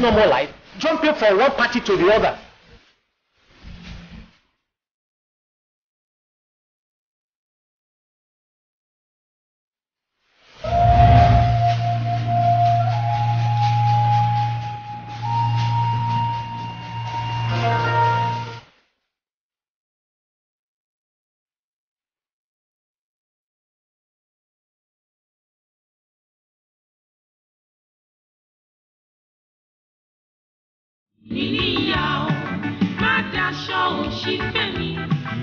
no more life, jumping from one party to the other. ìfẹ́ mi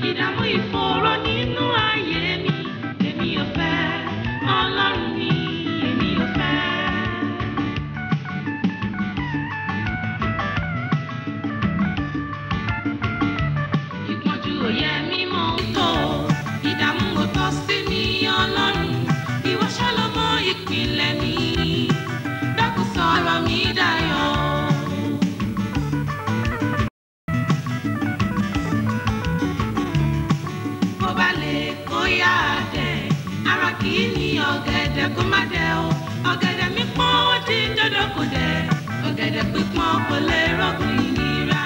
ìdààmú ìfòòró. kò lè rọ́pò ìnira.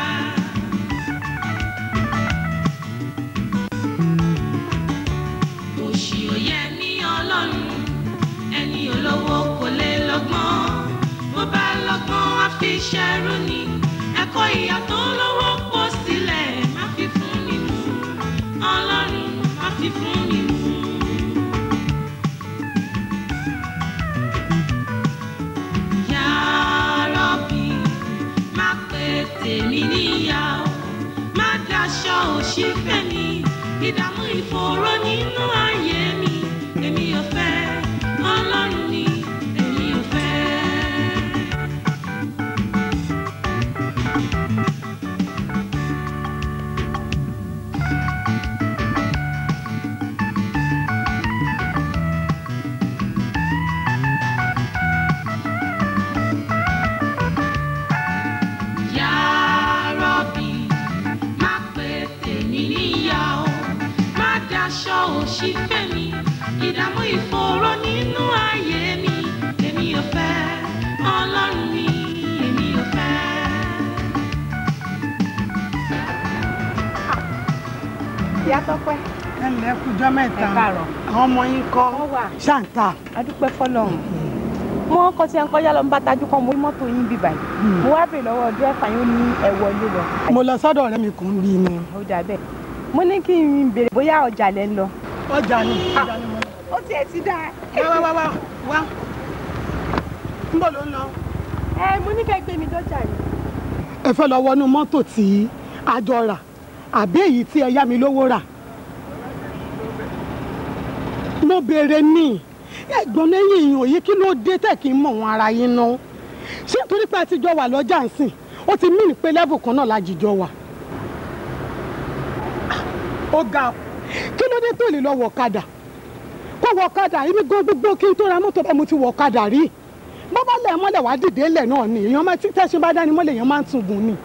òṣì ò yẹ ní ọlọ́run ni ẹ̀kọ́ ìyà tó lọ́wọ́. ìyá tọ́pẹ́. ẹ ǹlẹ́ kújọ́ mẹ́ta àwọn ọmọ yín kọ́ ṣáǹtà. adúpẹ́ fọlọ́run mo kọ́ tí ẹ ń kọjá lọ ń bá tajú kan mo rí mọ́tò yín bí báyìí hmm. mo wá bèrè lọ́wọ́ dírẹ́fà yín ó ní ẹ̀wọ̀ ló lọ. mo lọ sọ́dọ̀ ọ̀rẹ́ mi kùn rí ni. ó dà bẹ́ẹ̀ mo ní kí n bèrè bóyá ọjà lẹ ń lọ. ọjà ni ah, ọjà ni mo lọ. ó tiẹ̀ ti dáa. wá wá wá wá ń bọ̀ ló ń lọ. ẹ mo ní kẹ́ gbé mi dọ́jà yìí. ẹ fẹ́ lọ wọnú mọ́tò tí a jọ rà àbí èyí tí ẹ yá mi lówó rà mo béèrè ní ẹ̀gbọ́n lẹ́yìn ìyàn yìí kí ló dé tẹ̀ kí n mọ̀ wọn ara yín ná ṣé nítorí pé a ti jọ wà lọ́jà ń sìn ó ti mí pé lẹ́bù kan náà láti jọ wà. ó ga kí ló dé tó lè lọ wọ ọ̀kadà kó wọ ọ̀kadà èmi gan gbogbo kí n tó ra mọ́tò bá mo ti wọ ọ̀kadà rí bọ́bá lẹ̀ mọ́lẹ̀ wá dìde lẹ̀ náà ni èèyàn máa tí tẹ́sí bá dání mọ́lẹ̀ èèyàn máa ń tún gùn ni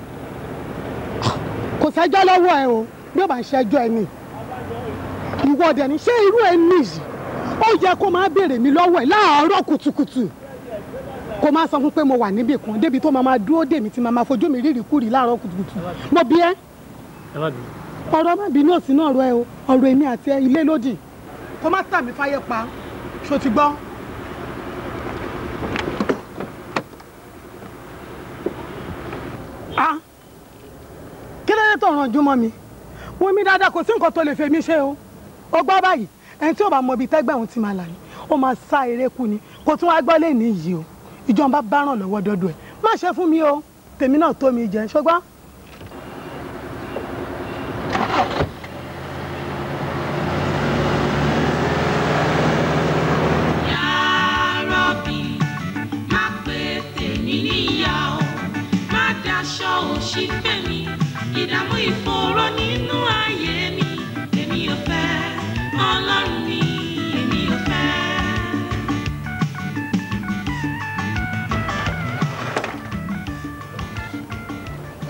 kò sẹ́jọ́ lọ́wọ́ ẹ o bí ó bá ń ṣẹjọ́ ẹ ni ìwọ dẹ̀ ni ṣé irú ẹ nìyí ó yẹ kó máa béèrè mi lọ́wọ́ ẹ láàárọ̀ kùtùkùtù kó máa sọ fún pé mo wà níbì kan débi tó máa dúró dè mí tí máa fojú mi rírì kúrì láàárọ̀ kùtùkùtù mo bí ẹ ọ̀rọ̀ má bínú òsì náà ọ̀rọ̀ ẹ o ọ̀rọ̀ èmi àti ẹ ilé lódì kó má tà mí fáyé pa ṣó ti gbọ́. ah dé tó ràn jùmọ̀ mi wọ́n mi dáadáa kò sí nǹkan tó lè fèmí ṣe o ó gbọ́ báyìí ẹni tí ò bá mọ ibi tẹ́gbẹ́ òun ti máa là ní ó máa sá eré ni kò tún wá gbọ́ lé ní yìí o ìjọba bá ràn lọ́wọ́ dọ́dọ̀ ẹ̀ má ṣe fún mi o tèmi náà tó mi jẹ ṣùgbọ́n.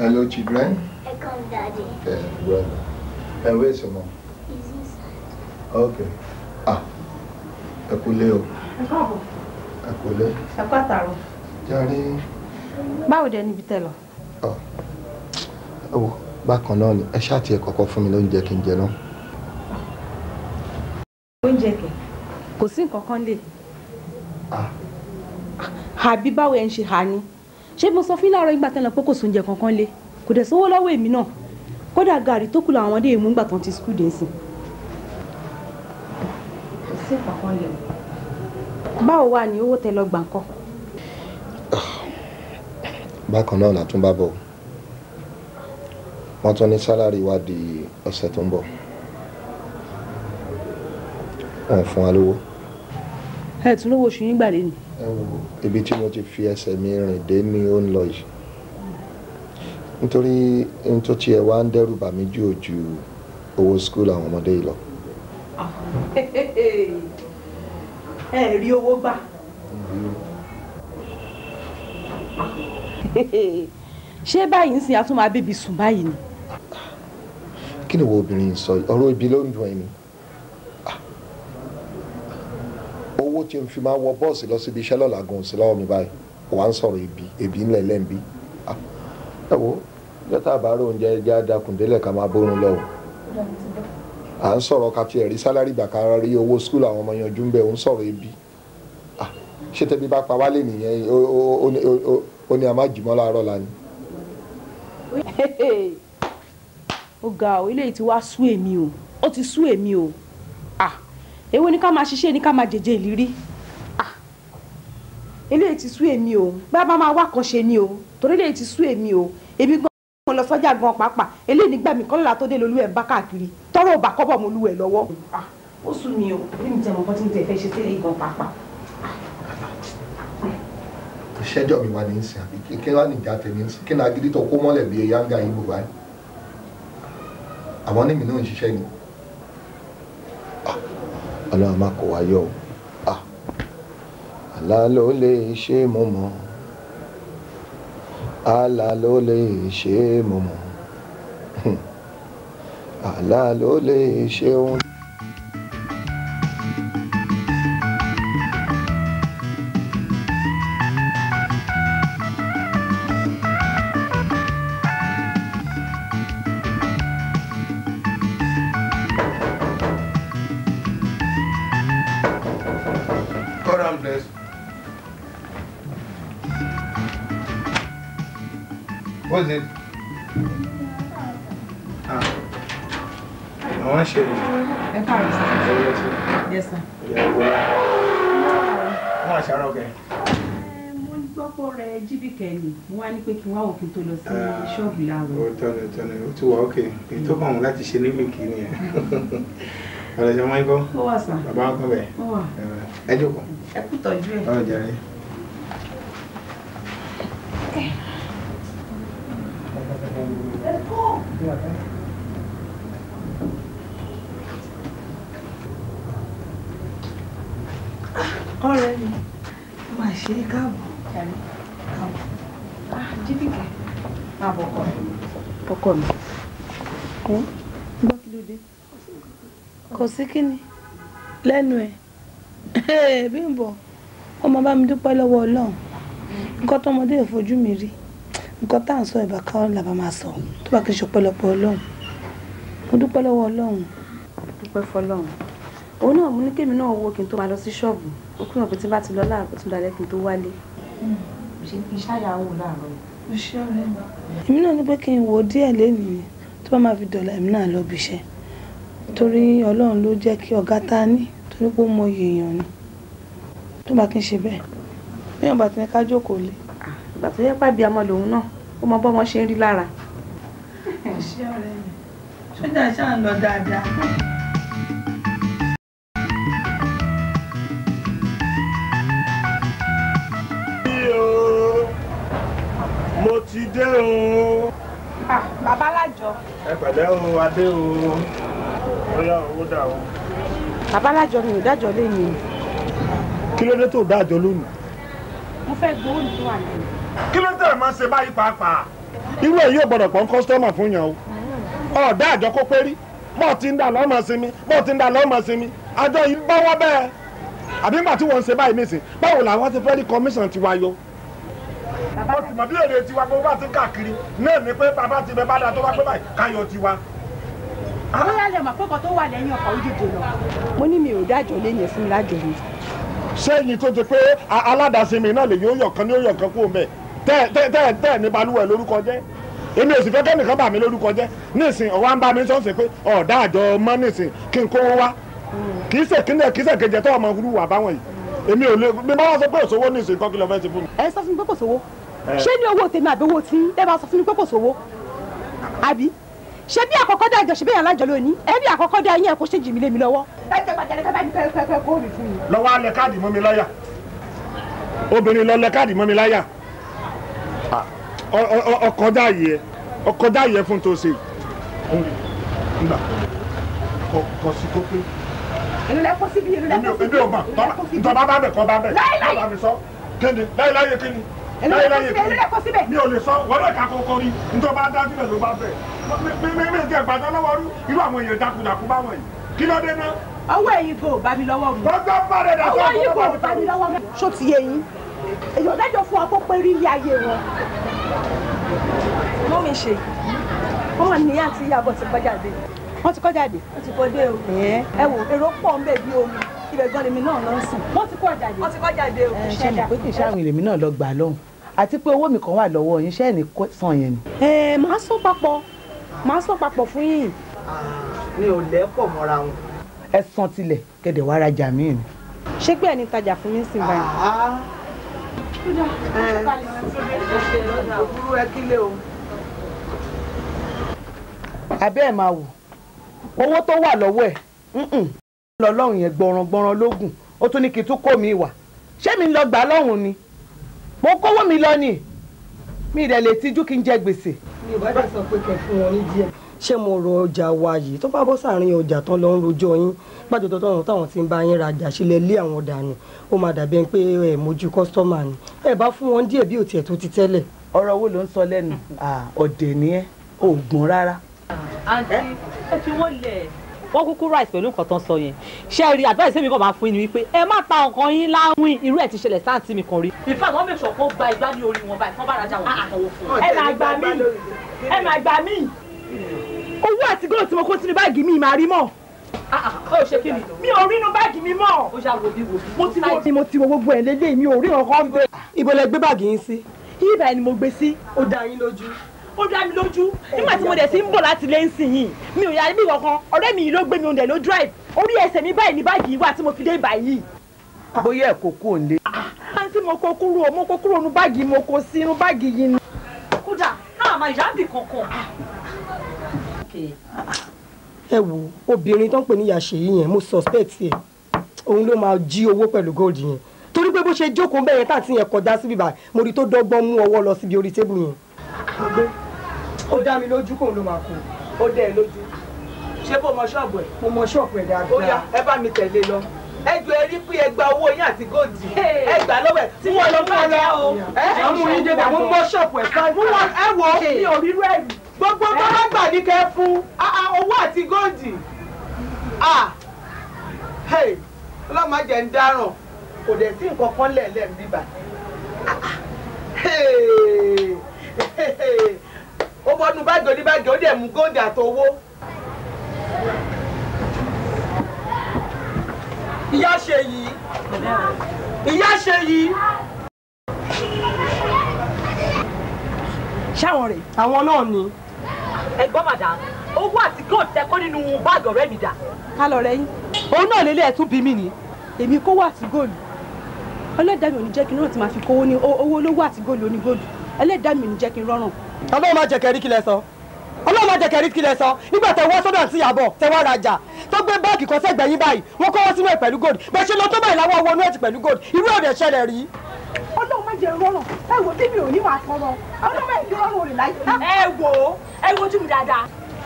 Hello, children. I come, Daddy. Yeah, well. And where's your mom? He's inside. Okay. Ah, ẹ kúlé o. Ẹ káàbọ̀. Ẹ kúlé. Ẹ kú àtàrò. Jàre. Báwo dẹ níbi tẹ lọ? Ọ̀ ẹ wò bákan náà ni ẹ ṣáà tiẹ̀ kọ́kọ́ fún mi lóúnjẹ kí n jẹ náà. Oúnjẹ kẹ̀, kò sí nǹkan kan lè. Àbí báwo ẹ ń ṣe hà ni? ṣé mo sọ fún láàárọ̀ ìgbà tẹ́lẹ̀ pé kò sóúnjẹ kankan lé kò dẹ̀ sówó lọ́wọ́ èmi náà kódà gàrí tó kù làwọn ọmọdé èèmú ìgbà tán ti skul dé sí. báwo wà ní owó tẹ lọ gbà ń kọ. bákan náà látún bá bọ̀ wọ́n tún ní sálárì wá di ọ̀sẹ̀ tó ń bọ̀ wọ́n fún wa lówó. ẹ tún lówó oṣù yín gbà lé ni ẹ wò ibi tí mo ti fi ẹsẹ̀ mi rìn dé ni ó ń lọ yìí nítorí ohun tó tiẹ̀ wá ń dẹ́rù bà mí jù ò ju owó skul àwọn ọmọdé yìí lọ. ẹ rí owó gbà. ṣé báyìí ń sin a máa bèbí sùn báyìí ni. kí ni wo obìnrin sọ ọ̀rọ̀ ibi ló ń dùn ẹ́ ni. owó tí n fi máa wọ bọ́ọ̀sì lọ síbi iṣẹ́ lọ́la gan sí lọ́wọ́ mi báyìí wà ń sọ̀rọ̀ ebi ebi ńlẹ̀ lẹ́ǹbi ẹ wo jọ́tà àbárò oúnjẹ ẹja dakùndélẹ̀ ká máa bórun lọ́wọ́ à ń sọ̀rọ̀ ká tiẹ̀ rí sálárì gbà ká rí owó skul àwọn ọmọ yanjú ń bẹ̀ ń sọ̀rọ̀ ebi ṣé tẹ́bí bá pa wálé nìyẹn ó ní a má jùmọ́ láàárọ̀ lánìí. ó ga ọ ilé yìí ti wá sú èmi o ó ti sú èmi o èwo ni ká máa ṣiṣẹ́ ni ká máa jèjè ìlérí ah! eléyìí ti sú èmi o bá bá máa wá kan ṣe ni o torí eléyìí ti sú èmi o èmi gan mo lọ sọ́jà gan pàápàá eléyìí nígbà mi kọ́lọ́lá tó dé lolú ẹ̀ bá káàkiri tọ́rọ ò bá kọ́bọ̀ mo lu ẹ̀ lọ́wọ́. Ah! ó sú mi o bí mi jẹ mọ nǹkan tí mo tẹ fẹ́ ṣe tẹ́lẹ̀ gan pàápàá. Ah! ìṣẹ́jọ́ mi wà ní ìsìn àbí kí wàá nìjà tèmi ń sìn kí náà gidi kó mọ́lẹ̀ bíi yanga yìí bùbá yìí ọlọ́run má kó wa yọ o ah, àlá ló lè ṣe mo mọ̀ àlá ló lè ṣe mo mọ̀ àlá ló lè ṣe ohun. kí n tó lọ sí ah, ṣọ́ọ̀bù láàárọ̀. ó tọ́ni tọ́ni ó ti wà ókè kì í tó kàn wọ́n láti ṣe ní wíìkì nìyẹn. ọ̀rẹ́ ṣe máa ń kọ́. ó wà sàn. bàbá ń kọ́ bẹ́ẹ̀. ó wà. Eh, ẹ jókòó. ẹ kú tọ́jú ẹ. ọ̀rọ̀ jàre. ọ̀rẹ́ mi máa ṣe é káàbọ̀ jídìkẹ́ máa bọ̀kọ̀ rẹ̀. bọ̀kọ̀ mi gbọ́ kí ló dé kò sí kíni lẹ́nu ẹ̀ bí n bọ̀ ọmọ bá mi dúpẹ́ lọ́wọ́ ọlọ́run nǹkan tọmọdé ìfojú mi rí nǹkan tá à ń sọ ìbá káwọn làbá máa sọ tó bá kí n ṣọpẹ́lọpẹ́ ọlọ́run mo dúpẹ́ lọ́wọ́ ọlọ́run. dúpẹ́ fọlọ́run òun náà mú ní kémi náà wo kí n tó máa lọ sí ṣọ́ọ̀bù ó kúrò pé tí bá ti lọ láàárọ̀ tó dalẹ́ kí n tó wálé ṣe kí n ṣàyàwó láàárọ̀. mo ṣe ọ̀rẹ́ mi. èmi náà ní pé kí n wo díẹ̀ lẹ́nìí tó bá máa fi dọ̀là èmi náà lọ bí iṣẹ́ torí ọlọ́run ló jẹ́ kí ọ̀gá ta ní torí pé ó mọ iye èèyàn ni tó bá kí n ṣe bẹ́ẹ̀ bẹ́ẹ̀ bá ti ní ká jókòó lé. ìgbà tó yẹ pàbí ọmọ lòun náà ó mọ bọ́mọ ṣe ń rí lára. ẹ ṣe ọ̀rẹ́ ṣáà ń lọ dáadáa. ti dé o. Ah, bàbá lájọ. ẹ pẹ̀lẹ́ o adé o bóyá owó dà o. bàbá lájọ mi ò dájọ́ lẹ́yìn o. kí ló dé tó dájọ́ lónìí. mo fẹ́ gbowó ní tó wà lẹ́yìn. kí ló tẹ̀ máa ṣe báyìí pàápàá. irú ẹ̀ yóò gbọ́dọ̀ pọ́n kọ́sítọ́mà fún yàn o ọ̀dà àjọ kó pérí bọ́ọ̀ ti ń dà lọ́mọ sinmi bọ́ọ̀ ti ń dà lọ́mọ sinmi àjọ yìí bọ́wọ́ bẹ́ẹ̀ àbí ńgbà tí wọ́n ń ṣe báyìí nísìn báwo làwọn ti fẹ́ rí kọmíṣàn tiwa yọ mo sì mọ̀ bí èrè tiwa gbogbo àti káàkiri náà ni pé bàbá ti bẹ bá da tó wá pé báyìí káyọ̀ tiwa. bóyá lè mọ̀ pọ́kọ̀ tó wà lẹ́yìn ọkọ̀ òdìdè lọ. mo ní mi ò dájọ́ lẹ́yìn fún lájọ mi. sẹ́yìn tó ti pé aládàáṣe mi náà lè yóò yọ̀kan ní ó yọ̀kan kú mẹ́ tẹ́ tẹ́ tẹ́ ní balùwẹ̀ lórúkọ jẹ́ èmi ò sì fẹ́ kẹ́nìkan bà mí lórúkọ jẹ́ nísìn ọ̀wá ń bá mi sọ́ọ̀sì pé ọ̀dà àjọ ọmọ nísìn kí n kó wá mm. kì í ṣèkínlẹ̀ kì í ṣèkejì tó ọmọ wúlúwà báwọn yìí èmi ò lè mi bá wá sọ pé òṣòwò ní ìsìn kan kí lọ fẹ́ ti fún mi. ẹ sọ fún mi pé kò sówó ṣé ní owó tèmi àbí owó tí ẹ bá sọ fún mi pé kò sówó àbí ṣé bí àkọ́kọ́ dá ìjọ ṣe bẹ́ẹ̀ alájọ lónìí ẹ bí àkọ́kọ́ dá ẹyìn ẹ̀kọ́ ṣe jì mí lé mi lọ́wọ́. ẹ tẹ bàjẹ́ lẹ́kẹ́ bá ní pẹ́ẹ́pẹ́ẹ́ kóòdù fún mi. lọ́wọ́ alẹ́ káàdì mọ́ mi láyà obìnrin lọ́lẹ́ káàdì mọ́ mi láyà ọkọjá yìí ọkọjá yìí fún tó èmi lẹ kó síbi èmi lẹ kó síbi èmi ò mọ ntọ́ba bá bẹ̀ kọ́ bá bẹ̀ láìláyè kíni láìláyè kíni láìláyè kíni mi ò lè sọ wọlé kakọ kọrin ntọ́ba dájú rẹ̀ ló bá bẹ̀ mímí ìdí ẹ̀gbàdàn lọ́wọ́ rú irú àwọn èèyàn dákúdàkú báwọn yìí kí ló dé náà. ọwọ́ ẹ̀yin kò bá mi lọ́wọ́ mu ọwọ́ ẹ̀yin kò bá mi lọ́wọ́ mu ṣó ti yé yín èèyàn mẹ́jọ fún ọ kó pé rí ilé ayé wọn. mọ́mí ṣe wọ́n ní àti ìyàbọ̀ ti gbọ́jà wọ́n ti kọ́ jáde. wọ́n ti kọ́ dé o. ẹ wo èrò pọ̀ ń bẹ̀ bí omi ibẹ̀ gan lèmi náà lọ ń sìn. wọ́n ti kọ́ jáde. wọ́n ti kọ́ jáde o. ṣé mo pé kì í ṣàwìn lèmi náà lọ gbà lọ́hùn àti pé owó mi kan wà lọ́wọ́ yín ṣẹ́ẹ̀ ní sàn yẹn ni. ẹ màá sọ papọ̀ màá sọ papọ̀ fún yín. mi ò lẹ́pọ̀ mọ́ra wọn. ẹ san tilẹ̀ kẹ̀dẹ̀ wá rajà míì ni. ṣé pé ẹni tajà fún mi sì báyìí. àbí ẹ̀ máa wò owó tó wà lọ́wọ́ ẹ̀ lọ́lọ́run yẹn gbọ̀rọ̀gbọ̀rọ̀ lógún ó tún ní kí n tún kó mi wà ṣé mi lọ gbà lọ́hùn ni mo kówó mi lọ ni mi ìdẹ̀ lè tijú kí n jẹ gbèsè. mi ò bá dẹ̀ sọ pé kẹ̀ fún wọn ní díẹ̀. ṣé mo rọ ọjà wa yìí tó bá bọ́ sàárín ọjà tán lọ ń rojọ́ yín gbàjọ tó tọ̀nà táwọn ti ń bá yín rajà sílẹ̀ lé àwọn dànù ó máa dàbí ẹni pé ẹ mójú kọ́sítọ́mà ni ẹ bá fún wọn díẹ̀ bí òtí ẹ̀ tó ti tẹ́lẹ̀. ọ̀rọ̀ wo ló ń sọ lẹ́nu ọ̀dẹ̀ ni ẹ́ òògùn rárá. àǹtí ẹ fi wọ́n lẹ̀ wọ́n kúkú rice pẹ̀lú nǹkan tán sọ yẹn ṣe rí advice mi kàn máa fún yín wípé ẹ má ta ọkàn yín láwìn irú ẹ̀ ti ṣẹlẹ̀ sáǹtì mi kan rí. in fact wọ́n mẹ̀sọ̀ kó gba igbá ní orí wọn báyìí fún bàrájà wọn àtọwọ́ fún wọn. ẹ máa gbà mí ẹ máa gbà mí owó àti góòlù tí mo kó sínú báàgì mi máa rí mọ́. Ah, ah. ó ṣe kí ni. mi ò rí inú báàgì mi mọ́. ó ṣá wo bí wo bí. mo ti wo mo ti wo gbogbo ẹ̀ lélẹ́yìn mi ò rí ọkọ ń bẹ. ibo lẹ gbé báàgì yín sí. ibà ni mo gbé sí ó dá mi lójú nígbà tí mo dẹ̀ sí ń bọ̀ láti lé nsìnyìn mi ò yára bí kankan ọ̀rẹ́ mi yìí ló gbé mi òǹdẹ̀ ló drive orí ẹsẹ̀ mi báyìí ní báàgì yìí wà tí mo fi dé ìbàyìí. bóyá ẹ̀kọ́ kò ah, ń lé. àǹtí mo kó kúrò mo kó kúrò nu báàgì mo kó sí inú báàgì yìí ni. kódà náà máa yá bì kankan. Ah. ẹ wo obìnrin tó ń pè ní yàṣẹ yìí yẹn mo suspect ẹ òun ló máa jí owó pẹ̀lú gold yẹn torí pé bó ṣe jókòó bẹ́ẹ̀ yẹn táǹtì yẹn kọjá síbi báyìí mo rí tó dọ́gbọ́n mú ọwọ́ lọ síbi orí tébù yẹn ó dá mi lójú kóun ló máa kú ó dẹ́ ẹ lójú ṣé bó mọ ṣọ́ọ̀bù ẹ̀. mo mọ ṣọ́ọ̀bù ẹ̀ dáadáa. ó yá ẹ bá mi tẹ̀lé lọ ẹ jọ ẹ rí pé ẹ gba owó yín àti góòdì ẹ gbà lọ́wọ́ ẹ̀ tí wọ́n lọ fún ọ̀la o. ẹ mú yín débà mo mọ ṣọ́ọ̀bù ẹ̀ fáwọn. mo wọ ẹ wọ mi ò rírú ẹ̀ rí. gbogbo tó bá gbà ní kẹ́ fún owó àti góòdì. ọlọ́mọ jẹ́ ń dáràn kò dẹ̀ sí nǹkan kan lẹ̀ lẹ́ẹ̀ bíbà ó bọ́nu báàgì oníbáàgì ó dẹ̀ mú góòdì àtowó. ìyá ṣe yìí ìyá ṣe yìí. ṣáwọn rẹ̀. àwọn náà ni. ẹ̀gbọ́n màdà owó àti góòdì tẹ́kọ́ nínú báàgì ọ̀rẹ́ mi dà. ká lọ rẹ yín òun náà lélẹ̀ tún bí mi ni èmi kówó àti góòlù ọlọ́dàbí òní jẹ́ kí n náà ti máa fi kówó ní owó olówó àti góòlù onígóòlù ẹlẹ́dàá mi ní jẹ́ kí n rọrùn. ọlọ́run máa jẹ kẹrí kí lẹ sọ ọlọ́run máa jẹ kẹrí kí lẹ sọ nígbà tẹ wá sọ́dọ̀ àti ìyàbọ̀ tẹ wá rajà tó gbé báàgì kan sẹ́gbẹ̀ẹ́ yín báyìí wọ́n kọ́ wọ́n sínú ẹ̀ pẹ̀lú gold bẹ́ẹ̀ ṣe lọ tó báyìí láwọn wọnú ẹ̀ ti pẹ̀lú gold irú ọ̀dẹ̀ ṣẹlẹ̀ rí. ọlọ́run máa jẹ rọrùn ẹ wo bí mi ò ní wàá tọrọ ọlọ́run máa jẹ rọrùn rè láyé. ẹ wo ẹ wo ojú mi dáadáa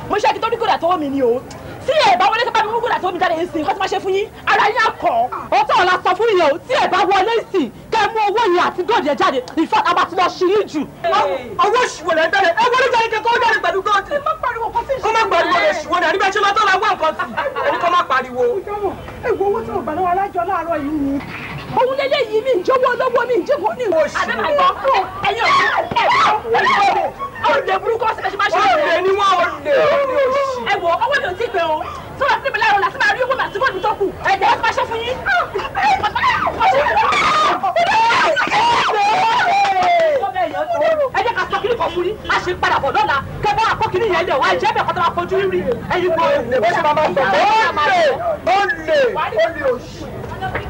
mo ṣe kí tó ní kódà tọwọ́ mi ni o tí ẹ bá wọlé sábà mi mú gúdà tó mi jáde nsìn kó tí máa ṣe fún yín ara yín akọ ọtọ ọ̀la sọ fún yín o tí ẹ bá wọlé nsìn kẹ mú owó yín àti gọ́ọ̀dì ẹ jáde ìfọ̀ àbá tí wọ́n ṣí yín jù. owó ṣùwọ̀n lẹ́ bẹ̀rẹ̀ ẹ wọlé jáde kẹ́kọ́ ó jáde pẹ̀lú gọ́ọ̀dì. ó má pariwo kó ṣùwọ̀n ní àdìbẹ́sẹ̀ lọ́tọ̀ la wá nǹkan sí ẹni kọ́ má pariwo. ẹ wo owó tí mo gbà lọ́wọ́ alájọ láàárọ̀ yìí ni òun lélẹ̀ yìí mi ìjọwọ́ lọ́wọ́ mi ìjẹ́kọ̀ọ́ ní ìwọ. àbẹ máa gbọ́ fún ẹyin òkú ẹ̀fọ́ ẹ̀fọ́ olùdè burúkú ọ̀sẹ̀ bẹ́ẹ̀ ṣe máa ṣe é. olùdè ni wọ́n olùdè olùdè òṣì. ẹ wọ ọwọ́ mi ò tí ì pẹ́ o tí wọ́n ti bẹ̀rẹ̀ ọ̀la sí máa rí owó màtí bọ́ọ̀lù tó kù ẹ̀jẹ̀ ẹ̀ máa ṣe fún yín. ẹ jẹ́ ká sọ kiri kan fún yín a ṣe padà bọ̀ lọ́la kẹ́kọ̀ọ́ àkọ́kiri yẹn lẹ̀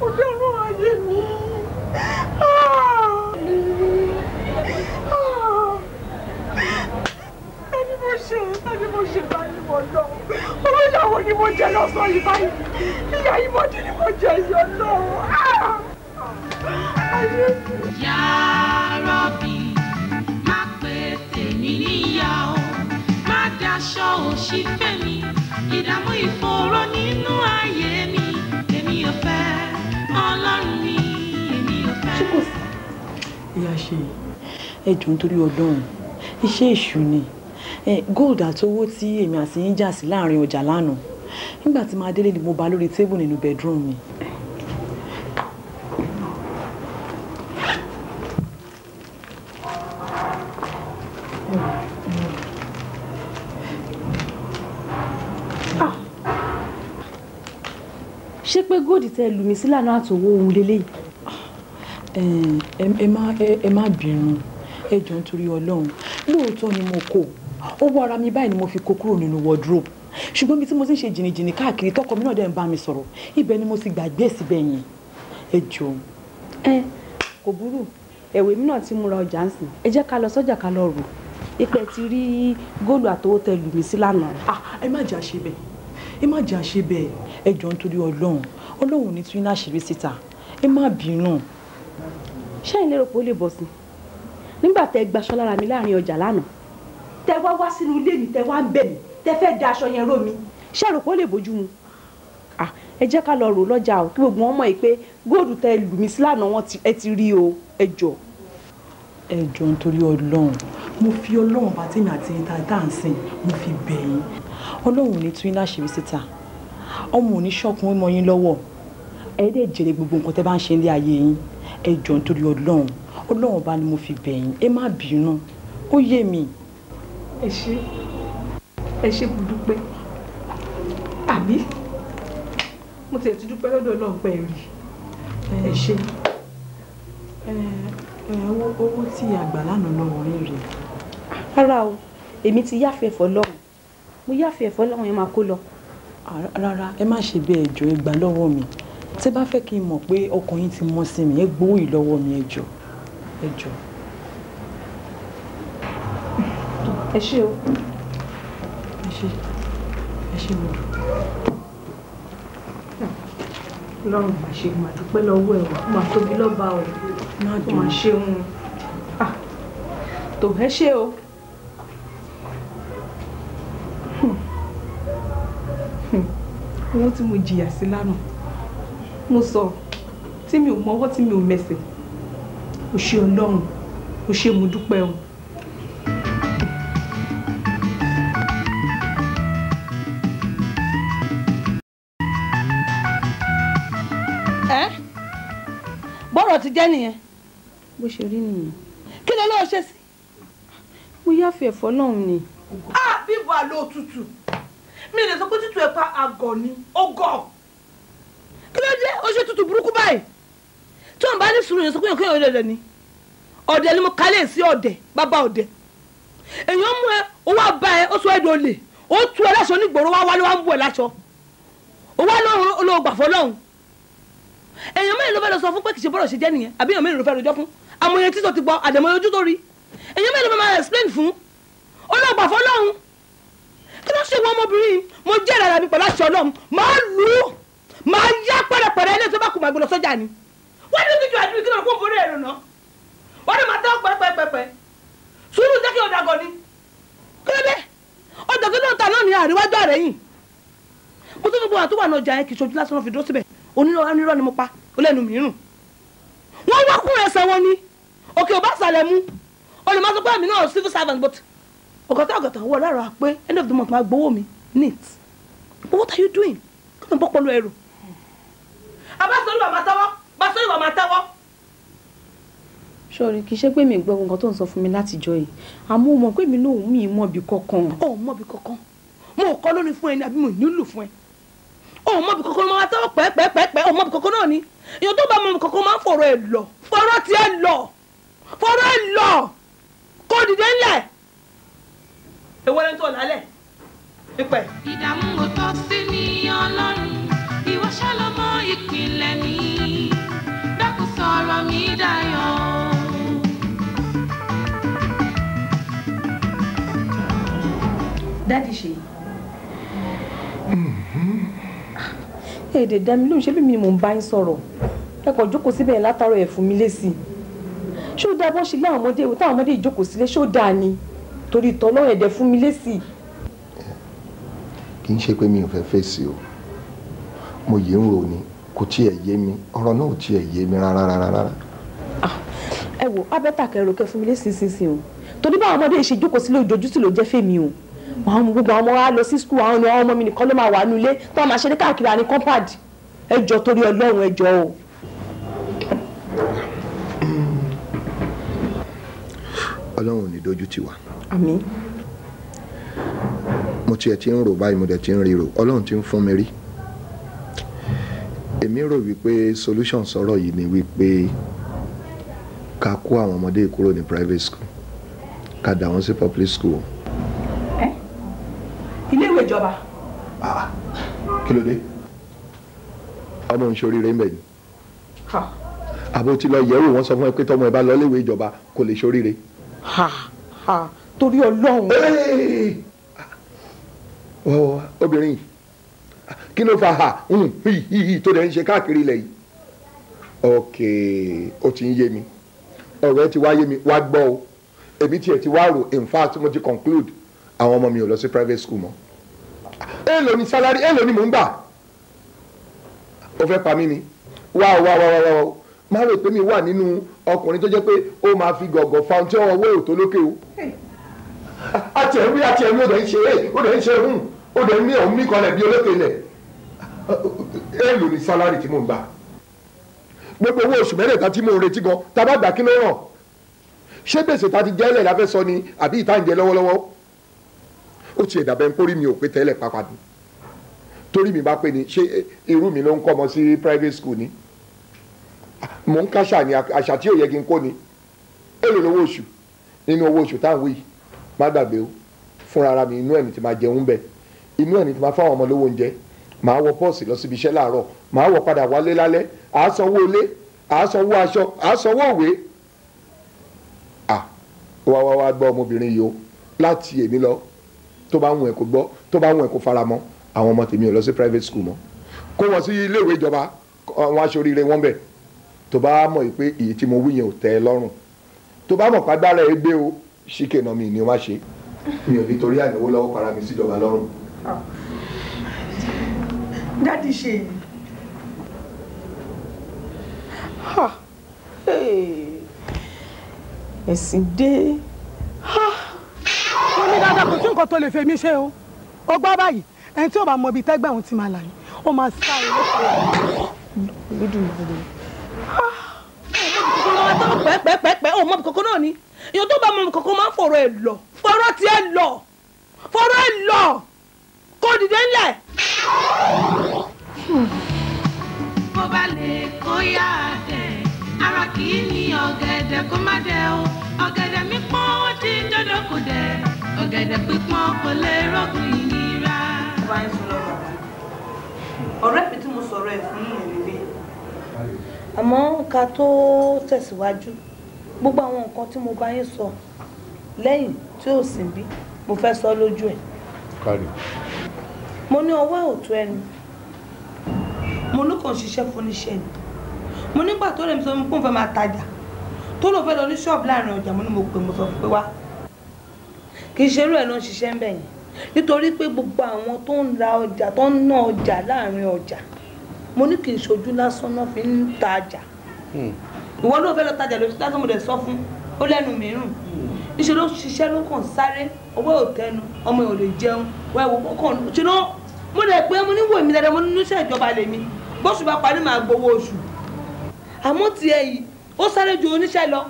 mo dánú ayé mi ẹni mo ṣe ẹni mo ṣe báyìí mo lọ owó ìyàwó ni mo jẹ lọ́sàn yìí báyìí ìyá ìmọ̀dé ni mo jẹ yọ lọ. yàrá bí má pè tèmi níyàwó má daṣọ òṣìfẹ́ mi ìdààmú ìfòòró nínú. a ṣe ẹ jù nítorí ọdún iṣẹ́ èṣù ni gold àti owó tí èmi àti yín jà sí láàrin ọjà lánàá nígbà tí màá délé ni mo bá lórí tébù nínú bedroom mi. Ah! ṣé pé góòdì tẹ lù mí àtòwò ohun lélẹ́yìí ẹ má ẹ má bínú ẹ jọ nítorí ọlọ́run lóòótọ́ ni mo kó owó ara mi báyìí ni mo fi kó kúrò nínú wardrobe ṣùgbọ́n ibi tí mo ti ń ṣe jìnnìjìnnì káàkiri tọkọ mi náà dẹ̀ ń bá mi sọ̀rọ̀ ibẹ̀ ni mo ti gbàgbé síbẹ̀ yẹn ẹ jọ. ẹ kò burú ẹ̀wẹ̀ mi náà ti múra ọjà ń sìn ẹ jẹ́ ká lọ sọ́jà ká lọ rò ipẹ ti rí góòlù àtọwọ́ tẹ lù mí sí lánàá. ẹ má jà ṣe bẹ́ẹ̀ ẹ má jà ṣe bẹ́ẹ̀ ẹ jọ nítorí ọlọ́run ọlọ́run ní tún ní àṣírí síta ẹ má bínú ṣẹ́yìn lérò pé ó lè bọ̀ sí nígbà tẹ́ gbaṣọ lára mi láàrin ọjà lánàá tẹ́ wá wá sínú ilé mi tẹ́ wá ń bẹ̀ mí tẹ́ fẹ́ da aṣọ yẹn ró mi ṣẹ́rò pé ó lè bójú mu ẹ jẹ́ ká lọ rò lọ́jà o kí gbogbo wọn mọ̀ pé góòdù tẹ́ lù mí sí lánàá wọn ẹ ti rí o ẹ jọ. ẹ jọ nítorí ọlọ́run mo fi ọlọ́run bá tèmi àti níta dáǹsìn mo fi bẹ̀ yín ọlọ́run ò ní tún iná ṣèwé síta ọmọ ò ní ṣọkùn ó mọ yín lọ́wọ́ ẹ dẹ̀ jèrè gbogbo nǹkan tẹ́ bá ń ṣe ní ayé yín ẹ jọ nítorí ọlọ́run ọlọ́run bá ni mo fi bẹ̀yìn ẹ má bínú ó yé mi. ẹ ṣe ẹ ṣe mo dúpẹ́ àbí mo tiẹ̀ ti dúpẹ́ lọ́dọ̀ ọlọ́run pẹ́ rí ẹ ṣe owó tí àgbà lánàá lọ́wọ́ rẹ̀ rè. rárá o èmi ti yáfẹ́ ẹ̀fọ́ lọ́hùn mo yáfẹ́ ẹ̀fọ́ lọ́hùn ẹ máa kó lọ. rárá ẹ má ṣe bẹ́ẹ̀ jọ ẹ gbà lọ́wọ́ mi tí bá fẹ́ kí n mọ̀ pé ọkàn yín ti mọ́ sí mi ẹ gbowó yìí lọ́wọ́ mi ẹ jọ̀ọ́ ẹ jọ̀ọ́. ẹ ṣé o ẹ ṣé ẹ ṣé mo dúpẹ́. lọ́rùn máa ṣe máa dúpẹ́ lọ́wọ́ ẹ̀ wọ́n máa tóbi lọ́ba ọ̀ wọ́n máa ṣe wọn. tò ẹ ṣé o. owó tí mo jìyà sí lánàá mo sọ tí mi ò mọwọ́ tí mi ò mẹsẹ̀ ò ṣe ọlọ́run ò ṣe mo dúpẹ́ o. ẹ bọ́rọ̀ ti jẹ́ nìyẹn. bó ṣe rí nìyẹn. kí ló lọ́ọ́ ṣe sí. mo yáfẹ́ ẹ̀fọ́ náà ni. a ah, bíbọ̀ àlọ́ òtútù mi lè sọ pé títù ẹ̀ka àgọ̀ ni ó gọ̀ kí ló dé oṣù tuntun burúkú báyìí tí wọn bá ní sùúrù yẹn sọ kúnyàn kúnyàn ọdẹ ni ọdẹ ni mo kálẹ̀ sí ọdẹ bàbá ọdẹ èèyàn mú ẹ owó àbá ẹ ó sọ ẹ dùn olè ó tú ẹ láṣọ nígboro wá wálé wá ń bú ẹ láṣọ owó àlọ́run olóògbà fọlọ́run èèyàn mẹ́rin ló fẹ́ lọ sọ fún pé kì ṣe bọ́rọ̀ ṣe jẹ́ nìyẹn àbí èèyàn mẹ́rin ló fẹ́ lọ jọ fún amòye títọ́ ti gbọ́ àdèmọ́ye ojú tó rí èèyàn mẹ́rin ló máa explain fún olóògbà fọlọ́run kí ló ṣe wọ́n ọmọbìnrin mo jẹ́ ìrara mi pẹ̀lú àṣẹ ọlọ́run máa lù ú máa yá pẹ̀rẹ̀pẹ̀rẹ̀ ilé tó bá kù máa gbọ́dọ̀ sọ́jà ni wọ́n ti dùjú àdúgbò kí lóò kó borí èrò náà wọ́n ti máa tẹ́ pẹ́pẹ́pẹ́pẹ́ sùúrù jẹ́ kí ọ̀dàgọ̀ ni kílódé ọjà tó náà ta náà ní àríwájú àrẹ́yìn mo tún gbogbo àtúwà náà jà yẹn kì í ṣojú lásán fi dúró síbẹ̀ onírọ́ ni mo pa olẹ́nu mìíràn wọ́n wá kún ẹsẹ̀ wọn ni òkè ò bá sàlẹ̀ mú olùmọ̀sọ́ pé àmì náà civil servant but ọ̀gọ̀tà ọ̀gọ̀tà wọ̀ lára pé end of the month máa gbowó mi neat but what are you doing abásolúwà máa tẹ́wọ́ abásolúwà máa tẹ́wọ́. sọ́ọ̀rì kì í ṣe pé mi gbọ́ nǹkan tó ń sọ fún mi látijọ́ yìí àmọ́ mọ̀ pé mi náà mi ì mọ̀ bí kankan. ó mọ̀ bí kankan mo ò kọ́ lórí fún ẹ ní àbí mo ì fún ẹ ó mọ̀ bí kankan máa tẹ́wọ́ pẹ́ẹ́pẹ́ẹ́pẹ́ ó mọ̀ bí kankan náà ni èèyàn tó bá mọ̀ bí kankan máa ń fọ̀rọ̀ ẹ̀ lọ fọ̀rọ̀ tiẹ̀ lọ fọ̀rọ̀ ẹ̀ lọ kó dìde ńlẹ̀ èwo lẹ́ni tó lálẹ́ ìpẹ́. ìdààmú òtọ́ sí ni ọlọ́run ìpínlẹ̀ mi dákun sọ̀rọ̀ mi dayọ̀. dádì ṣe mm-hmm. èdè dami ló ń ṣe bí mi mò ń bá yín sọ̀rọ̀ ẹ kò jókòó síbẹ̀ látàrọ̀ ẹ̀ fún mi lésì ṣé ó dáa bó ṣe láwọn ọmọdé ìwé táwọn ọmọdé ìjókòó sílé ṣé ó dáa ni torí ìtọ́lọ́ ẹ̀dẹ̀ fún mi lésì. kì í ṣe pé mi ò fẹ́ fèsì o mo yìí ń rò ni kò tiẹ̀ yé mi ọ̀rọ̀ náà ò tiẹ̀ yé mi rárá rárá rárá. Ah, ẹ wo abẹ́tà kẹrò kẹ fún mi lẹ́sìnsìnsìn o torí báwọn ọmọdé ṣe jókòó sílé ìdójútì ló jẹ́ fèmí o àwọn ọmọ gbogbo àwọn ọmọ wa lọ sí skul àwọn ọmọ ọmọ mi nìkan ló máa wà nulẹ̀ tó máa ṣeré káàkiri àní compound ẹ jọ torí Ọlọ́run ẹ jọ o. Ọlọ́run ò ní dojú tì wá. àmín. mo tiẹ̀ ti ń rò báyìí mo dẹ̀ ti ń rí rò Ọlọ́run ti ń fún mi rí èmi rò wípé solution sọ̀rọ̀ yìí ni wípé ká kó àwọn ọmọdé kúrò ní private school ká dà wọ́n sí public school. ẹ ilé ìwé ìjọba. Ah, kí ló dé ọmọ ń ṣoríire mbẹ ni àbó tí lọ yẹ̀wò wọ́n sọ fún ẹ pé tọmọ ẹ bá lọ léwé ìjọba kò lè ṣoríire. torí Ọlọ́run. Ah, obìnrin yìí kí ló fa ha hmm, tó dẹ̀ ń ṣe káàkiri ilẹ̀ yìí ok ó ti ń yé mi ọ̀rọ̀ ẹ ti wá yé mi wá gbọ́ o èmi tiẹ̀ ti wá rò in fact mo ti conclude àwọn ọmọ mi ò lọ sí private school mọ́ èèlò ni salary èèlò ni mò ń gbà ó fẹ́ pa mí ni wá o wá wá wá wá o má rò pé mi wà nínú ọkùnrin tó jẹ́ pé ó máa fi gọ̀gọ̀ fa ohun tí ọwọ́ ò tó lókè o àti ẹ̀rí àti ẹ̀rí ó dẹ̀ ń ṣe é ó ń ṣe é hmm, hùn ó ń ní ọ̀hún mí kọlẹ̀ bí olókè lẹ̀ èèlò ni sálárì tí mò ń gbà gbogbo owó oṣù mẹ́rẹ̀ẹ́ta tí mò retí gan tàbá gbà kí ló ràn ṣé gbèsè ta ti jẹ́lẹ̀ la fẹ́ sọ ni àbí ìta ń jẹ lọ́wọ́lọ́wọ́ ó ti ẹ̀dà bẹ́ẹ̀ ń mi ò pé tẹ́lẹ̀ pápá ni torí mi bá pè ní ṣé eh, irú mi ló ń kọ́ ọmọ sí private school ni mò ń káṣà ni àṣà tí ò yẹ kí n kó ni èlò lówó oṣù nínú owó oṣù táwọn wí má gbàgbé o fúnra ara mi inú ẹ̀ ní ti máa jẹun bẹ́ẹ̀ inú ẹ̀ ní ti máa fáwọn ọmọ lówó oúnjẹ màá wọ bọ́ọ̀sì lọ síbi iṣẹ́ láàárọ̀ màá wọ padà wálé lálẹ́ àá sanwó ilé àá sanwó aṣọ àá sanwó òwe. wá wá wá gbọ́ ọmọbìnrin yìí o láti èmi lọ tó bá wùn ẹ̀ kó gbọ́ tó bá wùn ẹ̀ kó fara mọ́ àwọn ọmọ tèmi ò lọ sí private school mọ́ kó wọn sí iléèwé ìjọba wọn aṣọ oríire wọn bẹ̀ tó bá mọ̀ pé èyí tí mo wí yẹn ò tẹ́ ẹ lọ́rùn tó bá mọ̀ pàgbára ẹ gbé o ṣìkè náà mi ni wọ́n ṣe mi ò nítorí àìnáwó lọ́wọ́ para mi síjọba lọ́rùn dádì ṣe yìí ẹ̀sìn dé mo ní dáadáa kò sí nǹkan tó lè fẹ́ mi ṣe o ó gbá báyìí ẹni tí ò bá mọ ibi tẹ́gbẹ́ òun ti máa là ní ó máa sá ilé ìlú pẹ́pẹ́pẹ́ ò mọ kòkó náà ni èèyàn tó bá mọ kòkó máa ń fọ̀rọ̀ ẹ̀ lọ fọ̀rọ̀ tiẹ̀ lọ fọ̀rọ̀ ẹ̀ lọ kó dìde ńlẹ̀ bó bá lè kó yá dẹ̀ ara kì í ní ọ̀gẹ̀dẹ̀ kó má dẹ̀ o ọ̀gẹ̀dẹ̀ mi pọ́n ó ti dọ́dọ̀ kò dẹ̀ ọ̀gẹ̀dẹ̀ pípọ́n kò lè rọ́gùn ìnira. ọ̀rẹ́ mi tí mo sọ̀rọ̀ ẹ̀ fún ìyẹn nílé. àmọ́ ká tó tẹ̀síwájú gbogbo àwọn nǹkan tí mo bá yín sọ lẹ́yìn tí ò sì bí mo fẹ́ sọ lójú ẹ̀. kárí mo ní ọwọ́ òtún ẹnu mo ní kò ń ṣiṣẹ́ fún oníṣẹ́ ni mo nígbà tó rẹ̀ mi sọ pé mo fẹ́ máa tajà tó lò fẹ́ lọ ní ṣọ́ọ̀bù láàrin ọjà mo ní mo pè mo sọ pé wá kì í ṣe irú ẹ̀ ló ń ṣiṣẹ́ ń bẹ̀ yẹn nítorí pé gbogbo àwọn tó ń ra ọjà tó ń ná ọjà láàrin ọjà mo ní kì í ṣojú lásán náà fi ń tajà hmm. ìwọ ló fẹ́ lọ tajà lójú lásán mo dẹ̀ sọ fún ó lẹ́nu mìíràn hmm. níṣẹ́ ló ṣiṣẹ́ ló kàn sáré ọwọ́ òtẹ́nu ọmọ ò lè jẹun wẹ́wọ́ kàn ṣe náà mo lè gbé mo níwò mi dáadáa mo nínú iṣẹ́ ìjọba lèmi bóṣù bá parí màá gbowó oṣù àmọ́ tiẹ̀ yìí ó sáré ju oníṣẹ́ lọ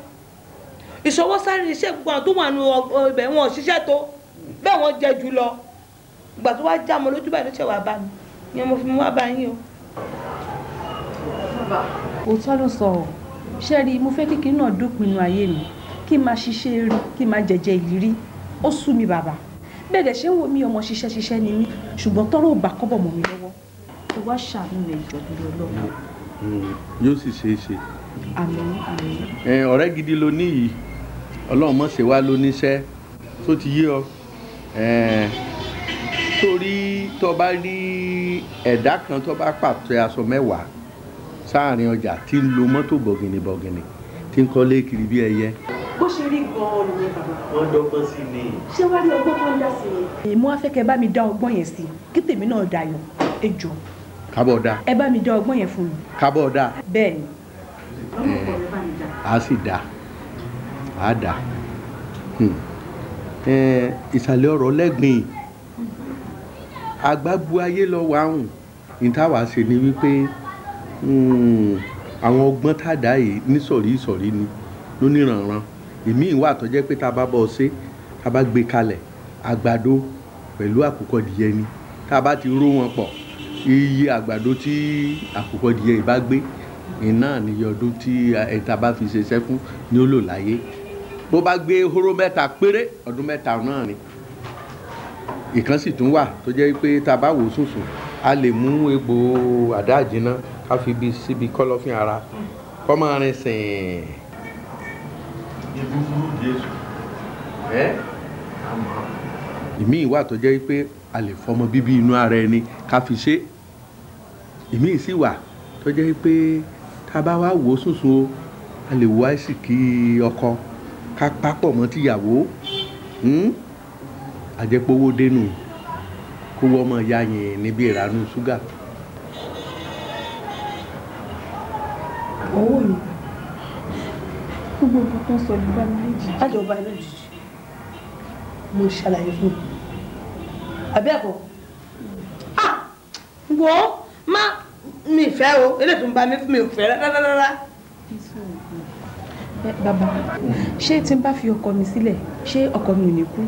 ìṣòwò sáré iṣẹ́ gbogbo àwọn tó wà nù ibẹ̀ wọn ṣiṣẹ́ tó bẹ́ẹ̀ wọ́n jẹ jù lọ ìgbà tó wá já mo lójú báyìí ló ṣe wà bá mi ìyẹn mo fi mú wá bá yín o. òótọ́ ló sọ ọ́ ṣe rí mo fẹ́ kékeré náà dópinu ayé mi kí n máa ṣiṣẹ́ rí kí n máa jẹ̀jẹ̀ ìrírí ó sú mi bàbá bẹ́ẹ̀ dẹ̀ ṣé ń wo mi ọmọ ṣiṣẹ́ ṣiṣẹ́ ni mí ṣùgbọ́n tọ́rọ̀ ò bá kọ́bọ̀ mọ́ mi lọ́wọ́ tó wá ṣàánú rẹ̀ jọ lórí ọlọ́run. Hmm, yóò sì ṣe é ṣe. àmín àmín. ọ̀rẹ́ gidi ló ní yìí ọlọ́run mọ̀ ṣe wá ló níṣẹ́ tó ti yé ọ torí tó bá rí ẹ̀dá kan tó bá pàtẹ aṣọ mẹ́wàá sáàrin ọjà tí ń lo mọ́tò bọ̀gìnìbọ̀gìnì tí ń kọ́lé kiri bí ẹyẹ bó ṣe rí gan-an nìyẹn bàbá. wọ́n dọ́gbọ́n sí ni. ṣé wàá mi dá ọgbọ́n yẹn sí kí tèmi náà dayọ̀ ẹ jọ. kábọ̀ dá. mi dá ọgbọ́n yẹn fún mi. kábọ̀ dá. bẹ́ẹ̀ ni. a sì dá a dá hmm. ìsàlẹ̀ ọ̀rọ̀ lẹ́gbìn agbábu ayé lọ wà hùn ìtawà ṣe ni wípé hmm, àwọn ọgbọ́n tàdá yìí nísọ̀rí ìsọ̀rí ni lóníranran èmi ìwà tó jẹ́ pé tá a bá bọ́ ọ ṣe tá a bá gbé kalẹ̀ àgbàdo pẹ̀lú àkùkọ dìyẹ ni tá a bá ti ró wọn pọ̀ iye àgbàdo tí àkùkọ dìyẹ ìbá gbé iná níye ọdún tí ẹ̀ta bá fi ṣe sẹ́fún ni ó lò láyé bó bá gbé hóró mẹ́ta péré ọdún mẹ́ta náà ni ìkan sì tún wà tó jẹ́ pé tá a bá wò sùnsùn a lè mú egbò àdá àjìnà ká fi síbi kọ́lọ́fín ara kọ́ máa rin sìn di búburú Jésù ẹ a mọ̀ ọ́. ìmí ìwà tó jẹ́ pé a lè fọmọ bíbí inú ara ẹni ká fi ṣe ìmí sì wà tó jẹ́ pé tá a bá wá wò ó sùnsùn o a lè wo àìsíkì ọkọ ká papọ̀ mọ́ tìyàwó àjẹpọ̀wó hmm? dénú kó wọ́n mọ̀ ya yìn níbi ìranú ṣúgà. owó mi gbogbo nǹkan tó ń sọ ìgbà mi lójijì. àjọba ẹ lójijì mo ṣàlàyé fún un àbí ẹ̀kọ́ wo má mi fẹ́ o eléyìí tó ń bá mi mi ò fẹ́ rárá. bàbá ṣé tí n bá fi ọkọ mi sílẹ̀ ṣé ọkọ mi ò ní kú.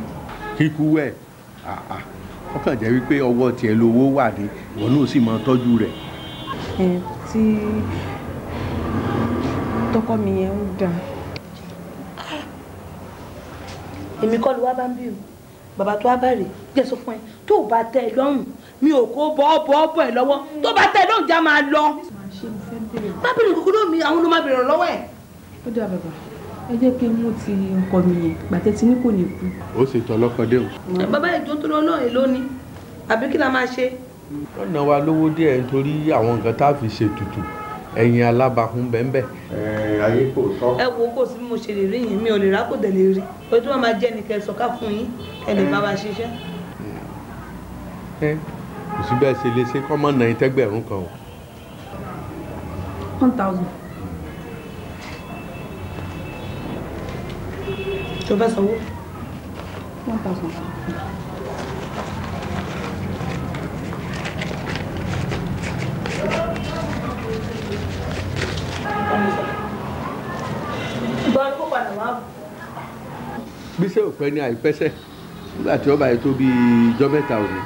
kíkú ẹ ó kàn jẹ́ wípé ọwọ́ tiẹ̀ lówó wà ní ìwọ náà sì máa tọ́jú rẹ̀. ẹ tí tọkọ mi yẹn ń dà. èmi kọ́ ló wá bá ń bí o bàbá tó wá bá rè jẹ́ sọ fún ẹ tó bá tẹ ẹ lọ́rùn mi ò kó bọ́ bọ́ bọ́ ẹ lọ́wọ́ tó o bá tẹ ẹ lọ́rùn já máa lọ. má bèrè kúkúrú mi àwọn ló má bèrè lọ́wọ́ ẹ̀. ó dà bàbá ẹ jẹ́ kí n mú ti ọkọ mi yẹn gbàtẹ́ tí ní kò ní kú. ó sì tọ́ lọ́kọ dé o. bàbá ìjọ tó lọ́nà èlò ni àbí kí la máa ṣe. lọ́nà wa lówó díẹ̀ nítorí àwọn nǹkan tá a fi ṣètùtù ẹ̀yin alábàákún bẹ́ẹ̀ ayé kò sọ. ẹ wo kò sí mo ṣe lè rí yín mi ò lè rà kò dẹ̀ lè rí ojú wa máa jẹ́ ni kẹ́ sọ́ká fún yín ẹ lè bá wa ṣiṣẹ́. kò sí bẹ́ẹ̀ ṣe lè ṣe kọ́mọ náà yín tẹ́gbẹ̀rún kan o. one thousand. tó sanwó. one thousand. bíṣẹ́ òpẹ́ ní àìpẹ́sẹ̀ nígbà tí ọba yẹn tó bíi ijọ́ mẹ́ta òní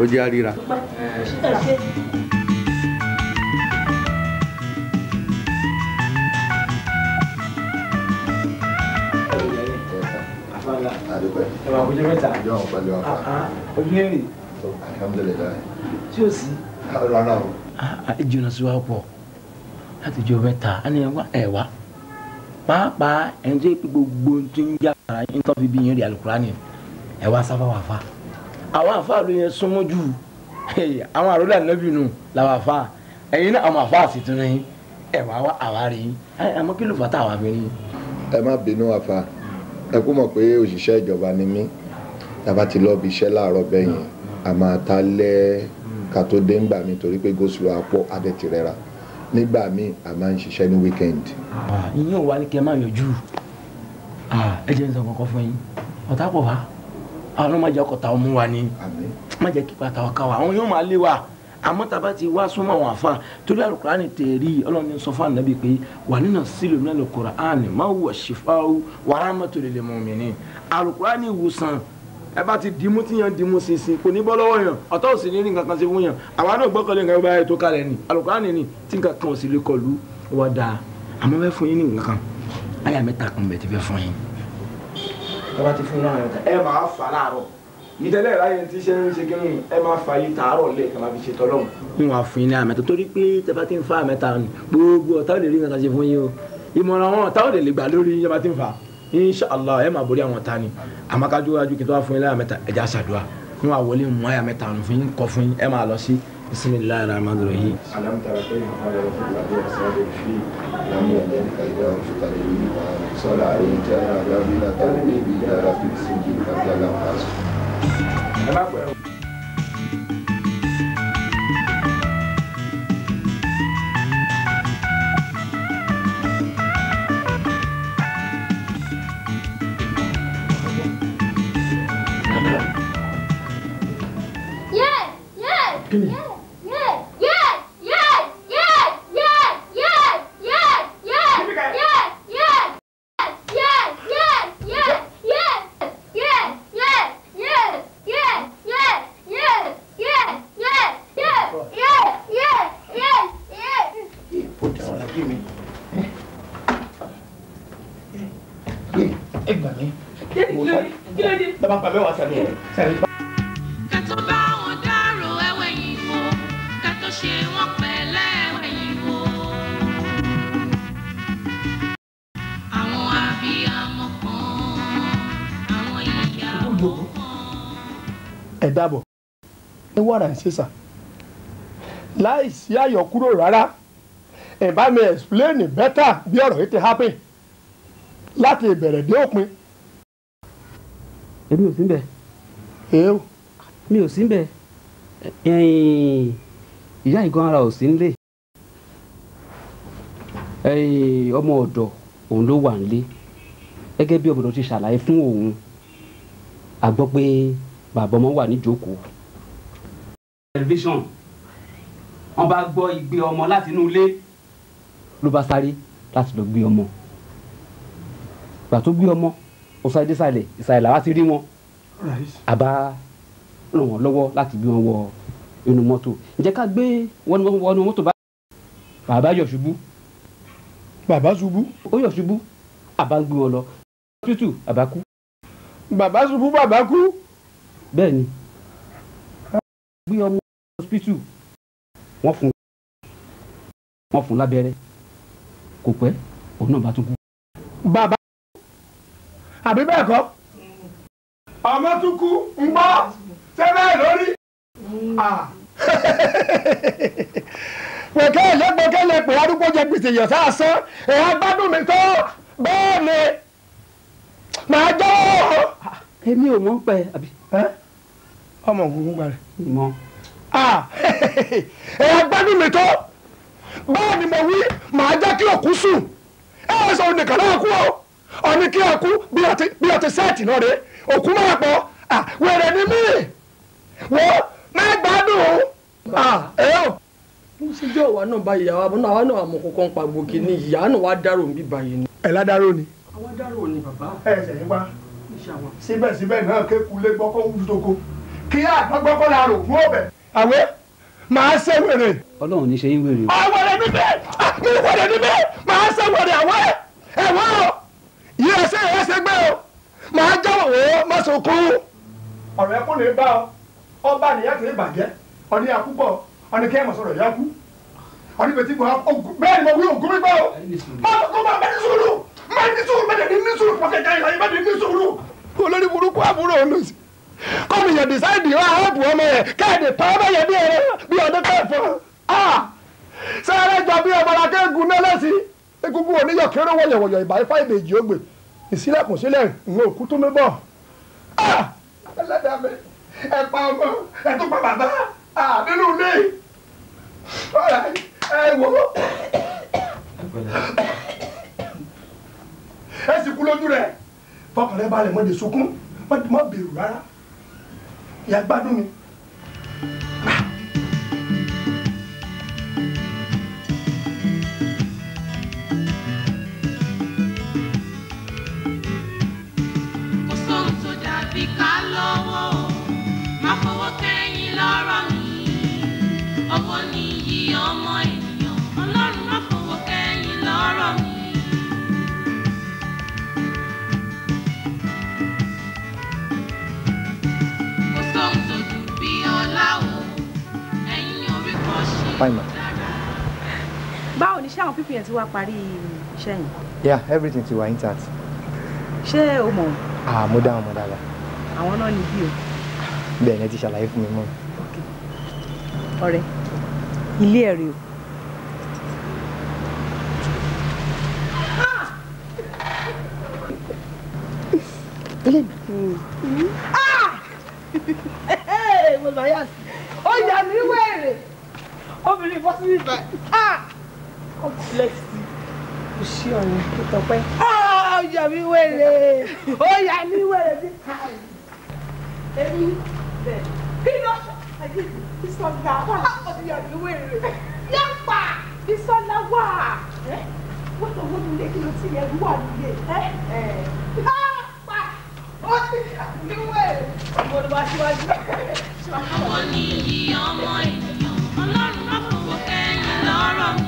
ó jẹ́ àríra. ẹ̀wà ojú mẹ́ta ojú mẹ́rin. alhamdulilayi. tí o sì. rárá o. Ah, ah, jìnnà sí wa pọ̀ láti jọ mẹ́ta ẹni wá ẹ̀ wá pàápàá ẹni tó yẹ pé gbogbo tó ń yá ara yín tó fi bí yín rí alukurani ẹ̀ wá sáfà wà fà àwọn àfa ló yẹ súnmọ́ jù àwọn àròlé ànábì nù làwọn àfa ẹ̀yin náà àwọn àfa àti tuntun yín ẹ̀ wá wá yín àmọ́ kí ló fà tá àwa fi rí ẹ má bínú àfa ẹ kú mọ̀ pé òṣìṣẹ́ ìjọba ni mí tàbá ti lọ́ọ́ bí iṣẹ́ láàárọ̀ bẹ́yìn àmọ́ àtàlẹ́ ká tó dé ń gbà mí torí pé gòsùlù àpọ̀ adẹ́tìrẹ́ra nígbà míì a máa ń ṣiṣẹ́ ní weekend. ìyín ò wá ní kí ẹ máa yọjú ẹ jẹ́ ń sọ kankan fún yín ọ̀tá pọ̀ wá àwọn ọmọ jẹ́ ọkọ̀ ọmú wa ni má jẹ́ kípa ta ọkà wa àwọn yóò máa lé wa àmọ́ tàbá ti wá súnmọ́ àwọn àfa torí àlùkùránì tẹ̀rí ọlọ́run sọ fún ànábì pé wà nínú sílò nínú àlùkùránì má wù ṣìfà wà rámọ́tò lè lè mọ̀ mí ni àlùkùránì ìwòsàn ẹ bá ti dìímú tí yàn dìímú ṣinṣin kò ní bọ́ lọ́wọ́ yàn ọ̀tọ̀ òsì ní nǹkan kan ṣe fún yàn àwa náà gbọ́kànlé nǹkan bá ètò kalẹ̀ ni Àlùkùránì ni tí nǹkan kan ò sì lè kọlu wà dáa àmọ́ fẹ́ fún yín ní nǹkan kan àyà mẹ́ta kan bẹ̀ ti fẹ́ fún yín. ẹ bá ti fún náà ẹ máa fà láàárọ̀ ìtẹ́lẹ̀ ráyè tí ṣe ń ṣe kí ni ẹ máa fa yìí tààrọ̀ lẹ̀ kí máa fi ṣe tọ́lọ́mù. n wà fún yín ní àmẹ́ta torí pé tẹ́fà ti ń fa àmẹ́ta gbogbo ọ̀tá ò lè rí nǹkan ṣe fún yín o ìmọ̀ràn àwọn ọ̀tá ò lè gbà lórí yín tẹ́fà ti ń fa inshallah ẹ máa borí àwọn tani àmàkájú wájú kí n tó wá fún yín láyà mẹ́ta ẹ̀já ṣàdúrà níwọ̀n àwọlé mú àyà mẹ́ta nù fún yín kọ́ fún yín ẹ máa lọ sí bisimilahi rahman rahim. alam tara kay muhammadu rasulillah wa sallam fi lam yalin kayda wa shukari wa sala alayhi jara rabbil alamin bi jara fi sinjin kabla lam asu. ọ̀ràn sísan láìsí sí àyọkúrò rárá ẹ bá mi explain better bí ọ̀rọ̀ yìí ti happen láti ìbẹ̀rẹ̀ dé òpin. èmi ò sí bẹ́ẹ̀. èèw. mi ò sí bẹ́ẹ̀ ìyá yìí gan ara ò sí ọmọ ọ̀dọ̀ òun ló wà nílé gẹ́gẹ́ bí ti fún òun a pé bàbá ọmọ wà níjókòó television wọ́n bá gbọ́ ìgbé ọmọ láti inú ilé ló bá sáré láti lọ gbé ọmọ gbà tó gbé ọmọ ó sáré désàlẹ̀ ìsàlẹ̀ làwa ti rí wọn àbá ràn wọ́n lọ́wọ́ láti gbé wọn wọ inú mọ́tò ǹjẹ́ ká gbé wọnú mọ́tò bá bàbá yọ̀ ṣubú. bàbá ṣubú. ó yọ̀ ṣubú àbá ń gbé wọn lọ tútù àbá kú. bàbá ṣubú bàbá kú. bẹ́ẹ̀ gbé ọmọ hospital wọ́n fún wọ́n fún lábẹ́rẹ́ kò pẹ́ òun náà bá tún kú. bàbá àbí bẹ́ẹ̀ kọ́ ọmọ tún kú ń gbọ́ tẹ́lẹ̀ lórí pẹ̀kẹ́ ẹ̀lẹ́gbẹ̀kẹ́lẹ̀ pé arúgbó jẹ gbèsè yọ̀ sáà sán ẹ̀yà gbádùn mi tó bẹ́ẹ̀ ni màá jọ́ èmi ò mọ̀ pẹ́ àbí. ọmọ ògùn gbà rẹ̀. Ah. ẹ ehe mi tó báwo ni mo wí màá jẹ́ kí òkú sùn ẹ ẹ sọ nìkan náà kú o ọ̀ni kí òkú bí ti sẹ́ẹ̀tì náà rè òkú máa pọ̀ ah, wèrè ni wo máa ah, náà bá náà àwa náà àmọ́ pa gbòkè ni ìyá náà wá dárò ń bí báyìí ni. ẹ ládàrò ni. ni bàbá. ẹ wá náà kékulé kí àwẹ̀ màá ṣe wèrè. ọlọ́run ní ṣe yín wèrè. àwẹ̀rẹ̀ níbẹ̀ àwẹ̀rẹ̀ níbẹ̀ màá ṣe wèrè àwẹ̀ ẹ̀wọ́ yìí ẹsẹ̀ ẹsẹ̀ gbé o màá jáwọ̀ wò ó má so kú. ọ̀rọ̀ ẹkún lè bá ọ ọba nìyá kì í bàjẹ́ ọ̀ní àkúbọ̀ ọ̀ní kẹ́ ẹ̀mọ̀ sọ̀rọ̀ yá kú ọ̀ní bẹ̀tí gbọ́ bẹ́ẹ̀ ni mo wí ògún mi gbọ́ o má kó má bẹ́ẹ̀ ní sùúrù má ní sùúrù má ní sùúrù pọ̀kẹ́kẹ́ ìlànà má ní sùúrù olórí burúkú àbúrò olóṣèlú kọ́mi yẹ bisaidi wa hẹ́pù ọmọ yẹ káàdì pa ọmọ yẹ bí ẹrẹ bí ọdún kẹfọ a sẹ́yẹrẹ jọ bí ọmọlá kẹ́gùn náà lẹ́sìn egungun oníyọ̀ kéré wọ̀yọ̀wọ̀yọ̀ ìbá ifá ìbejì ó gbè ìsílẹ̀kùn sílẹ̀ ìwé òkú tó mi bọ̀ a ẹlẹ́dàá mi ẹ pa ọmọ ẹ tó pa bàbá a ah, nínú ilé ẹ wò ẹ sì kú lójú rẹ fọkànlẹ́ balẹ̀ mọ́ de sunkún má bẹ̀rù rárá ìyá gbádùn mi. Fine, ma. Báwo ni ṣé àwọn pípì yẹn ti wá parí iṣẹ́ yẹn? Yeah, everything ti wà intact. Ṣé o mọ̀? Ah, mo dáhùn mo dára. Àwọn náà ní bí o. Bẹ́ẹ̀ ni ẹ ti ṣàlàyé fún mi mọ́. Ọ̀rẹ́, ilé ẹ̀rí o. Ah! Ilé mi. Hmm. Ah! mo lọ yà sí ó yà mí wẹ̀rẹ̀ obìnrin bọ́ sí ibà á ó tilẹ̀ sí kò sí ọ̀rẹ́ tó tọpẹ́ ó yà mí wẹ̀rẹ̀ ó yà mí wẹ̀rẹ̀ bí káyì èmi bẹ̀ kí ló ṣe àyè ìsọ̀nà wà ó yà mí wẹ̀rẹ̀ yàpá ìsọ̀nà wà wọ́n tó wọ́n mi lé kí ló ti yẹ wà nílé. I'm ọmọ ènìyàn ọlọ́run má kò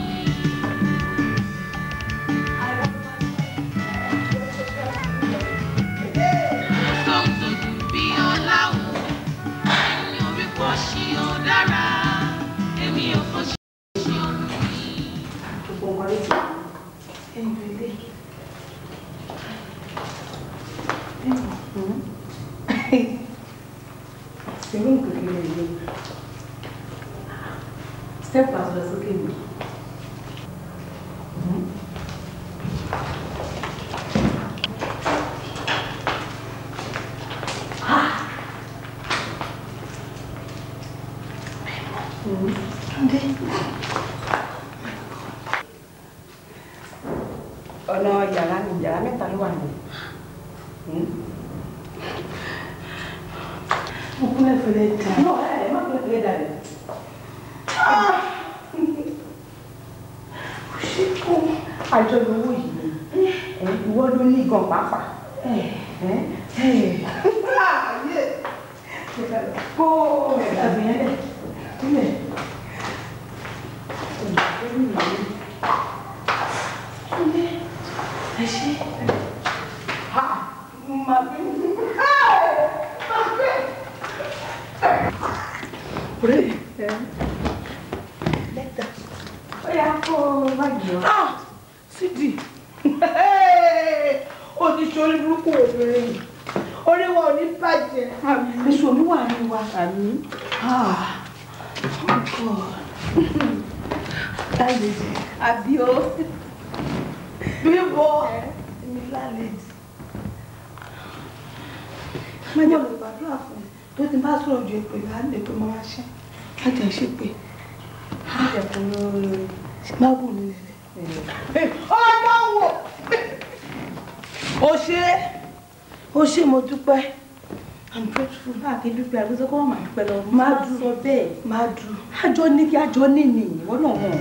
máa dúró bẹ́ẹ̀ máa dúró àjọ ní kí àjọ ní nìyí wọ́n náà mọ̀.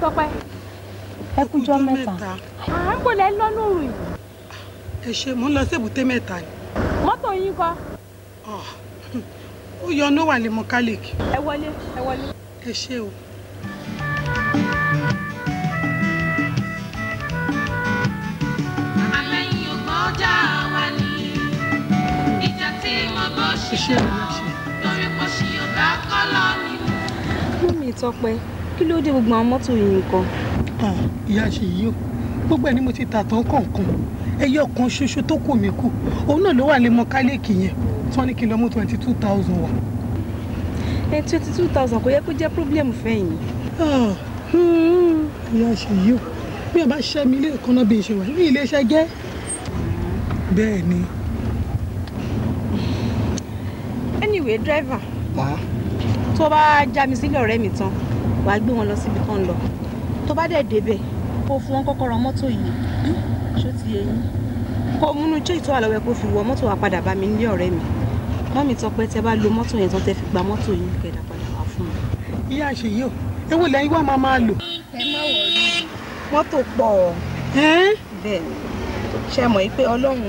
Tọ́pẹ́. ẹ kújọ mẹ́ta. à ń bọ̀lẹ̀ lọ́nà òru yìí. ẹ ṣe mò ń lọ sí èbúté mẹ́ta ni. mọ́tò yín kọ́. ó yọ ọ́nà wà lè mọ́kálíkì. ẹ wọlé ẹ wọlé. ẹ ṣe o. iṣẹ́ mi ṣe. lórí kò sí ọ̀gá kọ́ lọ́ọ́ mú mi Tọ́pẹ́ kí ló dé gbogbo àwọn mọ́tò yìí nǹkan. ìyá ṣe yìí o gbogbo ẹ̀ ni mo ti tà tán kọ̀ọ̀kan ẹyọ kan ṣoṣo tó kù mí kù òun náà ló wà lé mọkálíìkì yẹn tí ní kí twenty two thousand wá. ẹ twenty two thousand kò yẹ kó jẹ́ problem fẹ́yìn. ìyá ṣe yìí o bí o bá ṣe mi ilé ìkànnà bí ìṣe wà ní iléeṣẹ́ gẹ́ bẹ́ẹ̀ ni. anyway driver tó bá já mi sílẹ̀ ọ̀rẹ́ mi tán wàá gbé wọn lọ síbi kan lọ tó bá dẹ̀ débẹ̀ kó fún wọn kọ́kọ́rọ́ mọ́tò yìí hmm, ṣó ti yẹ yín kó múnú jẹ́ ìtọ́ àlọ́wẹ́ kó fi wọ mọ́tò wa padà bá mi nílé ọ̀rẹ́ mi mọ́mì Tọ́pẹ́ tẹ́ bá lo mọ́tò yẹn tán tẹ́ fi gba mọ́tò yín kẹ̀dà padà wá fún mi. ìyá àṣeyí o ewu lẹ́yìn wá máa máa lò. ẹ má wọlé mọ́tò pọ̀ bẹ́ẹ̀ ṣe mọ̀ pé hmm. ọlọ́run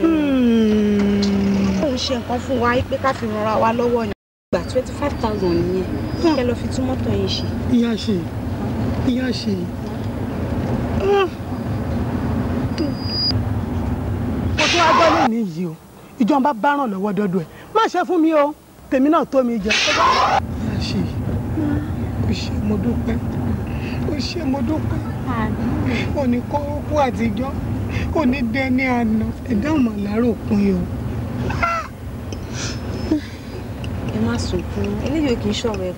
ṣe nǹkan fún wa pé ká fi ràn gbà twenty five thousand nìyẹn kẹ lọ fi tún mọ́tò yín ṣe. ìyá ṣe ìyá ṣe kò ah. tó wá gbọ́ lónìí yìí o ìjọba bá ràn lọ́wọ́ dọ́dọ̀ ẹ̀ má ṣe fún mi o tèmi náà tó mi jẹ. ìyá ṣe o ṣe mo dúpẹ́ o ṣe mo dúpẹ́ òní kó kú àtijọ́ òní dẹni àná ẹ̀dá ọ̀mọ̀ làárọ̀ òpin o. ẹ má sunkún ele ò kì í ṣọ̀rọ̀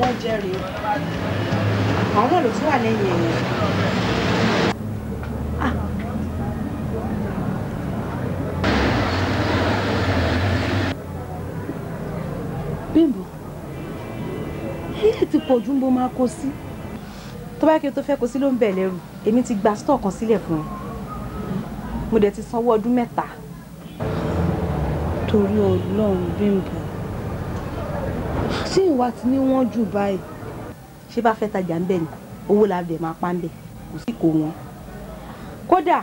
tó ń jẹ rèé àwọn náà ló tún wà lẹ́yìn ẹ̀yìn. Ah. Bímbọ́ ilé ti pọ̀ ju bó máa kó sí tó bá kí n tó fẹ́ kó sí ló ń bẹ̀ lẹ́rù èmi ti gba stọ̀ kan sílẹ̀ fún ẹ mo dẹ̀ ti sanwó ọdún mẹ́ta. torí Ọlọ́run Bímbọ́ tí ìwà ti ní wọ́n jù báyìí. ṣé bá fẹ́ tajà ń bẹ̀ ni owó la dẹ̀ máa pa ń bẹ̀ kò sí kò wọ́n. kódà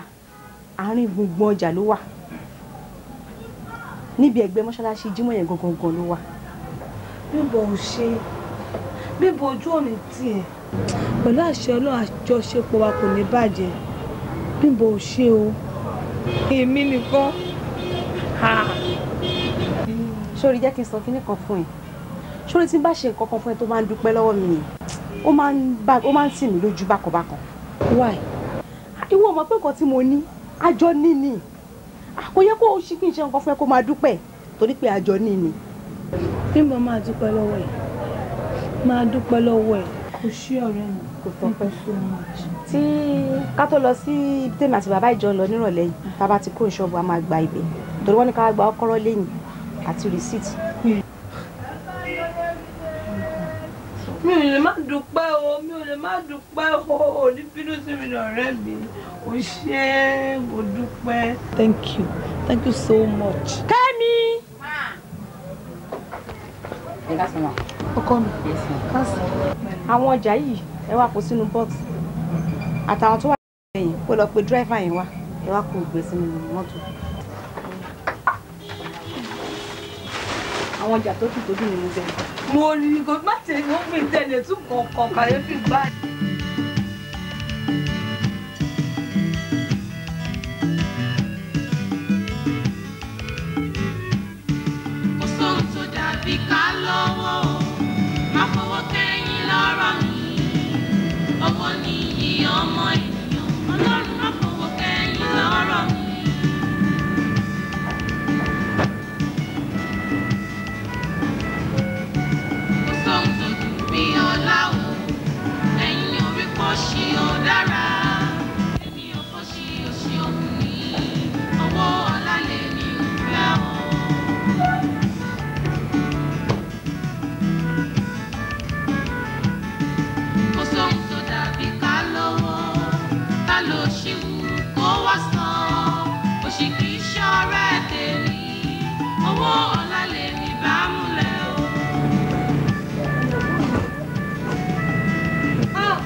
àárín gbùngbùn ọjà ló wà níbi ẹgbẹ́ mọ́ṣáláṣí jímọ̀ yẹn gangan gan ló wà. bíbọ̀ ò ṣe bíbọ̀ ojú òní tiẹ̀ pẹ̀lú àṣẹ ọlọ́run àjọṣepọ̀ wa kò ní bàjẹ́ bíbọ̀ ò ṣe o èmi nìkan. sórí jẹ́ kí n sọ kínní kan fún ẹ ṣórí tí n bá ṣe nǹkan kan fún ẹ tó máa ń dúpẹ́ lọ́wọ́ mi yìí ó máa ń bá ó máa mí lójú bákanbákan. why ìwọ mọ̀ pé tí mo ní àjọ ní kò yẹ kó o ṣì kí n ṣe nǹkan fún ẹ kó máa dúpẹ́ torí pé àjọ ní ni. bí mo máa dúpẹ́ lọ́wọ́ ẹ̀ máa dúpẹ́ lọ́wọ́ ẹ̀ kò sí ọ̀rẹ́ mi kò tọ́pẹ́ sí mi. tí ká tó lọ sí tèmi àti bàbá ìjọ lọ nírọ̀lẹ́ yìí tá a bá ti kó ìṣọ́ọ̀bù a máa gba ibẹ̀ torí wọ́n ní ká gba ọkọ́rọ́ lẹ́yìn àti rìsíìtì mi ò lè má dúpẹ́ o mi ò lè má dúpẹ́ o ò sí mi lọ́rẹ́ mi o ṣé mo dúpẹ́. thank you thank you so much. kẹ́mi. ọkọ mi kásì. àwọn ọjà yìí ẹ wá kó sínú bọ́ọ̀sì mm-hmm. àtàwọn tó wà lẹ́yìn kó lọ pe dírẹ́fà yẹn wá ẹ wá kó gbé sínú mọ́tò. àwọn ọjà tó kù tó dùn ní mo bẹ̀rẹ̀. mo ní kò má ṣe mo fi tẹ̀lé tún kọ̀ọ̀kan kàyéfì báyìí. kò sóhun ọmọ ènìyàn ọlọ́run má fọwọ́ kẹ́yìn lọ́rọ̀ mi. èmi ọ̀la o ẹ̀yin orí pọ̀ ṣí o dára èmi ò fọ́ ṣí o ṣí òun ní ọwọ́ ọ̀la lè ní ìfẹ́ o. kò sóhun tó dàbí ká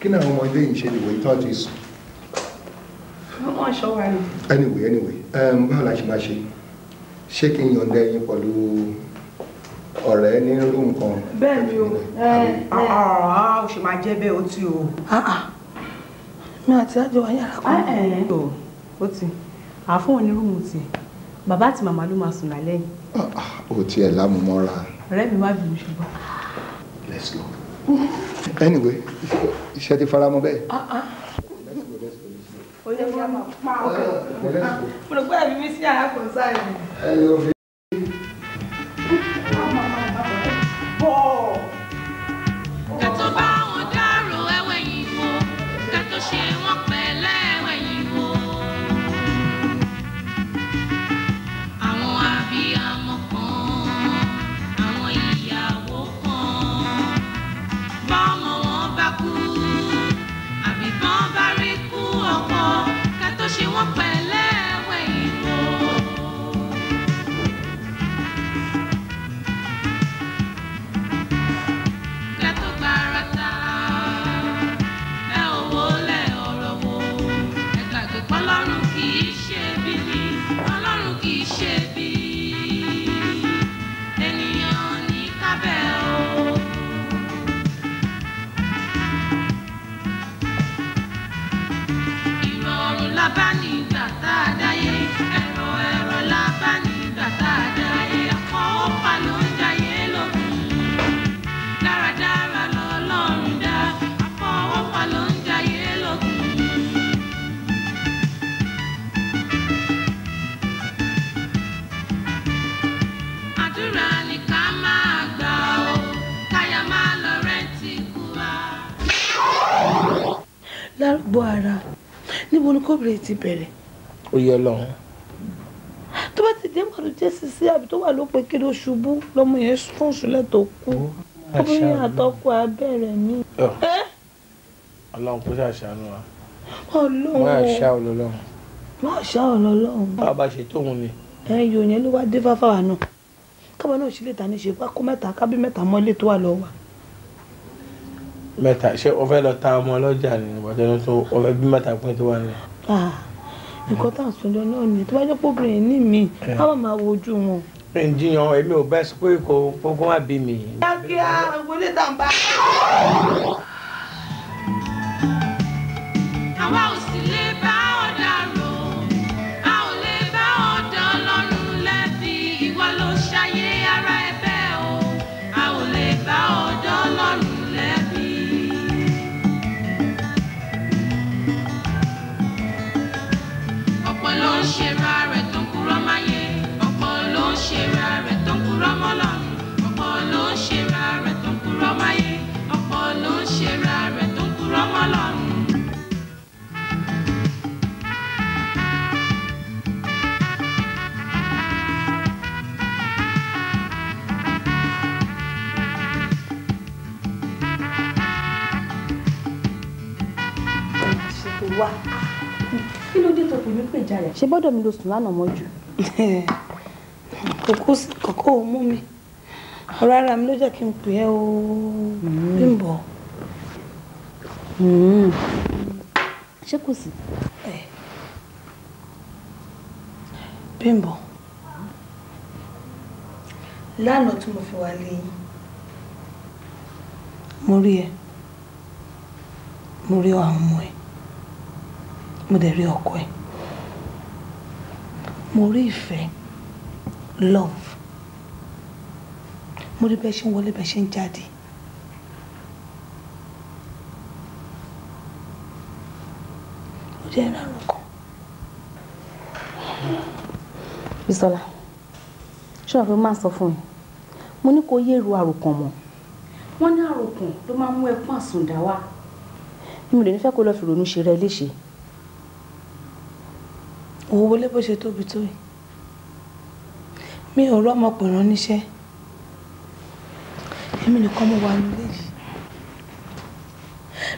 kí ni àwọn ọmọdé yìí ṣe ìwé tán ti sùn. wọ́n ṣọ́ wa ni. anyway anyway um, báwo la ṣe máa ṣe ṣé kí n yọ̀ǹda ẹyin pẹ̀lú ọ̀rẹ́ ní rúùmù kan. bẹ́ẹ̀ ni o ó ṣe máa jẹ́ bẹ́ẹ̀ ó ti o. mi àti àjọ wa yàrá kan. ó ti àfún òní rúùmù tiẹ̀ bàbá àti màmá ló máa sùn lálẹ́ yìí. ó tiẹ̀ lámúmọ́ra. ọ̀rẹ́ mi wá bí mo ṣe bá. let's go anyway iṣẹ́ ti fara mọ́ bẹ́ẹ̀. o ẹ̀mí mi sí àyà kò lárúgbó ara níbo ni kóbìnrin ti bẹ̀rẹ̀. ó yẹ lọ́hún. tó bá ti dé mọ̀rún jésì sí àbí tó wà lópin kí ló ṣubú lọ́mọ yẹn fún ìṣúlẹ̀ tó kú obìnrin oh, àtọkọ abẹ́rẹ́ mi. Oh. ọlọ́run kó ṣàṣàánú wa. ọlọ́run má ṣá ọ lọ́lọ́run. má ṣá ọ lọ́lọ́run. báwa bá ṣe tóun ni. ẹ yòó yẹn ló wá dé fáfáwa náà kábọ̀ náà ṣílẹ̀ ta ní ṣe pákó mẹ́ta kábí mẹ́ta mọ́lẹ̀ tó wà lọ́wọ́ wa mẹ́ta ṣé o fẹ́ lọ ta ọmọ ọlọ́jà ni bàtẹ́ ló tó o fẹ́ bí mẹ́ta pín tó wà nílẹ̀. Ah, nǹkan tá à ń sọjọ náà ni tó bá jẹ́ pé obìnrin ní mi á eh. má máa wojú wọn. ìjiyàn èmi ò bẹ́ẹ̀ sọ pé kò kókó wà bí mi. kíákíá ìwọlé gbọ́dọ̀ mi ló sùn lánàá mọ́jú. kòkó kòkó ò mú mi ọ̀rọ̀ ara mi ló jẹ́ kí n pè ẹ́ o hmm. Bímbọ́. Hmm. ṣé kò sí. Bímbọ́ lánàá tí mo fi wà lẹ́yìn mo rí ẹ mo rí àwọn ọmọ ẹ mo dẹ̀ rí ọkọ ẹ mo rí ìfẹ́ love mo rí bẹ́ẹ̀ ṣe ń wọlé bẹ́ẹ̀ ṣe ń jáde. ó jẹ́ ìrànlọ́ kan. Bisola ṣé wàá fi máa sọ fún mi mo ní kó yé ru àròkàn mọ́ wọ́n ní àròkàn ló máa mú ẹkún àsùndá wá mi ò lè ní kó lọ́ọ́ fi ronú ṣe rẹ léṣe òun wọlé bó ṣe tóbi tó yìí mi ò rọ́mọkùnrin níṣẹ́ èmi nìkan mo wà nílé yìí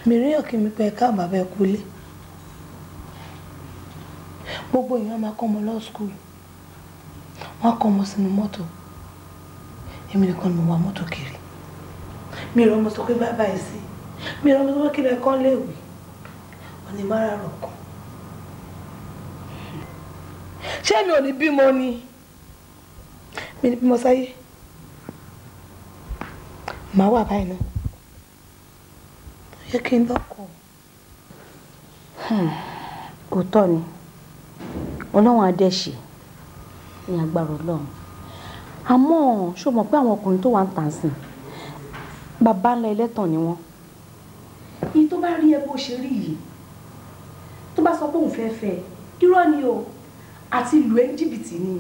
mìíràn kì í mi pẹ́ ká bàbá ẹ kulé gbogbo èèyàn máa kọ́ ọmọ lọ skul wọ́n á kọ́ ọmọ sínú mọ́tò èmi nìkan mo wà mọ́tò kiri mi rọ́mọ sọ pé báyìí báyìí sí mi rọ́mọ sọ pé kí lẹ kán léèwé ọ̀nì márààrọ̀ kan ṣé mi ò ní bímọ ni mi ní bímọ sáyé màá wà báyìí náà yẹ kí n lọ́kọ. Hmm. òótọ́ ni ọlọ́run adẹ́ṣe ní agbára ọlọ́run àmọ́ ṣó mọ̀ pé àwọn ọkùnrin tó wà ń tàn sìn bàbá ńlá ẹlẹ́tàn ni wọ́n. ní tó bá rí ẹ bó ṣe rí yìí tó bá sọ pé òun fẹ́ fẹ́ irọ́ ni o àti ìlú ẹ̀ ń jìbìtì ni.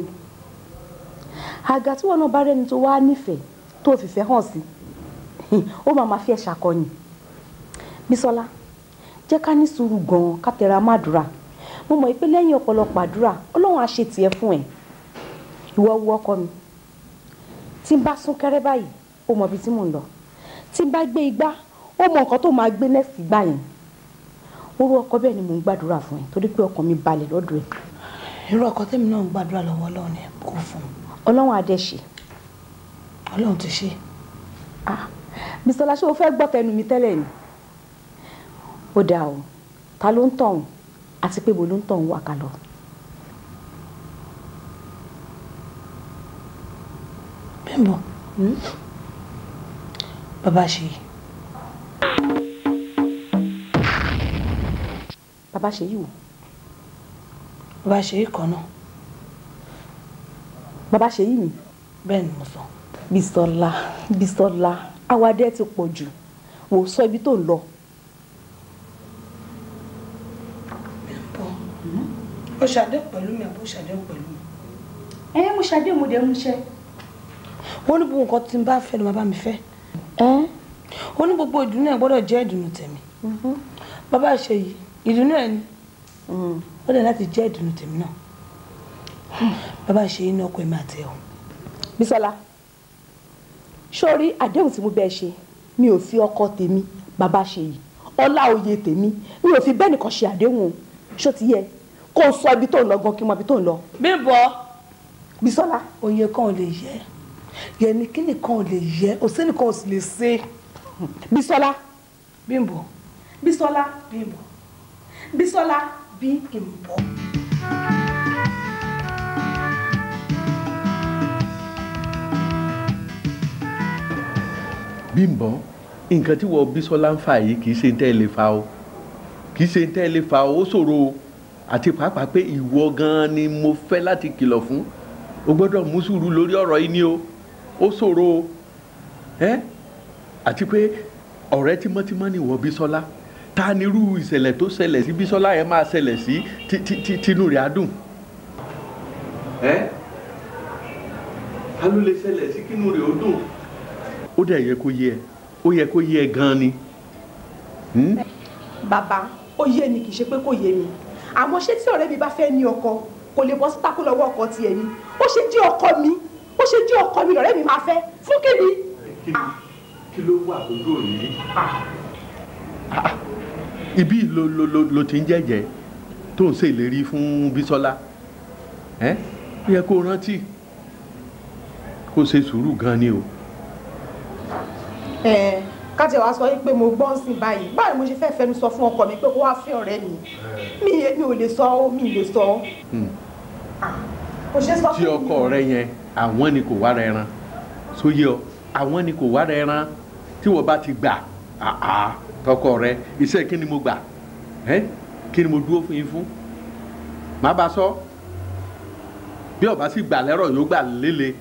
àgà tí wọn náà bá rẹni tó wá nífẹ̀ẹ́ tó fìfẹ́ hàn sí ó máa máa fi ẹ̀ ṣàkọyìn. Bísọ́lá jẹ́ ká ní sùúrù gan-an ká tẹra mádùúrà mo mọ̀ pé lẹ́yìn ọ̀pọ̀lọpọ̀ àdúrà Ọlọ́run á ṣe tiẹ̀ fún ẹ̀ ìwọ wu ọkọ mi tí n bá sún báyìí ó mọ ibi tí mò ń lọ tí n bá gbé igbá ó mọ nǹkan tó máa gbé nẹ́ẹ̀sì gbà yẹn orú ọkọ bẹ́ẹ̀ ni mò ń gbàdúrà fún ẹ torí pé ọkàn mi balẹ̀ lọ́dọ̀ ẹ̀ irú ọkọ tèmi náà ń gbàdúrà lọ́wọ́ Ọlọ́run ni kò fún un. Ọlọ́run adé ṣe. Ọlọ́run ti ṣe. Bisola ṣé o fẹ́ gbọ́ tẹnu mi tẹ́lẹ̀ ni ó dáa o ta ló ń tọ̀hún àti pé bo ló ń tọ̀hún wà ká lọ. Bímbọ́ hmm? bàbá Ṣèyí. bàbá Ṣèyí wò bàbá ṣèyí kan náà. bàbá ṣèyí mi. bẹ́ẹ̀ ni mo sọ. Bísọ́lá Bísọ́lá àwàdẹ ti pọ̀ jù wò sọ ibi tó ń lọ. ó ṣàdéhùn pẹ̀lú mi àbó ṣàdéhùn pẹ̀lú mi. ẹ mo ṣàdéhùn mo dẹ̀ ń ṣe. wọ́n ní gbogbo nǹkan tí n bá fẹ́ ló máa bá mi fẹ́. ó ní gbogbo ìdùnnú ẹ̀ gbọ́dọ̀ jẹ́ ìdùnnú tèmi. Mhm. bàbá ṣèyí ìdùnnú ẹ̀ ni ó dẹ̀ láti jẹ́ ìdùnnú tèmi náà bàbá ṣe iná ọkọ ẹ̀mí àtẹ o. Bísọ́lá sórí àdéhùn tí mo bẹ́ẹ̀ ṣe mi ò fi ọkọ tèmi bàbá ṣe yìí ọlá òye tèmi mi ò fi bẹ́ẹ̀ nìkan ṣe àdéhùn o ṣó ti yẹ kó o sọ ibi tó ń lọ gan kí n mọ ibi tó ń lọ. Bímbọ́ Bísọ́lá. oyè kan ò lè yẹ yẹni kíni kan ò lè yẹ òsínì kan ò sì lè ṣe. Bísọ́lá. Bímbọ́. Bísọ́lá. Bímbọ́. Bísọ́lá being involved. Bímbọ́ nǹkan tí wọ́n Bísọ́lá ń fà yìí kì í ṣe ń tẹ́ ẹ lè fa o kì í ṣe ń tẹ́ ẹ lè fa o ó ṣòro o àti pàápàá pé ìwọ gan-an ni mo fẹ́ láti kìlọ̀ fún o gbọ́dọ̀ mú sùúrù lórí ọ̀rọ̀ yìí ni o ó ṣòro o ẹ́ àti pé ọ̀rẹ́ tímọ́tímọ́ ni wọ́n Bísọ́lá ta ni irú ìṣẹ̀lẹ̀ tó ṣẹlẹ̀ sí bísọ́lá yẹn máa ṣẹlẹ̀ sí tinú rẹ̀ á dùn. ẹ ta ló lè ṣẹlẹ̀ sí kínú rẹ̀ ó dùn. ó dẹ̀ yẹ kó yẹ ó yẹ kó yẹ gan-an ni. Hmm? bàbá ó yé mi kì í ṣe pé kò yé mi àmọ́ ṣé tí ọ̀rẹ́ mi bá fẹ́ ní ọkọ kò lè bọ́ síta kó lọ́wọ́ ọkọ tiẹ̀ ni ó ṣe jẹ́ ọkọ mi ó ṣe jẹ́ ọkọ mi lọ́rẹ́ mi máa fẹ́ fún kí ni. kí ló wà lójú òní ibi lo lo lo lo ti ń jẹ́jẹ́ tó ń ṣèlérí fún bisola, ẹ yẹ kó rántí kó ṣe sùúrù gan ni o. ẹ kájẹ wàá sọ pé mo gbọ́n sí báyìí báyìí mo ṣe fẹ́ fẹnu sọ fún ọkọ mi pé kó wá fẹ́ ọ̀rẹ́ mi mi ò lè sọ ọ́ mi ò lè sọ ọ́ hmm. tí ọkọ rẹ yẹn àwọn ni kò wá rẹ ran sóyè ọ àwọn ni kò wá rẹ tí wọn bá ti gbà àá tọkọ rẹ iṣẹ́ kí ni mo gbà ẹ́ kí ni mo dúró fún yín fún má bá sọ bí ọba sì gbà lẹ́rọ̀ yóò gbà lélẹ̀.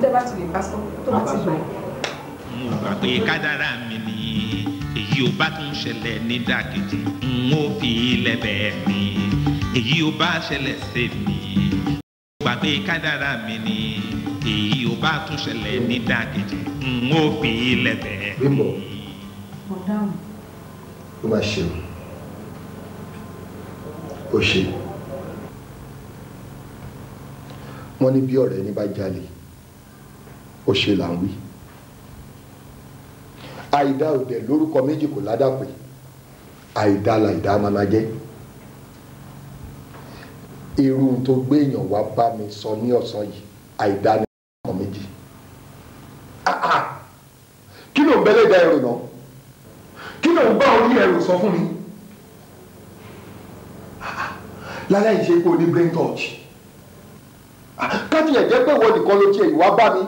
tẹ́ bá ti lè bá sọ tó bá ti mi ni èyí ò bá tún ṣẹlẹ̀ ní dàkejì n ó fi ilẹ̀ mi èyí ò bá ṣẹlẹ̀ sí mi mo gbà mi ni èyí bá a tún ṣẹlẹ̀ ní dákejì n ó fi ilẹ̀ bẹ́ẹ̀. bímọ ó máa ṣe o ó ṣe wọn ní bí ọ̀rẹ́ ẹni bá jalè ó ṣe là ń wí àìdá òdẹ lórúkọ méjì kò ládàpẹ àìdá làìdá máa máa jẹ irú tó gbé èèyàn wá bá mi sọ ní ọ̀sán yìí àìdá ni ẹrù lọ kí ló ń bá orí ẹrù sọ fún mi ah, láláì ṣe kó o ní brain touch ah, káfíẹ̀ jẹ́ pé wọ́n nìkan ló tiẹ̀ ìwà bá mi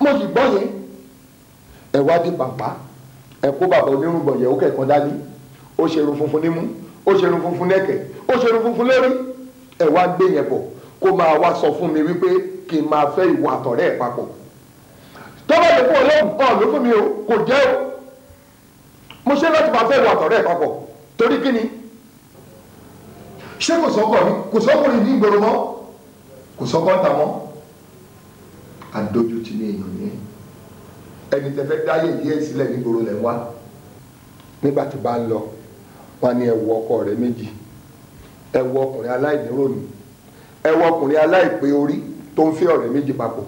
mo sì gbọ́ yẹn ẹ wá di pàpà ẹ kó bàbá onírúgbọ̀n yẹ̀ ó kẹ̀kan dání ó ṣe irun funfun nímú ó ṣe irun funfun lẹ́kẹ̀ẹ́ ó ṣe irun funfun lórí ẹ wá gbé yẹn bọ̀ kó máa wá sọ fún mi wípé kí n máa fẹ́ ìwọ àtọ̀rẹ́ ẹ̀ papọ̀ lè fún ọlọ́run bọ́ ló fún mi o kò jẹ́ o mo ṣe láti máa fẹ́ wọ àtọ̀rẹ́ ẹ̀ papọ̀ torí kí ni ṣé kò sọ́kọ̀ mi kò sọ́kùnrin ní ìgboro mọ́ kò sọ́kọ́ ta mọ́ àdójútì ní èèyàn yẹn ẹni tẹ́fẹ́ dáyé díẹ̀ sílẹ̀ nígboro lẹ̀ wá nígbà tí bá ń lọ wọn ni ẹ wọ ọkọ rẹ méjì ẹ wọ ọkùnrin aláìníròyìn ẹ wọ ọkùnrin aláìpé orí tó ń fẹ́ ọ̀rẹ́ méjì papọ̀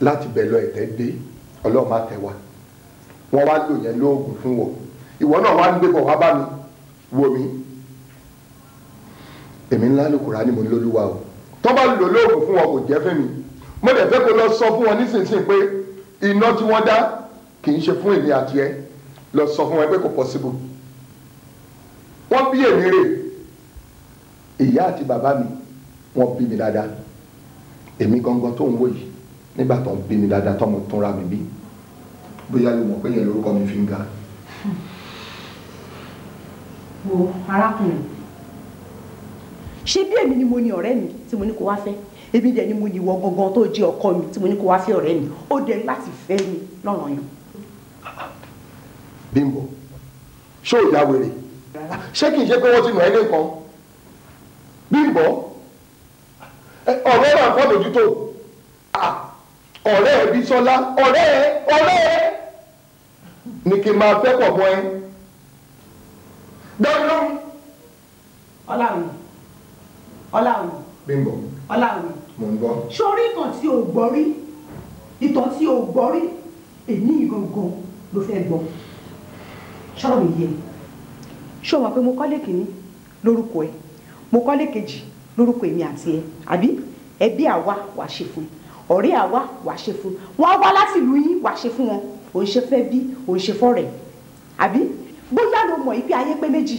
láti bẹ̀ lọ ẹ̀tẹ́ dé ọlọ́run máa tẹ̀ wá wọ́n wá lò yẹn lóògùn fún wọ ìwọ náà wá ń gbé bọ̀ wá bá mi wò mí èmi ńlá lòkùnrin ni mo ń lólúwa o tó bá lò lóògùn fún wọn kò jẹ́ fún mi mo lè fẹ́ kó lọ sọ fún wọn nísinsìnyí pé iná tí wọ́n dá kì í ṣe fún èmi àti ẹ lọ sọ fún wọn pé kò possible wọ́n bí èmi rè ìyá àti bàbá mi wọ́n bí mi dáadáa èmi gangan tó ń wò yìí nígbà tó ń bí mi dáadáa tọ́mọ tó ń ra mi bí bóyá ló mọ̀ pé yẹn lórúkọ mi fi ń ga. wo arákùnrin ṣé bí èmi ni mo ní ọ̀rẹ́ mi tí mo ní kó wá fẹ́ èmi dẹ̀ ni mo ní ìwọ gangan tó jẹ́ ọkọ mi tí mo ní kó wá fẹ́ ọ̀rẹ́ mi ó dẹ̀ láti fẹ́ mi lọ́ràn yàn. Bímbọ́ ṣé ò dáwèrè ṣé kì í ṣe pé wọ́n ti nà ẹ́ lẹ́kọ̀ọ́ Bímbọ́ ọ̀rẹ́ wà kọ́ lójútó. Ah, ọ̀rẹ́ Bísọ́lá ọ̀rẹ́ ọ̀rẹ́ ni kí n máa fẹ́ pọ̀ mọ́ ẹ. dọ́dún. ọ̀làwìn ọ̀làwìn. Bímbọ́. ọ̀làwìn. mò ń gbọ́. sórí ìtàn tí o gbọ́ rí ìtàn tí o gbọ́ rí èmi gangan ló fẹ́ gbọ́ sọ̀rọ̀ mi yé ṣé o mọ̀ pé mo kọ́lé kìíní lórúkọ ẹ mo kọ́lé kejì lórúkọ èmi àti ẹ àbí ẹbí àwa wàá ṣe fún ẹ ọ̀rẹ́ àwa wà ṣe fún wọn wá láti ìlú yín wà ṣe fún wọn ò ń ṣe fẹ́ bí ò ń ṣe fọ́rẹ̀ àbí bóyá ló mọ̀ ipe ayé pé méjì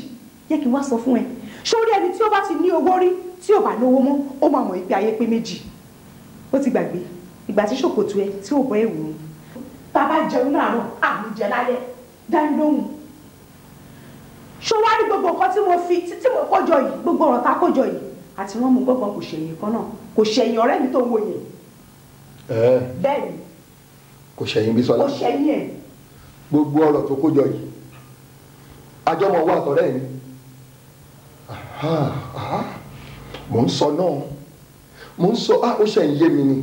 yẹ kí n wá sọ fún ẹ sórí ẹni tí ó bá ti ní owó rí tí ò bá lówó mọ́ ó máa mọ̀ ipe ayé pé méjì ó ti gbàgbé ìgbà tí ṣòkòtò ẹ tí ò bọ́ ẹ̀wù ni bàbá jẹun láàárọ̀ àmì jẹ lálẹ́ dáńdóhùn ṣó wá gbogbo nǹkan tí mo fi tí mo kójọ yìí gbogbo ọ̀rọ̀ ta kójọ yìí àti wọ́n mú gbọ́ngàn kò ṣẹ̀yìn kan náà kò ṣẹ̀yìn ọ̀rẹ́ mi tó ń wòye bẹ́ẹ̀ni kò ṣẹ̀yìn Bísọ́lá kò ṣẹ̀yìn ẹ̀ gbogbo ọ̀rọ̀ tó kó jọ yìí àjọmọ̀ wà tọ̀rẹ́ mi mò ń sọ náà mò ń sọ ah ó ṣe ń yé mi ni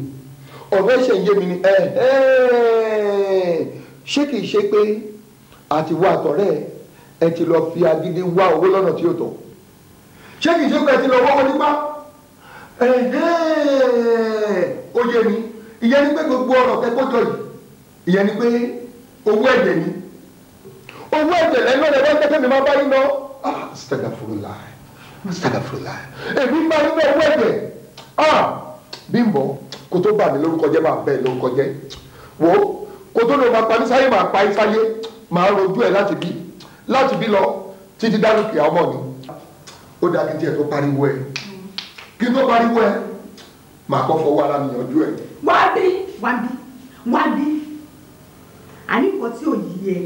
ọ̀rọ̀ ṣe ń yé mi ni ẹ ẹ ṣé kìí ṣe pé àti wà tọ̀rẹ́ ẹ ti lọ fi agídí wá owó lọ́nà tí ó tọ́ ṣé kìí ṣe pé ẹ ti lọ wọ́wọ́ nípa ẹ ẹ ó yé mi ìyẹn ni pé gbogbo ọ̀rọ̀ tẹ́kọ̀tọ̀ yìí ìyẹn ni pé owó ẹ̀jẹ̀ ni owó ẹ̀jẹ̀ lẹ́nu ọ̀rẹ́ wọn tẹ́tẹ́ mi máa bá yín lọ. ah sitaga furu la sitaga furu la èmi máa ń bẹ owó ẹ̀jẹ̀ ah Bímbọ́ kó tó bà mí lórúkọ jẹ́ máa bẹ́ẹ̀ lórúkọ jẹ́ wo kó tó lọ máa parí sáyé máa parí sáyé máa rojú ẹ̀ láti bí láti bí lọ títí dárúkìá ọmọ ni ó dáa kí tiẹ̀ tó pariwo ẹ̀ kí tó pariwo ẹ̀ máa kọ́ fọwọ́ ara mi yanjú ẹ̀ wá bí wá bí wá bí àní nǹkan tí ò yí ẹ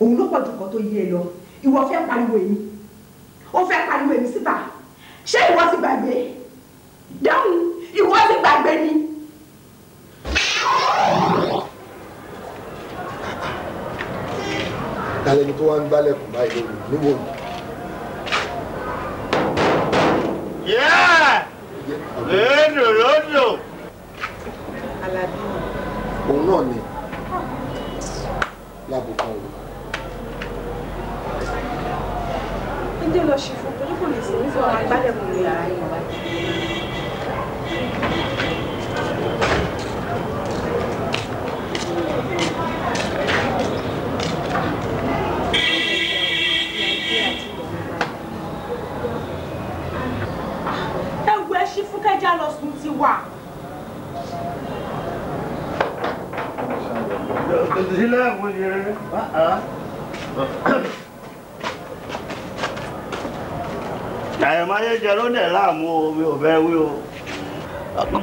òun ló pọ̀ ju nǹkan tó yí ẹ lọ ìwọ fẹ́ pariwo èmi ó fẹ́ pariwo èmi síta ṣé ìwọ ti gbàgbé dáhùn ìwọ ti gbàgbé ni. dalẹ́ni tó wá ń gbálẹ̀kùn báyìí lóru níwò ni. yẹ́ẹ̀ lódò lódò alábí mi. òun náà ni lábùkún òun. ẹjẹ lọ ṣe fún torí kò lè sí nífẹ̀ẹ́ ọmọ ìbálẹ̀ kò lè ara yìí wá. ẹ Зіля вивірили. А-а. Àyẹ̀máyéjẹ ló dẹ̀ láàmú omi ò fẹ́ wí o.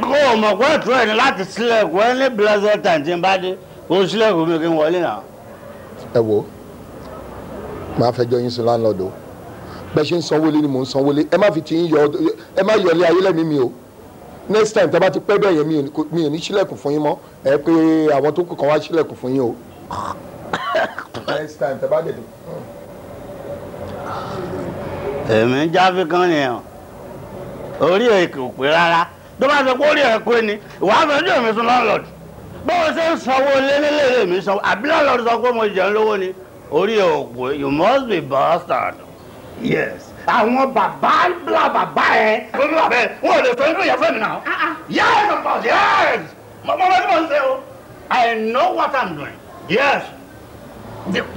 Kó o mọ̀ pé ètò ẹ̀ ní láti sílẹ̀kùn ẹ ní Blazer tàǹtí bá dé, o sílẹ̀kùn mi kí n wọlé náà. Ẹ wo, màá fẹjọ́ yín sùn láńlọ́dọ̀. Bẹ́ẹ̀ ṣe ń sanwó lé ni mò ń sanwó lé. Ẹ má fi ti yín yọ ẹ má yọlé ayé lẹ́mìí mi o next time tẹ́bá ti pẹ́ bẹ́ẹ̀ yẹn mi ò ní ṣílẹ̀kùn fún yín mọ́ ẹ pé àwọn tó kù kan wá ṣílẹ̀kùn fún yín o. next time tẹ́bá dẹ̀ dé. èmi ń jáfi kan nìyẹn orí ẹ̀ kò pé rárá tó bá sọ pé orí ẹ̀ pé ni ìwà fẹ́ ojú mi sún lọ́lọ́dù bó o ṣe ń sanwó lélẹ́lẹ́lẹ́ mi sanwó àbí lọ́lọ́dù sọ pé mo jẹun lówó ni orí ẹ̀ you must be bastard yes àwọn bàbá bla bàbá ẹ. olú àbẹ wọn ò lè fẹ́ inú ìyàfẹ́ mi náà. Ah, ah. yes of course yes mo mọ bí mo ń ṣe o. I know what I'm doing yes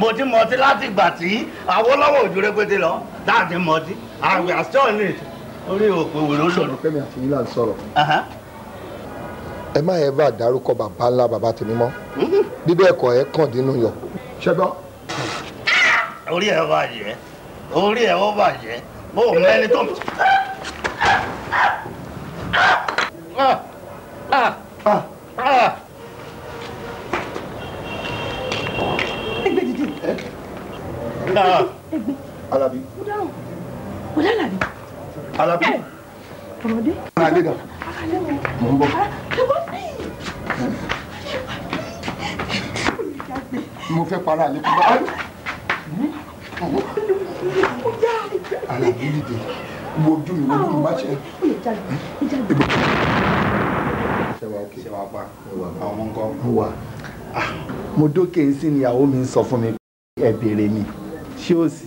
mo ti mọ ọtí láti gbà tí Awólọ́wọ̀ òjúre pété lọ láti mọ ọtí I will still in it orí òpè wòlò lòlù. Fẹ́mi àti yìí là ń sọ̀rọ̀ uh-huh. ẹ má yẹ bá dárúkọ bàbá ńlá bàbá tèmi mọ́ mm-hmm. bíbẹ ẹkọ ẹ kàn dínú yọ. ṣẹgbọn. Ah! orí ẹ wá yẹ orí ẹ̀ ó bàjẹ́ bó o mẹ́ni tó. mo dókè ń sí níyàwó mi ń sọ fún mi ẹ béèrè mi ṣé ó sì.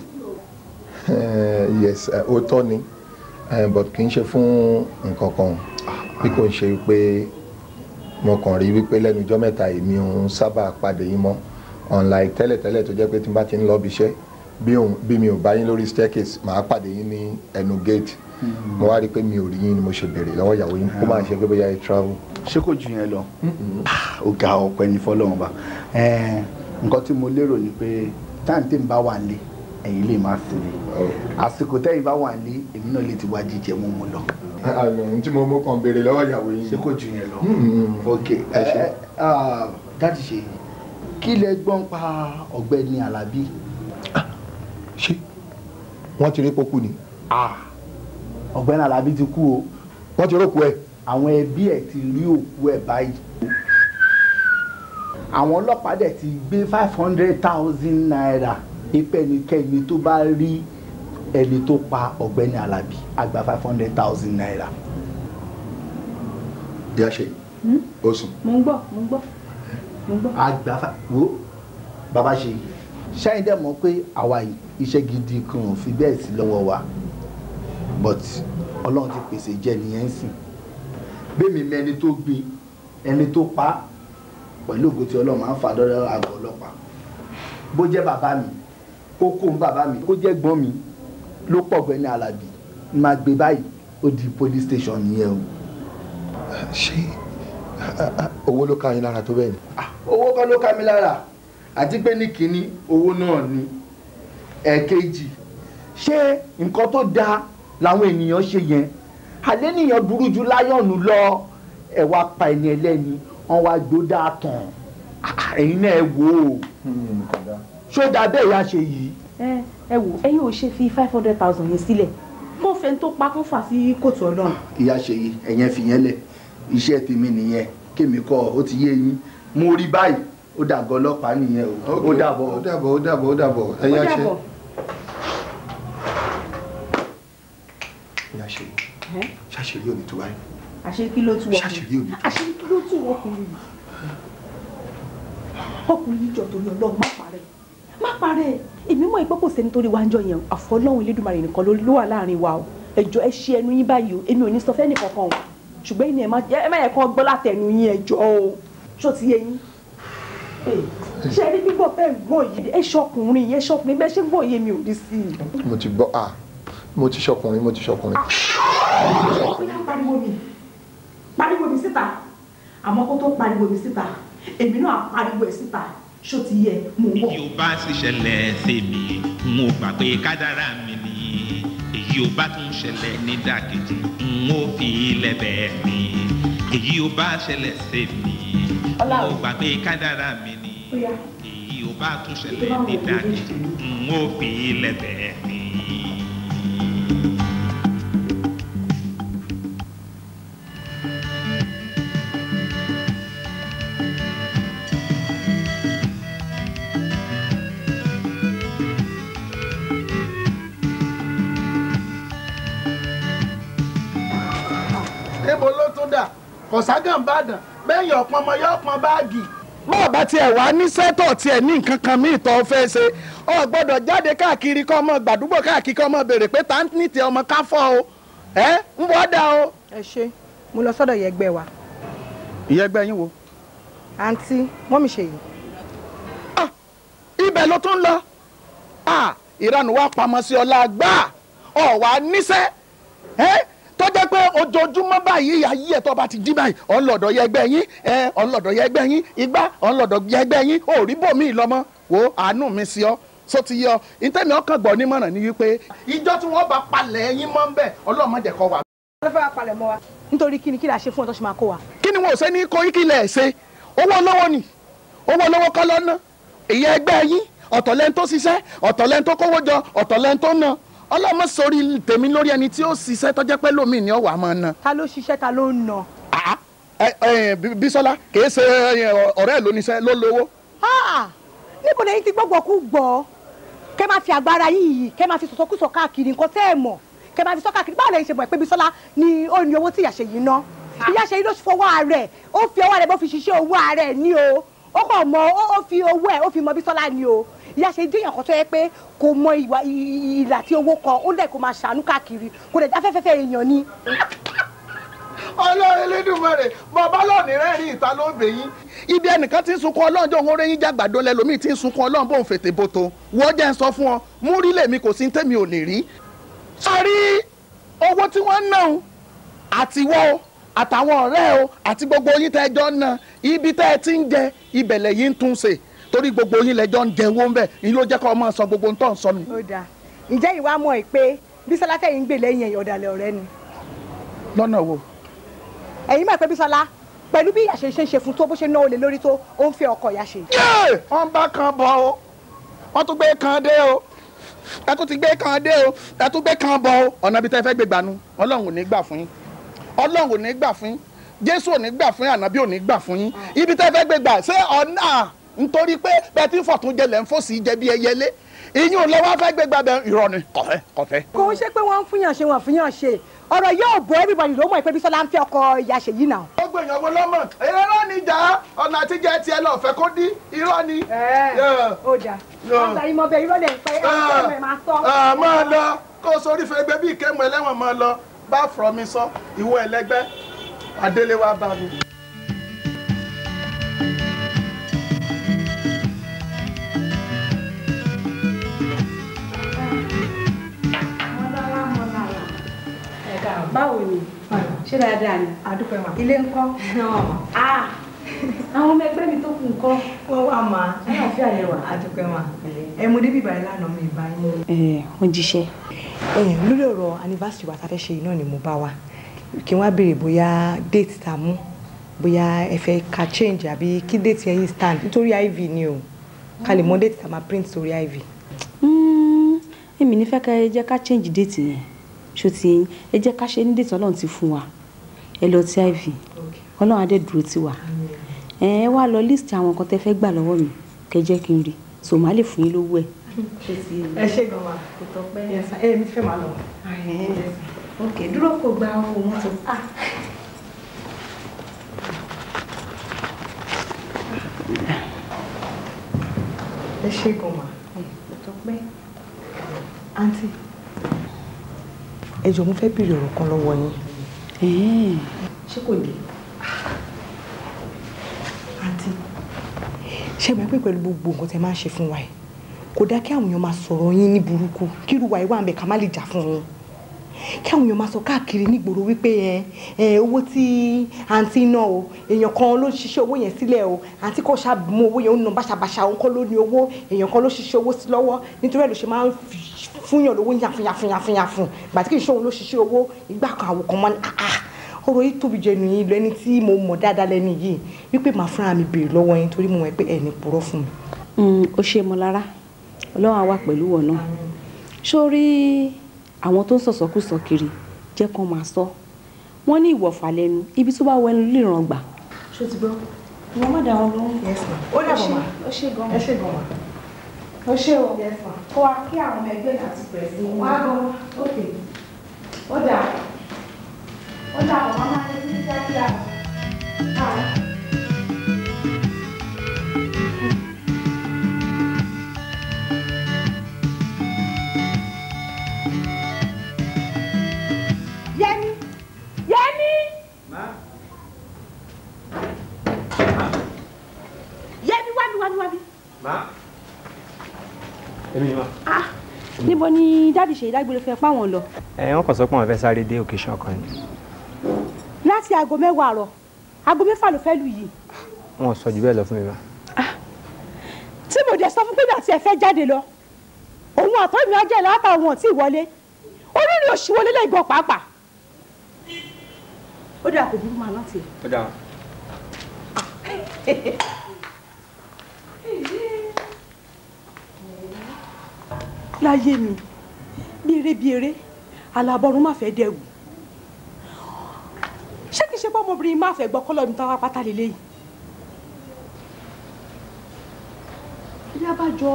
Eh, yes eh, òótọ́ ni eh, but kì í ṣe fún nǹkan kan bí kò ń ṣe pé mo kàn rí wípé lẹ́nu ọjọ́ mẹ́ta èmi òun sábà pàdé yín mọ́ unlike tẹ́lẹ̀tẹ́lẹ̀ tó jẹ́ pé tí n bá ti ń lọ bí iṣẹ́ bí mi ò bá yín lórí staircase màá pàdé yín ní ẹnu gate mo wá rí i pé mi ò rí yín ni mo ṣe béèrè lọ́wọ́ ìyàwó yín kó máa ṣe pé bóyá ẹ travel. ṣé kò jù yẹn lọ ó ah, ga ọpẹ́ ní fọ́lọ́run bá eh, nǹkan tí mo lérò ni pé táǹtì ń bá wà lé ẹ̀yin lè má sí mi àsìkò tẹ́yin bá wà lé èmi náà lè ti wá jíjẹ mú mu lọ. Ah, àmì tí mo mú kàn béèrè lọ́wọ́ ìyàwó yín. ṣé kò jù yẹn lọ. Hmm, hmm, hmm. ok ẹ eh, ah, ṣe kí lẹ gbọ́n pa ọ̀gbẹ́ni alábí. ṣé wọ́n ti rí pókú ni. ah ọ̀gbẹ́ni alabi ti kú o wọ́n ti rókú ẹ̀ àwọn ẹbí ẹ̀ ti rí òkú ẹ̀ báyìí àwọn ọlọ́pàá dẹ̀ ti gbé five hundred thousand naira ipe ẹnikẹ́ni tó bá rí ẹni tó pa ọ̀gbẹ́ni alábí àgbà five hundred thousand naira. ìyá ṣe o hmm? sùn. mo ń gbọ́ mo ń gbọ́ mo ń gbọ́. àgbà wo bàbá ṣe yìí ṣáà ń dẹ̀ mọ̀ pé àwa iṣẹ́ gidi kan fi bẹ́ẹ̀ sí lọ́wọ́ wa but ọlọ́run ti pèsè jẹ́ nìyẹn ń sìn bẹ́ẹ̀mi mi ẹni tó gbin ẹni tó pa pẹ̀lú ògo tí ọlọ́run máa ń fa dọ́dọ́ àgọ́ ọlọ́pàá bó jẹ́ bàbá mi kó kó ń bàbá mi kó jẹ́ gbọ́n mi ló pọ̀ gbẹ́ni alábì máa gbé báyìí ó di police station nìyẹn o. ṣé owó ló ká yín lára tó bẹ́ẹ̀ ni. owó kan ló ká mi lára àti pé ní kínní owó náà ni ẹ̀ẹ̀kejì ṣé nǹkan tó dáa làwọn ènìyàn ṣe yẹn àlẹ́ nìyẹn burú ju láyọ̀nù lọ ẹ̀ wá pa ẹni ẹlẹ́ni wọ́n wá gbódà tán ẹ̀yin náà ẹ wò ó hmm, ṣó dáa bẹ́ẹ̀ yá ṣe yìí. ẹ wò ẹ̀yin ò ṣe fi five hundred thousand yẹn sílẹ̀ mo fẹ́ tó pa kó fà sí kòtò ọlọ́run. ìyá ṣe yìí ẹ̀yẹn fi yẹn lẹ̀ iṣẹ́ tèmi nìyẹn kémi kọ́ ó ti yé yín mo rí báyìí ó dàgọ́ ọlọ́pàá nìyẹn o ó dàbọ̀ ó dàbọ̀ ó dàbọ̀ ó dàbọ̀ ẹ̀yà ṣe. fi àṣírí ṣàṣírí òní tó báyìí. àṣírí kí ló tún wọ́pọ̀ ṣàṣírí òní tó àṣírí kí ló tún wọ́pọ̀ yìí. ọkùnrin yìí jọ torí ọlọ́run má parẹ́ má parẹ́ èmi mọ̀ ìpẹ́ kò sẹ́ni torí wájọ yẹn àfọlọ́run Elédùmarè nìkan ló wà láàrin wa o ẹjọ́ ẹ ṣí ẹnu yín báyìí o èmi ò ní sọ fẹ́ni kankan o ṣùgbọ́n ìní ẹ má yẹ kán gbọ́ látẹnu yín ẹjọ́ o ṣó ti yé yín ṣe rí gbígbọ́ bẹ́ẹ̀ gbọ́ yìí ẹ ṣọkùnrin ẹ ṣọkùnrin bẹ́ẹ̀ ṣe gbọ́ yé mi ò ní sí i. mo ti gbọ́ a ah mo ti ṣọkùnrin mo ti ṣọkùnrin. Ah, pariwo mi pariwo mi síta àmọ́ kó tó pariwo mi síta èmi náà pariwo ẹ̀ síta ṣó ti yẹ mo wọ̀. èyí ò bá sì sèmi n ò gbà pé kádàrá mi ni èyí ò bá tún ṣẹlẹ̀ nídàkejì n ò fi ilẹ̀ mi èyí ò bá ṣẹlẹ̀ sèmi n ò gbà pé kádàrá mi ni èyí ò bá tún ṣẹlẹ̀ nídàkejì n ò fi ilẹ̀ mi. kọ̀ságàn bàdàn bẹ́ẹ̀ yọ̀ pọnmọ yọ̀ pọn báàgì bá a bá tiẹ̀ wá ní sẹ́tọ̀ tiẹ̀ ní nǹkan kan míì tó fẹ́ ṣe ọ gbọ́dọ̀ jáde káàkiri kọ́ ọmọ gbàdúgbò káàkiri kọ́ ọmọ béèrè pé tá ní tiẹ̀ ọmọ ká fọ́ o ẹ ń bọ́ dá o. ẹ ṣe mo lọ sọdọ ìyẹgbẹ́ wa. ìyẹgbẹ́ yín wo. àǹtí wọ́n mi ṣe yìí. Ah, ibẹ̀ ló tún lọ ah, ìranù wa pamọ́ sí ọlá gbà ọ̀ wá níṣẹ́ tó jẹ́ pé ojoojúmọ́ báyìí ayé ẹ̀ tó bá ti jí báyìí ọ̀nlọ́dọ̀ yẹ ẹgbẹ́ yín ẹ ọ̀nlọ́dọ̀ yẹ ẹgbẹ́ yín igbá ọ̀nlọ́dọ̀ yẹ ẹgbẹ́ yín ò rí bòmí ìlọmọ wo àánú mi sí ọ so ti yọ ìtẹ́mi ọkàn gbọ́ nímọ̀ràn ni wípé ìjọ tí wọ́n bá palẹ̀ yín mọ́ ń bẹ̀ ọlọ́mọdé kọ wà. wọ́n fẹ́ wá palẹ̀ mọ́ wa nítorí kí ni kí la ṣe fún ọ tó máa kó wa. kí ni wọn ò ṣe ní kó kí lẹ̀ ni owó olówó kọ́ lọ́nà ìyá ẹgbẹ́ yín ọ̀tọ̀lẹ́ni tó ṣiṣẹ́ ọ̀tọ̀lẹ́ni tó kówó jọ ọ̀tọ̀lẹ́ni ọlọ́mọ sórí tèmi lórí ẹni tí ó ṣiṣẹ́ tọ́jẹ́ pé lómi ni ọ̀wà máa na. ta ló ṣiṣẹ́ ta ló ń na. Bísọ́lá kìí ṣe ọ̀rẹ́ ẹ̀ lóníṣẹ́ ló lówó. níbo lẹ́yìn tí gbọ́gbọ́ kú gbọ́ kẹ́ máa fi agbára yín yìí kẹ́ máa fi sọ̀sọ́kùsọ̀ káàkiri nǹkan tẹ́ ẹ̀ mọ̀ kẹ́ máa fi sọ́ káàkiri báwo lẹ́yìn ṣe mọ̀ pé Bísọ́lá ni ó ní owó tí ìyàṣẹ́ yìí ná ìyàṣẹ́ yìí ló fọwọ́ rẹ̀ ó fi ó kàn mọ ó fi owó ẹ̀ ó fi mọ Bísọ́lá ni o ìyá ṣe jẹ́yàn kan tó yẹ pé kò mọ ìwà ìlà tí owó kan ó dẹ̀ kó máa ṣàánú káàkiri kò dẹ̀ dáfẹ́fẹ́fẹ́ èèyàn ni. ọlọ́run elédùnmọ̀rè bàbá lọ́ọ̀nì rẹ́rìn ìta ló bè yín. ibi ẹnìkan ti ń sunkún ọlọ́run jọ òun ó réyìn jàgbàdo lẹ́lòmíì ti ń sunkún ọlọ́run bóun fètè boto wọ́n jẹ́ ń sọ fún ọ múrí lèmi kò sí ní tèmi ò ní rí. sọrí owó tí wọ́n ń ná àtiwọ́ àtàwọn ọ̀rẹ́ o àti gbogbo yín tẹ́ jọ ń ná ibi tẹ́ ẹ ti ń jẹ ibẹ̀lẹ̀ yìí tún ṣe torí gbogbo yín lẹ́jọ́ ń jẹun wọ́n bẹ̀ yín ló jẹ́ kó máa sọ gbogbo nǹkan sọ mi. ǹjẹ́ ìwà mọ̀ ẹ́ pé bísọ́lá tẹ̀yìn gbè lẹ́yìn ẹ̀yìn ọ̀dàlẹ̀ ọ̀rẹ́ ni. lọ́nà wo. ẹ̀yin mọ̀ pé bísọ́lá pẹ̀lú bí àṣẹ ṣe ń ṣe fún tó bó ṣe náwó lé lórí tó ó ń fẹ́ ọkọ ìyá ṣe. wọ́n bá kan bọ̀ o wọ́n tún gbé kan dé o ẹ tún o ẹ tún o ọ̀nà ibi tẹ́ fẹ́ gbé gbanu ọlọ́run ò ní jésù ò ní gbà fún yín ànábì ò ní gbà fún yín ibi tẹ́ fẹ́ gbé ṣé ọ̀nà nítorí pé bẹ́ẹ̀ tí ń ń fò sí jẹ bí ẹyẹlé ìyún lẹ wá fẹ́ gbé bẹ irọ́ ni kọ̀fẹ́ kò ń ṣe pé wọ́n ń fúnyàn ṣe wọ́n fúnyàn ṣe ọ̀rọ̀ yóò bọ́ everybody ló mọ̀ pé bísọ́lá ń fẹ́ ọkọ ìyá ṣèyí náà. ó gbé ìyàwó lọ́mọ̀ irọ́ ni jà ọ̀nà àtijọ́ ti ẹ lọ fẹ́ kó dí irọ́ ni. ó jà ọ̀sán ìmọ̀ bẹ irọ́ lẹ̀ ń pẹ́ ẹ̀ máa sọ. máa lọ kó o sorí fẹ́ gbẹ bí ìkẹ́mu ẹlẹ́wọ̀n máa lọ bá fọ̀rọ̀ mi sọ ìwọ ẹlẹ́gbẹ́ adélé wá bá mi. báwo ni ṣé dáadáa ni àdúpẹ́ wa ilé ńkọ́ ah! àwọn ọmọ ẹgbẹ́ mi tó kù ńkọ́ wọ́n wà má ẹ̀yàn fi àyẹ̀ wà àdúpẹ́ wa ẹ mo débi ìbàyẹ̀ lánàá mi ìbáyé. ẹ ẹ ń jíṣẹ́. lórí ọ̀rọ̀ anniversary wa ta fẹ́ ṣe yìí ni mo bá wa kí n wá béèrè bóyá déètì tá mú bóyá ẹ fẹ́ ka change àbí kí déètì ẹ̀yin stand nítorí iv ni o ká lè mọ déètì tá a máa print sórí iv. Hmm, èmi ní fẹ́ ká ẹ jẹ́ ká change date yẹn ṣó ti ẹ jẹ́ ká ṣe ní déètì ọlọ́run ti fún wa ẹ lọ ti iv ọlọ́run adé dúró ti wà ẹ wá lọ list àwọn nǹkan tẹ́ fẹ́ gbà lọ́wọ́ mi kẹ́ jẹ́ kí n rí so màá lè fún yín lówó ẹ. ẹ ṣe gan wa kò tọ́ pẹ́ ẹ mi fẹ́ máa lọ ok dúró kó gba owó mọ́tò. Ah. ẹ ṣe gan ma tọpẹ́ àǹtí ẹ jọ̀ọ́ mo fẹ́ béèrè ọ̀rọ̀ kan lọ́wọ́ yín ṣé kò lè àǹtí ṣe mọ̀ pé pẹ̀lú gbogbo nǹkan tẹ máa ń ṣe fún wa ẹ̀ kò dá kí àwọn èèyàn máa sọ̀rọ̀ yín ní burúkú kí irú wa ìwà ń bẹ má lè jà fún yín kí àwọn èèyàn máa sọ káàkiri nígboro wípé owó tí àǹtí ná o èèyàn kan ló ṣiṣẹ́ owó yẹn sílẹ̀ o àǹtí kan ṣàbùmọ̀ owó yẹn ó nà báṣabàṣa òun kọ́ ló ní owó èèyàn kan ló ṣiṣẹ́ owó sí lọ́wọ́ nítorí ẹ̀ ló ṣe máa ń fúnyàn lówó yàfùnyàfùnyàfùn gbàtí kì í ṣe òun ló ṣiṣẹ́ owó ìgbà kan àwò kan mọ́ ni ah, ah, ọ̀rọ̀ yìí tóbi jẹ nìyí lẹni tí mo mọ̀ dáadáa lẹni yìí wípé màá fúnra mi béèrè lọ́wọ́ yín torí mo mọ̀ pé ẹni purọ́ fún mi. Mm, o ṣe mọ lára Ọlọ́run á wà pẹ̀lú wọn náà sórí àwọn tó ń sọ̀sọ́kùsọ kiri jẹ́ kán máa sọ wọ́n ní ìwọ̀fà lẹ́nu ibi tó bá wẹnu lè ràn gbà. ṣé ti gbọ́ ìwọ má dà lóhùn. ó dà bọ̀ mà ó ṣe gan ẹ ṣe gan mà ó ṣe o kó wa kí àwọn ọmọ ẹgbẹ́ náà ti bẹ̀rẹ̀ sí i wá gan òkè ó dà ó dà bọ̀ má má ní kíákíá. èmi ma. Ah, níbo ni dáàdì ṣe ìdágbére fẹ́ páwọn lọ. ẹ wọn kàn sọ pé wọn fẹ́ sáré dé òkèṣàn kan ni. láti aago mẹ́wàá àárọ̀ aago mẹ́fà ló fẹ́ lù yìí. wọn sọ jù bẹ́ẹ̀ lọ fún mi ma. Ah, tí mo dẹ̀ sọ fún pípẹ́ àti ẹ̀fẹ́ jáde lọ òun àtọ́ mi ajẹ́ látàwọn tí wọlé onírìn òṣì wọlé lẹ́gbọ̀n pàápàá. ó dà kò burú màá láti. ó dà. Ah, láyé mi bí eré bí eré alábọ́run má fẹ́ dẹ̀wù ṣé kìí ṣe bọ́mọbìnrin má fẹ́ gbọ́ kọ́lọ́ mi tán wá pátá lélẹ́yìí. ìyá bá jọ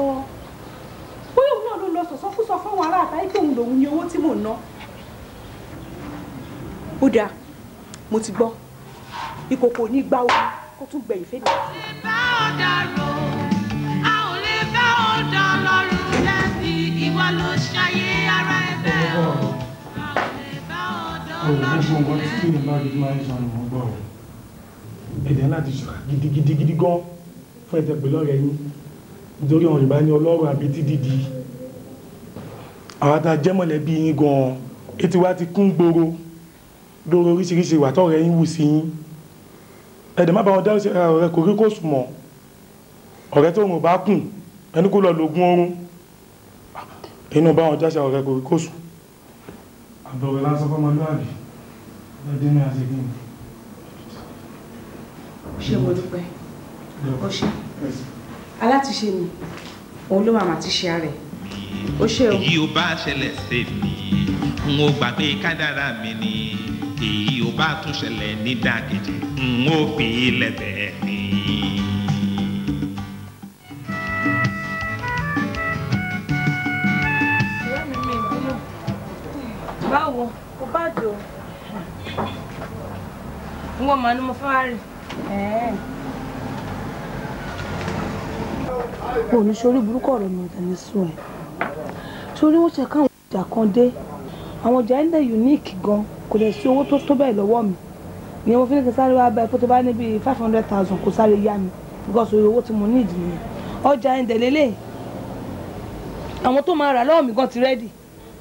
bóyá òun náà ló lọ sọ̀sọ́ fún sọ fún àwọn aráàta pé òun lòun ní owó tí mò ń ná. ó dáa mo ti gbọ́ ìkòkò ní gbá omi kó tún gbẹ̀yìn fèlè. ìbá ọ̀dà rò. ló ṣayé ara ẹ̀bẹ̀ o. Ọ̀rọ̀ gbogbo nǹkan tí èèyàn bá gidi máa ń sọ ni mo Ẹ̀dẹ̀ láti ṣọ́ra gidigidi gidi gan fún ẹ̀tẹ̀ pẹ̀lú ọ̀rẹ́ yín. Nítorí àwọn Yorùbá ní ọlọ́run àbí tí dìdì. Àwọn ata jẹ́ mọ̀lẹ́bí yín gan-an. Etí wa ti kún gbòòrò lórí oríṣiríṣi ìwà tọ́rẹ̀ yín wù sí yín. Ẹ̀dẹ̀ má bá wọn dá ọ̀rẹ́ kò rí kò sùn Ọ̀rẹ́ tó rùn bá kùn ẹni kó lọ lògùn oorun inú báwọn jáṣà ọ̀rẹ́ kò rí kò sùn àbẹ̀wẹ̀ lásán fọ́mọlúwàbí lọ́dínú àti gíní ṣe mo dúpẹ́ ó ṣe alátúnṣe mi òun ló màmá ti ṣe rẹ̀ ó ṣe o. èyí ò bá ṣẹlẹ̀ sí mi n ò gbàgbé kádàrá mi ni èyí ò bá tún ṣẹlẹ̀ nídàkejì n ò fi lẹ́bẹ̀ẹ́ ni. báwo kò bá jò ń wọ́n màá ní mo fẹ́ rẹ̀. o ò ní ṣe orí burúkú ọ̀rọ̀ mi ọ̀dà ní sùn ẹ̀ torí wọ́n ṣe káwọn unique gan kò lè sí owó tó tó bẹ́ẹ̀ lọ́wọ́ mi ni mo fi ní kí n sáré wá bẹ́ẹ̀ tó bá ní bíi five hundred thousand kò sáré yá mi because oye owó tí mo ní ìdí nìyẹn ọjà ẹ̀ńdẹ̀ lélẹ̀ àwọn tó máa rà lọ́wọ́ mi gan ti rẹ́dì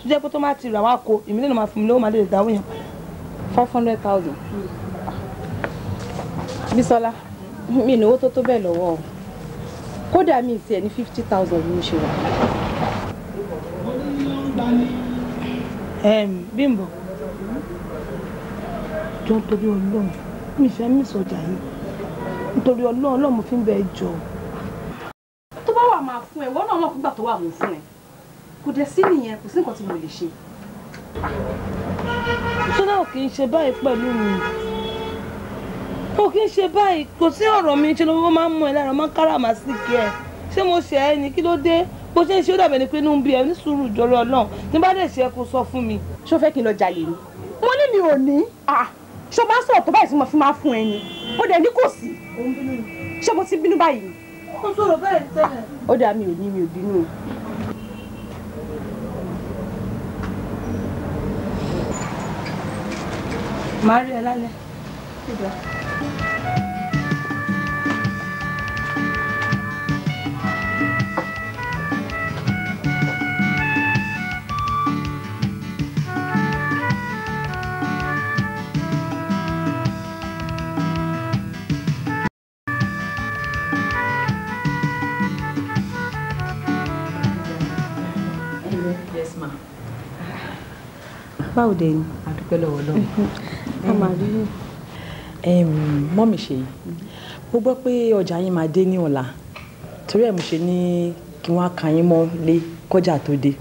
tó jẹ́ pé tó máa ti rà wá ko èmi lẹ́nu máa fún mi lówó máa lè dáwó yẹn padà. hundred thousand. Bísọ́lá mi ìnáwó tó tó bẹ́ẹ̀ lọ́wọ́ o kódà mi ìtì ẹ̀ ní fifty thousand ló ń ṣe wà. Bímbọ́ jọ nítorí Ọlọ́run mi fẹ́ mi sọjà yìí nítorí Ọlọ́run Ọlọ́run mo fi ń bẹ jọ. tó bá wà máa fún ẹ wọ́n náà wọ́n fúngbà tó wà mú fún ẹ kò dẹ̀ sí nìyẹn kò sí nǹkan tí mo lè ṣe. sọ́dọ̀ kì í ṣe báyìí pẹ̀lú mi o kí n ṣe báyìí kò sí ọ̀rọ̀ mi ṣe ló máa ń mú ẹ lára máa ń kára màá sì kí ẹ ṣé mo ṣe ẹ ní kí ló dé bó ṣe ń ṣe ó dàbẹ̀ ni pé inú ń bí ẹ ní sùúrù jọrọ Ọlọ́run ní bá dẹ̀ ṣe ẹ kó sọ fún mi. ṣó fẹ́ kí n lọ jalè ni. mo ní mi ò ní ṣó bá sọ̀rọ̀ tó báyìí tí mo fi máa fún ẹ ni ó dẹ̀ ní kò sí. ṣé mo ti bínú báyìí. ó sọ̀rọ̀ bẹ́ẹ̀ tẹ́lẹ̀. ó dà mí ò ní mi ò bínú màá rí ẹ lálẹ́ ìgbà. báwo dẹ̀ ni. a a máa rí mọ́mì ṣe yìí mo gbọ́ pé ọjà yín máa dé ní ọ̀la torí ẹ̀ mo ṣe ní kí wọ́n á ka yín mọ́ lé kọjá tó dé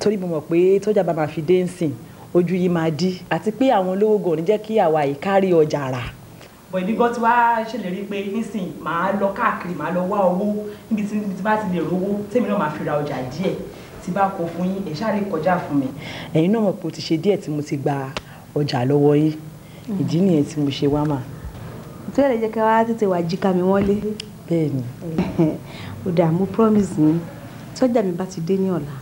torí mo mọ̀ pé tọ́jà bá máa fi dé ń sìn ojú yìí máa dí àti pé àwọn olówó gan ní jẹ́ kí àwa yìí kárí ọjà rà. bọ̀ èmi gan ti wá ṣèlérí pé nísìn màá lọ káàkiri màá lọ wá owó níbi tí níbi tí bá ti lè rówó tèmi náà máa fi ra ọjà díẹ̀ tí bá kó fún yín ẹ̀ ṣáà lè kọjá fún mi. ẹ̀yin náà mọ̀ pé o ti ṣe díẹ̀ tí mo ti gba ọjà lọ́wọ́ yìí mm. ìdí nìyẹn tí mo ṣe wá mà. tó yẹ jẹ́ ká wá tètè wá jí ká mi wọlé. bẹ́ẹ̀ni. ó dà mo promise ni, tọ́jà mi bá ti dé ní ọ̀la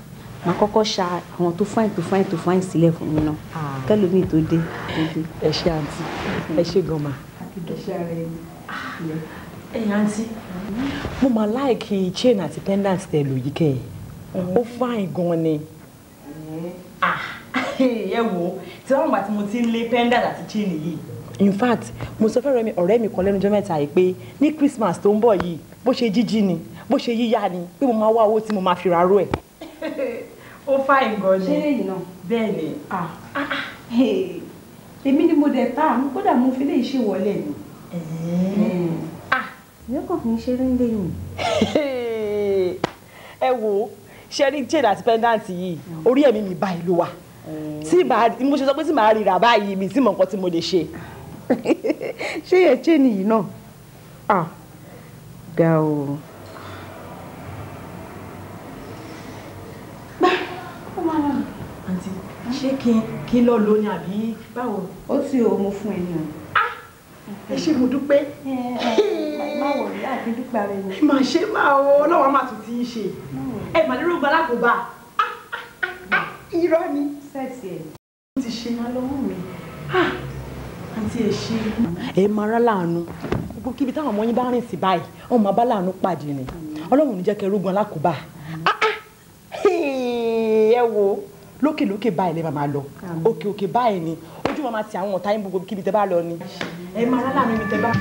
màá kọ́kọ́ ṣa àwọn tó fáìn tó fáìn tó fáìn sílẹ̀ fún mi náà ah. kẹ́lòmíì tó dé. ẹ ṣe àǹtí ẹ ṣe gànmà. Ah. ẹ̀yin àǹtí mo máa láìkí chain àti pendant tẹ lò yìí kẹ́yìn ó fáìn gan ni eh. ah. ẹ wò ó tí wọ́n gbà tí mo ti ń lé pendant àti chain yìí. in fact mo sọ fẹ́ràn mi ọ̀rẹ́ mi kan lẹ́nu ọjọ́ mẹ́ta yìí pé ní Christmas tó ń bọ̀ yìí bó ṣe jíjí ni bó ṣe yíyá ni pé mo máa wá owó tí mo máa fi rárú ẹ̀. ó fà ìgò ni ṣé èyí náà bẹ́ẹ̀ ni. Ah, ah, ah, èmi ni mo dẹ̀ ta àmú kódà mo fi lè ṣe wọlé mi. ìyẹn kò fi ṣeré ń lé mi. ẹ wo ṣe rí jade àti pendant yìí orí ẹ̀mí mi báyìí ló wà tí mo ṣe sọ pé tí màá rira báyìí mi tí mo nǹkan tí mo lè ṣe. ṣé yẹ ṣé nìyí náà ah ga o. àǹtí ṣé kí n lọ lo ni àbí báwo. ó ti o mo fún ẹ ní o. Ah! ẹ ṣé mo dúpẹ́. máa wọ̀ ní àbí dúpẹ́ ara ẹni. màá ṣe máa ọ ọlọ́wọ́ máa tún ti í ṣe ẹ màlúrò gbalákòó bá a irọ́ ni. sẹ́ẹ̀tì ẹ̀ ló ti ṣe lọ́wọ́ mi àǹtí ah! ẹ̀ ṣe. ẹ máa rá láàánú gbogbo kíbi táwọn ọmọ yín bá rìn sí báyìí wọn máa bá láàánú pàdé ni ọlọ́run ní jẹ́ kẹ́ rúgbọ́n alákòóbá ah, ah! ẹ wo lókèlókè báyìí lè máa lọ òkè òkè báyìí ni ojú wọn máa ti àwọn ọ̀tá yín gbogbo kíbi tẹ́ bá lọ ni ẹ máa rá láàánú mi tẹ́ bá.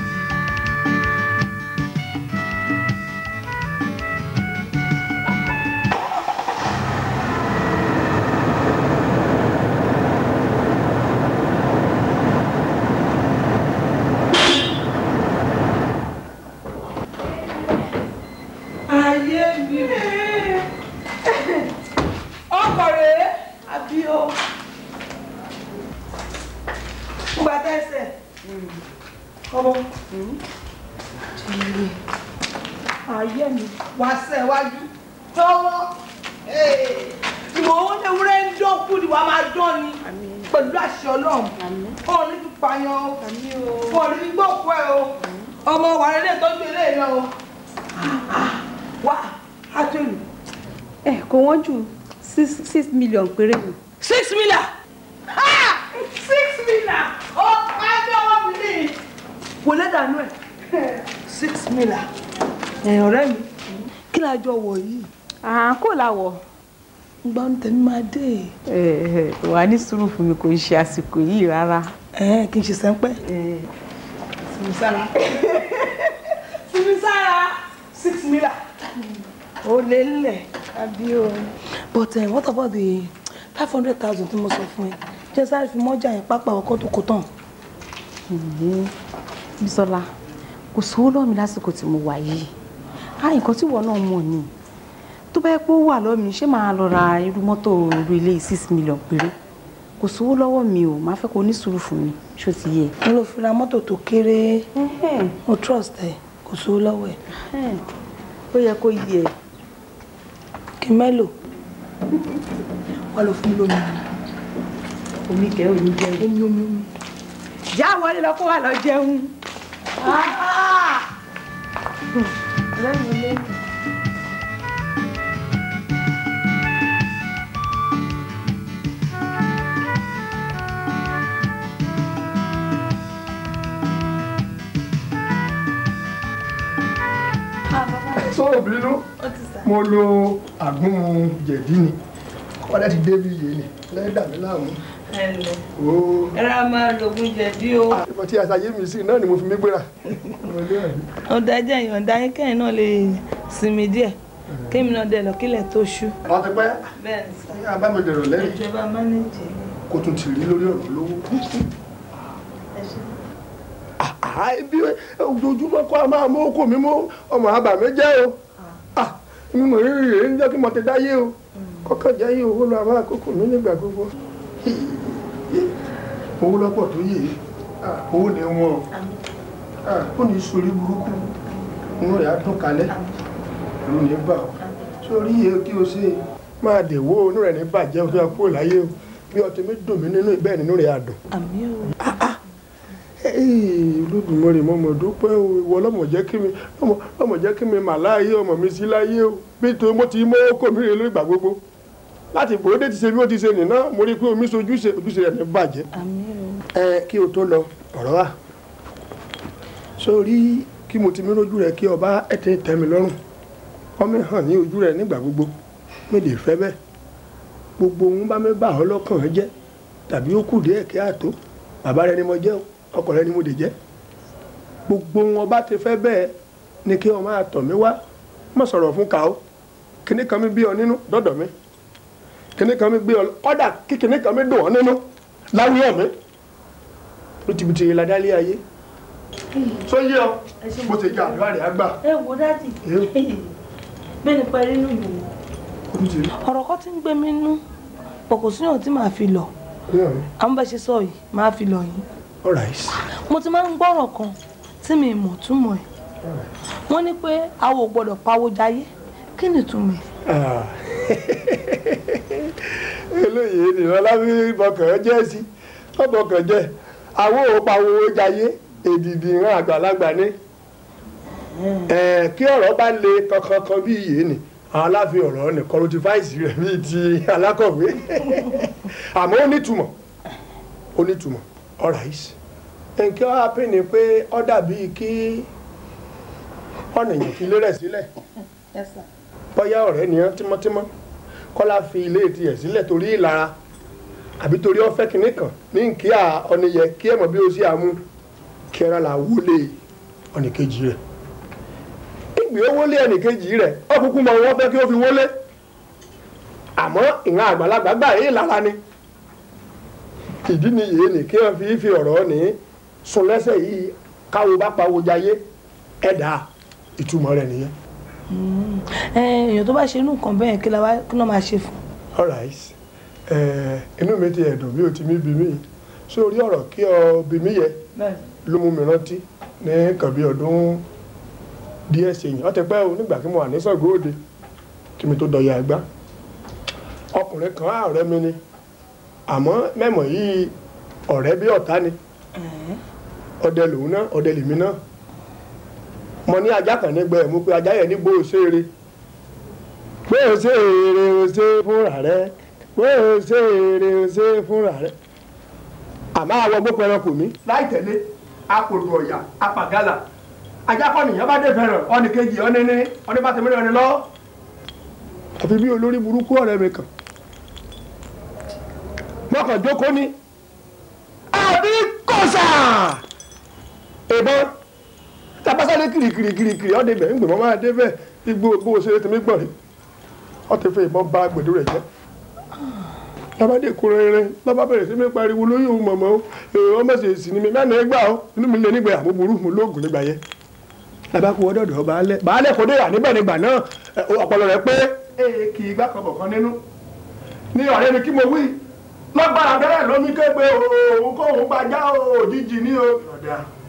million péré ni. six million. ha six million ó pàjọ́ wọn mi ni. wò lé dànù ẹ̀ six million. ẹ̀yìn ọ̀rẹ́ mi kí la jọ wọ̀ yìí. àá kò la wọ̀. ìgbà ń tẹ̀mí máa dé. ẹ ẹ wà ní sùúrù fún mi kò ń ṣe àsìkò yìí rárá. ẹ kì í ṣe sẹ́ńpẹ́. sinmi sára six million. ó lé lẹ̀ àbí but uh, what about the five hundred thousand tí mo sọ fún ẹ jẹ́ sáré fi mọ́jà yẹn pápá ọkọ̀ tó kó tán. Mm-hmm. Bísọ́lá kò sówó lọ́wọ́ mi lásìkò tí mo wà yìí á nǹkan tí ìwọ náà mọ̀ ni tó bá yẹ pé ó wà lọ́wọ́ mi ṣé máa lọ ra irú mọ́tò orí ilé six million péré kò sówó lọ́wọ́ mi o máa fẹ́ kó ní sùúrù fún mi ṣó ti yẹ. mo lọ fi ra mọ́tò tó kéré mo trust ẹ kò sówó lọ́wọ́ ẹ. ó yẹ kó yẹ. kí mélòó. wọ́n lọ fún lómi omi kẹ́ omi jẹun omi omi omi ìyá àwọn ilé lọ́kọ́ wà lọ jẹun. lẹ́nu lẹ́nu mo lo àgún jẹ̀dí ni kọ́lẹ́ ti dé bí yìí ni lẹ́dà mi láàmú. ẹnlẹ ẹ ra máa lògùn jẹ̀dí o. àtìmọ̀ tí àṣàyè mi sí náà ni mo fi mí gbéra. ọ̀dà jẹ́ ìyọ̀ǹda yín kẹ́yìn náà lè sinmi díẹ̀ kémi náà dẹ̀ lọ kílẹ̀ tó ṣú. wọ́n ti pẹ́ ní abámọ̀dẹ̀rọ̀ lẹ́yìn ìjọba mánéjì kó tún ti rí lórí ọ̀rọ̀ lówó. àhá ah, ah, ibi ojoojúmọ́ kó a máa mú okò mímú ọmọ àbàmì jẹ́ o mi mọ̀ rírì rẹ̀ ń jẹ́ kí mo ti dáyé o mm. kọ́kàn jáyé owó lọ àwọn àkókò mi nígbà gbogbo owó lọ́pọ̀ tó yè owó lè wọ́n ó ní sórí burúkú inú rẹ̀ á dún kalẹ̀ ló ní bà ó sórí yẹ kí o ṣe máa dèwó inú rẹ̀ ní bàjẹ́ o tó yà kúrò láyé o bí ọtí mi dùn mí nínú ìbẹ́ẹ̀ nínú rẹ̀ á dùn. àmín o. Ah, ah. Olódùmarè mo mọ̀ dúpẹ́ o ìwọ ọlọ́mọ jẹ́ kí mi ọmọ jẹ́ kí mi mà láàyè ọmọ mi sí láyé o bí tó mo ti mọ́ kó mi rè lórí ìgbà gbogbo láti ìgbòròdé ti ṣe bí ó ti ṣe nìná mo rí i pé omi sojú ṣe ojúṣe rẹ̀ ní bàjẹ́. ẹ kí o tó lọ ọ̀rọ̀ wa sórí kí mo ti mí lójú rẹ kí ọba ẹtẹ tẹ́ mi lọ́rùn ọmọ hàn ní ojú rẹ nígbà gbogbo mi lè fẹ́ bẹ́ẹ̀ gbogbo ohun bá mi bà ọ́ lọ́kàn jẹ́ tàbí ó kù díẹ̀ kí á tó bàbá rẹ ni mo jẹ́ o ọkọ rẹ ni mo dè jẹ́ gbogbo wọn bá ti fẹ́ bẹ́ẹ̀ ni kí wọn máa tọ̀ mí wá má sọ̀rọ̀ fún ka o kíní kan mi bí ọ nínú dọ́dọ̀ mi kíní kan mi gbé ọ kọ́dà kí kíní kan mi dùn ọ nínú láwùjọ mi lótìbìtì yìí ládàlí ayé tó yé ọ mo ti ga àdúrà rẹ àgbà. ẹ wo dáàdì bẹ́ẹ̀ ni parí nù yìí ọ̀rọ̀ kan ti ń gbé mi nú pọ̀ kò síyàn tí fi lọ àwọn bá ṣe sọ yìí màá fi lọ yìí all right. mo ti máa ń gbọ́rọ̀ kan tí mi mọ̀ túmọ̀ ẹ̀ wọ́n ní pé àwọn ò gbọ́dọ̀ pawó jayé kí ni túmọ̀ ẹ̀. Ah. eléyìí ènìyàn lábí bọkàn jẹ́ sí bọkàn jẹ́ àwọn ò pawó jayé èdìdì ìran àgbàlagbà ni hmm. kí ọ̀rọ̀ bá le kankankan bí iye ni àwọn aláfin ọ̀rọ̀ nìkan ló ti rẹ̀ bíi ti alákọ̀wé àmọ́ ó nítumọ̀ ọ̀ráìs nǹkan á pè ní pé ó dàbí kí ọ̀nà èèyàn fi ilé rẹ̀ sílẹ̀ bóyá ọ̀rẹ́ nìyẹn tímọ́tímọ́ kọ́lá fi ilé tiẹ̀ sílẹ̀ torí ìlara àbí torí ọ̀fẹ́ kìíní kan ní nkí à ọ̀nìyẹ kí ẹ ẹ̀mọ́ bí ó sì àmú kí ẹran là wọlé ọ̀nìkejì rẹ̀ ìgbé wọlé ọ̀nìkejì rẹ̀ ọ̀kúnkún mọ̀ wọ́n fẹ́ kí ó fi wọlé àmọ́ ìran àgbàlagbà gbà yé ìlara ni. ìdí nìyí ni kí wọ́n fi fi ọ̀rọ̀ ní sun lẹ́sẹ̀ yìí káwo bá pawó jayé ẹ̀dá ìtumọ̀ rẹ̀ nìyẹn. èèyàn tó bá ṣe inú nǹkan bẹ́ẹ̀ kí ló máa ṣe fún. all right inú mi ti ẹ̀dùn mi ò ti mí bí mi sórí ọ̀rọ̀ kí ọ bí mi yẹ ló mú mi rántí ní nǹkan bí ọdún díẹ̀ sẹ́yìn ó ti pẹ́ o nígbà kí mo wà ní Ṣàngó Òde kí mi tó dọ̀yà ẹgbá ọkùnrin kan ààrẹ mi ni àmọ́ mẹ́mọ̀ yìí ọ̀rẹ́ bí ọ̀tá ni ọdẹ lòun náà ọdẹ lèmi náà mo ní ajá kan nígbà ẹ̀ mú pé ajá yẹn ní gbó òṣèré gbó òṣèré òṣè fúnra rẹ gbó òṣèré òṣè fúnra rẹ àmọ́ àwọn gbópẹ̀rẹ̀ kò mí. láì tẹ̀lé akòrò ọ̀yà apàgálà ajá kọ́ nìyẹn bá dé fẹ́ràn ọ̀nì kejì ọ̀nì ní àfi bí olórí burúkú ọ̀rẹ́ mi kan mọ́kàn jókòó ni àbí kọ̀sà ìbọn tabasade kirikirikiri ọdẹ ibẹ ngbẹmọ máa dé bẹ igbó gbó ṣe tèmi gbọrin ọtí fẹ ìbọn bá gbèdú rẹ jẹ labade kúrò rẹ lọba bẹ̀rẹ̀ sí mi pariwo lóyún mọmọ èrò ọmọ sì sì ni mi mẹ́rin ẹgbà ọ inú mi lé nígbà àmú burú mu lóògùn nígbà yẹ labakú ọdọọdọ baálẹ̀ baálẹ̀ kò dé rà níbẹ̀ nígbà náà ọpọlọ rẹ pé. ee kì í gbàkọ̀bọ̀ kan nínú ní ọ̀rẹ́ mi kí mo wí lọ́gbàrà tẹ́lẹ̀ lómi kégbe òun kó òun gbajá òjijì ní o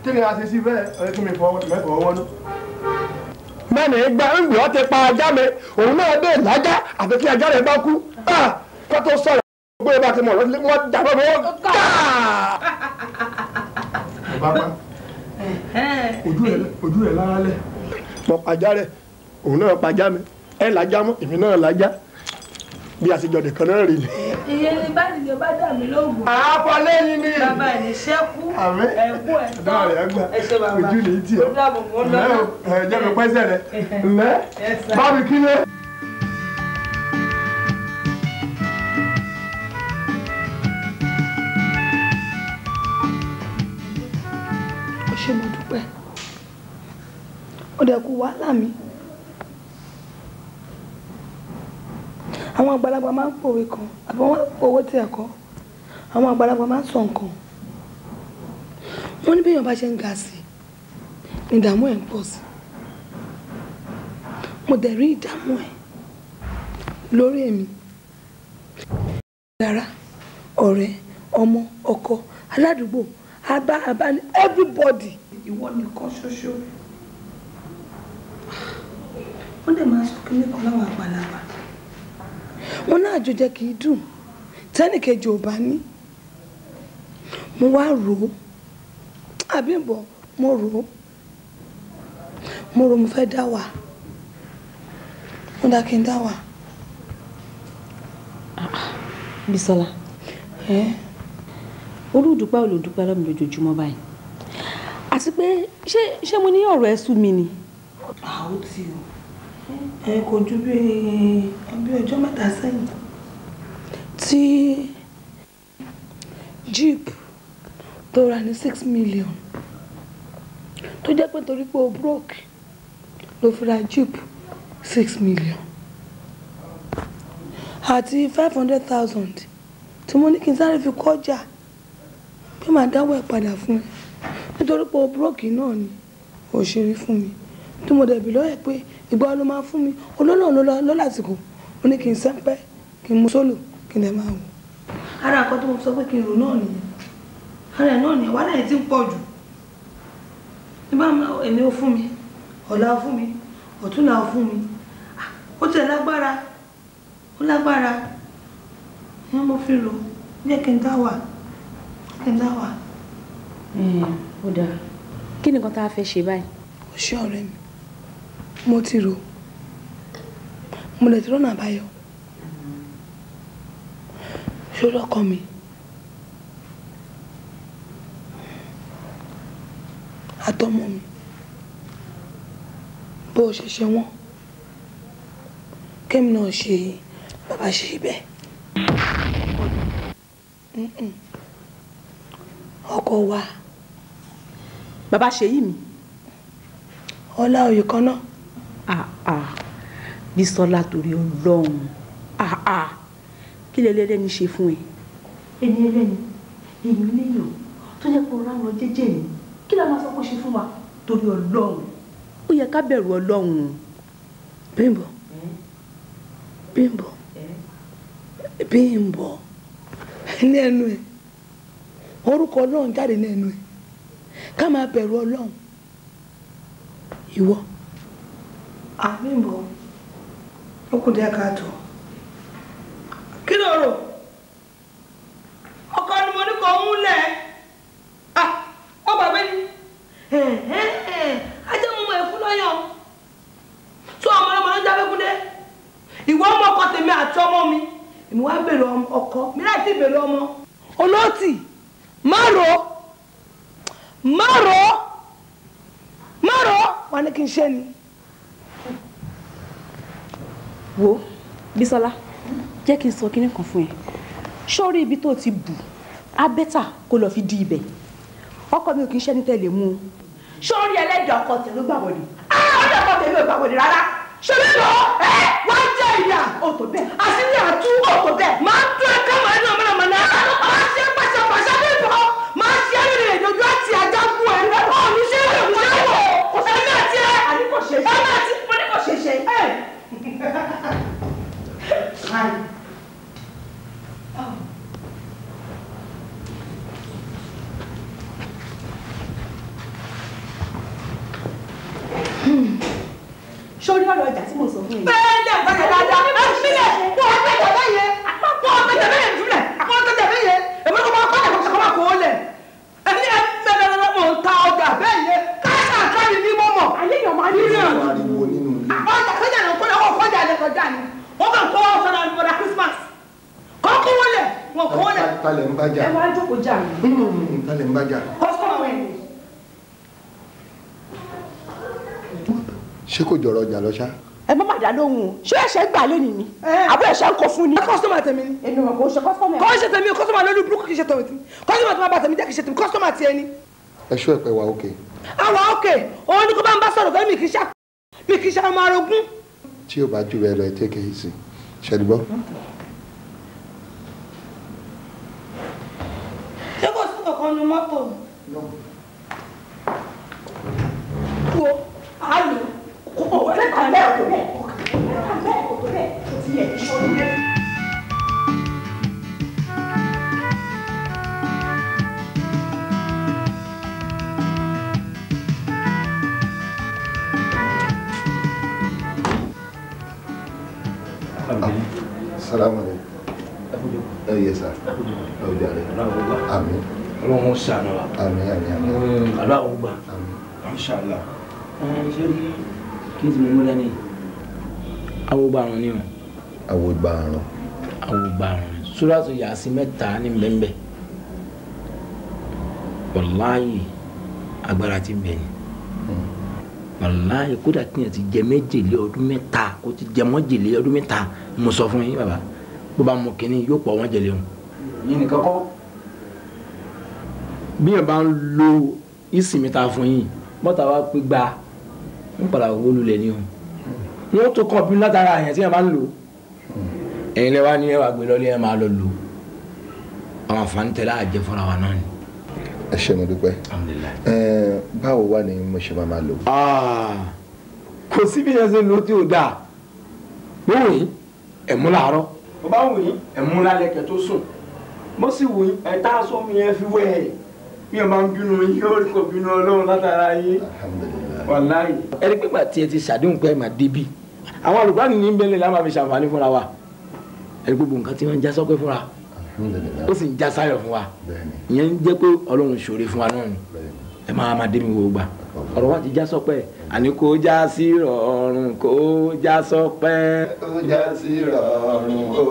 kí ni a ṣe sí bẹ́ẹ̀ ọ̀rẹ́ kí mi fọwọ́ mẹ́fọ̀ọ́ wọnú. mẹ́ni gba ń gbọ́ ti pa ajá mi òun náà dé lájá àti kí ajá rẹ̀ bá kú kó tó sọ̀rọ̀ gbé bá ti mọ̀ wọ́n dàbọ̀ mọ́ gáà. ojú rẹ̀ lára lẹ̀. mo pàjá rẹ̀ òun náà pàjá mi ẹ̀ lájá mọ́ èmi náà lájá bí a ṣe jọ nìkan náà rè ni. iye ni báyìí ni bá dà mí lóògùn. àáfọlẹ́yìn ni. bàbá ẹ̀ ṣẹ́kù ẹ̀kú ẹ̀kọ́ ẹ̀ṣẹ̀ bàbá ojú ni tí o. ẹ jẹ́ mi pẹ́sẹ̀ rẹ̀ ǹlẹ́ bá mi kí lé. ó ṣe mo dúpẹ́ ó dẹ̀ kú wàhálà mi. àwọn àgbàlagbà máa ń pòwe kan àbí wọ́n pòwe tí ẹ̀kọ́ àwọn àgbàlagbà máa ń sọ nǹkan wọ́n ní béèyàn bá ṣe ń ga sí ni ìdààmú ẹ̀ ń pọ̀ sí mo dẹ̀ rí ìdààmú ẹ̀ lórí èmi dára ọ̀rẹ́ ọmọ ọkọ aládùúgbò abá abá ni everybody ìwọ nìkan ṣoṣo wọ́n dẹ̀ máa sọ kí ní kan láwọn àgbàlagbà wọn náà àjòjẹ kì í dùn tẹ́nìkejì ò bá ní mo wá rò ó àbí ń bọ̀ mo rò ó mo rò mo fẹ́ dá wà mo dá kí n dá wà. Bísọ́lá olùdúpẹ́ olùdúpẹ́ lọ́mọ lójoojúmọ́ báyìí àti pé ṣé ṣé mo ní ọ̀rọ̀ ẹ sú mi ni. àwọn tí o ẹ kò ju bí bí ọjọ́ mẹ́ta sẹ́yìn tí jeep tó ra ní six million tó jẹ́ pé torí pé o broke ló fi ra jeep six million àti five hundred thousand tí mo ní kí n sáré fi kọjá pé màá dáwọ́ ẹ̀ padà fún ẹ nítorí pé o broke náà ni òṣèré fún mi tí mo dẹ̀ bí lọ́yẹ̀ pé ìgbà ló máa fún mi olólùwọ̀n ló lásìkò ó ní kí n sẹ́ńpẹ́ kí n mú sólò kí n lè máa wò. ara àkọ́ tó mo sọ pé kí n rò náà nìyẹn ara ẹ̀ náà nìyẹn wàhálà ẹ̀ ti ń pọ̀ jù nígbà ẹni ó fún mi ọ̀la ó fún mi ọ̀túnla ó fún mi ó tẹ̀ lágbára ó lágbára ni mo fi lò jẹ́ kí n dá kí n dá wà. ó dáa kí ni tá a fẹ́ ṣe báyìí. ó ṣe ọ̀rẹ́ mi mo ti rò mo lè ti rọ́nà àbáyọ ṣòro ọkọ mi àtọmọ mi bó o ṣe ṣe wọ́n kémi náà ṣe bàbá ṣe ibẹ̀ ọkọ wa bàbá ṣe yí mi ọlá òye kan náà. Ah, ah. Bísọ́lá torí ọlọ́run ah, kí lẹ́lẹ́lẹ́ni ṣe fún ẹ. ẹni ẹlẹ́ni èèyàn léèyàn tó yẹ kó ra wọn jẹ́jẹ́ ni kí ló máa sọ pé ṣe fún wa torí ọlọ́run. ó yẹ ká bẹ̀rù ọlọ́run o. Bímbọ́ Bímbọ́ Bímbọ́ ní ẹnu ẹ orúkọ ọlọ́run jáde ní ẹnu ẹ ká máa bẹ̀rù ọlọ́run ìwọ. Ah, Oku dị aka Kí lọ̀rọ̀? Ọkọ ni mo Ah, wọ́n bàbá ni. Ajé mo mọ ẹ̀fún lọ́yàn. ma ọmọ ọmọ ló ọmọ ọkọ atụ ọmọ mi. Èmi wa ọkọ. Mi láì sí ọmọ. Olóòtì, maro, maro, maro! Nwanne má nse. wo Bísọ́lá jẹ́ kí n sọ kinní kan fún ẹ sórí ibi tó ti bù abẹ́tà kó lọ fi di ibẹ̀ ọkọ mi ò kì í ṣẹ́ni tẹ̀lé mú un sórí ẹlẹ́dàá ọkọ tẹ̀ ló gbàwọ̀dì ọ̀dọ̀ ọkọ tẹ̀ ló gbàwọ̀dì rárá ṣèlú lọ ẹ wá jẹ ìyá òtò bẹ́ẹ̀ àṣírí àtú òtò bẹ́ẹ̀ máa ń tún ẹ̀ka màá ní ọmọdé ọmọdé máa ṣe pàṣẹpàṣẹ ní ìbọn máa ṣe ẹrìnrìn ìdójú àti ajá fún ẹ lọ́wọ́ mi ṣe é wò ó ṣe é wò ó ẹ̀mí àti ẹ̀ ẹ̀ ní kò ṣeé ṣe ẹ̀ Rein. Oh. Sori ọ̀rọ̀ ọjà tí mo sọ fún yín. Bẹ́ẹ̀ ni àgbàkẹ́ dáadáa, ẹ fi sílẹ̀, kó o tẹ̀tẹ̀ bẹ́ẹ̀ yẹn, kó o tẹ̀tẹ̀ jùlẹ̀, kó o tẹ̀tẹ̀ bẹ́ẹ̀ èmi kò máa kọ́lẹ̀ kọ́kọ́ máa kó o lẹ̀. Ẹni ẹ bẹ̀rẹ̀ lọ́wọ́ mò ń ta ọjà bẹ́ẹ̀ yẹn, káṣà ní mọ́mọ́. Ayé yọ̀ máa ní kàn kọjá lẹ kọjá ni wọ́n kàn kó wọn sọ̀rọ̀ àlùbọ̀dà Christmas kàn kó wọn lẹ̀ wọn kó wọn lẹ̀. talẹ̀ ń bájà ẹ wá jókòó jà mí. talẹ̀ hmm, hmm, hmm, ń bájà. kọ́sọ́mọ̀ ẹ̀ ni. ṣé kò jọrọ ọjà lọ ṣá. ẹ má bàdá lóhùn o ṣé ẹ̀ṣẹ̀ gbà lónìí ni àbúrò ẹ̀ṣẹ̀ ń kó fún ni. kọ́sítọ́mà tèmi ni. èmi ò kò ṣe kọ́sítọ́mà. kò ṣe tèmi kọ́sítọ́mà lórí burúkú kì í ṣe tèmi kọ́sítọ́mà tó máa bá tèmi jẹ́ kì í ṣe tèmi kọ́sítọ́mà tiẹ̀ ni. ẹ ṣó wa òkè. àwa òkè òun ni kó bá ń bá sọ̀rọ̀ fẹ́ mi kì í ṣe àmọ́ arogún tí o bá jù bẹ́ẹ̀ lọ ẹ tẹ́kẹ̀ yìí sí ṣẹ́dúgbọ́. ṣé kò sí kankan nu mọ́tò? wo a lò kókò wọlé kan bẹ́ẹ̀ kò bẹ́ẹ̀ kò bẹ́ẹ̀ kò bẹ́ẹ̀ kò tiẹ̀ ṣọ́ọ́ salamu alaikum ẹ yẹ sá ẹ ò jàre àmín ọlọ́run ṣàánú wa àmín àmín àmín aláwọ̀ gbà ṣàlá ṣé kí n ti mú lẹ́ni awogbarun ni o. awogbarun. awogbarun suratu yaasi mẹ́ta ni bẹ́ẹ̀nbẹ́ wàláyé agbára ti bẹ̀yìn. Hmm wàláyé kódà tí yẹn ti jẹ méjèlé ọdún mẹ́ta kó ti jẹ mọ́jèlé ọdún mẹ́ta mo sọ fún yín bàbá bó bá mú kínní yóò pọ̀ wọ́n jẹlé wọn. yìí nìkan kọ́. bí yẹn bá ń lo ìsinmi ta fún yín bọ́tà wa pé gba ń padà wọlé lẹ́ni o wọ́n tó kọ́ bí látara àyàn tí yẹn bá ń lò ẹ̀yin lẹ́wà ni ẹ wà gbé lọ́lé ẹ máa lọ lò àwọn àǹfààní àjẹfọ́ra wa náà ni ẹ ṣé mo dúpẹ́ báwo wà ní mo ṣe máa máa lò. Ah, kò sí bí ẹsẹ̀ ló ti ò dáa mo wò yín ẹ̀ mú làárọ̀. mo bá wò yín ẹ̀ mú lálẹ́ kẹ́ tó sùn mo sì wò yín ẹ̀ tá a sọ mi yẹn fi wẹ̀ ẹ̀ mi ò máa ń bínú yín ó kò bínú ọlọ́run látara yín wàláyé. ẹni pé gbà ti ṣàdéhùn pé ẹ máa débi àwọn àlùkò ní bẹ́ẹ̀ lè lá máa fi ṣàǹfààní fúnra wa ẹni gbogbo nǹkan tí wọ́n ń já sọ́pẹ́ fúnra ó sì ń já sáyọ̀ fún wa ìyẹn ń jẹ́ pé ọlọ́run ṣòro fún wa náà ni ẹ máa máa dé mi wò gbà ọ̀rọ̀ wa ti já sọ́pẹ́ àní kò já sí rọrùn kò já sọ́pẹ́. kò já sí rọrùn kò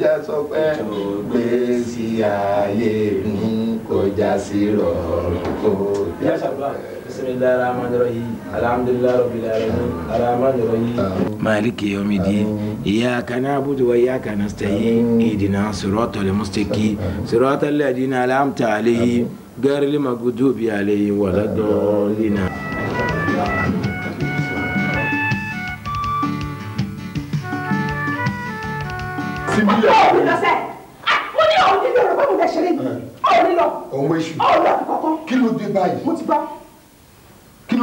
já sọ́pẹ́ kò gbé sí ààyè mi kò já sí rọrùn kò já sọ́pẹ́ bisimilahi rahmani rahim alhamdulilayi rabbil alamin arahmani rahim. maliki yomi di iyaka na'budu wa iyaka nasta'in idina siratal mustaqim siratal ladina an'amta alayhim ghayril maghdubi alayhim waladdallin. síbílẹ̀ ọ̀rọ̀ báwo lẹ ṣe lé mi. kí ló dé báyìí. mo ti gbọ́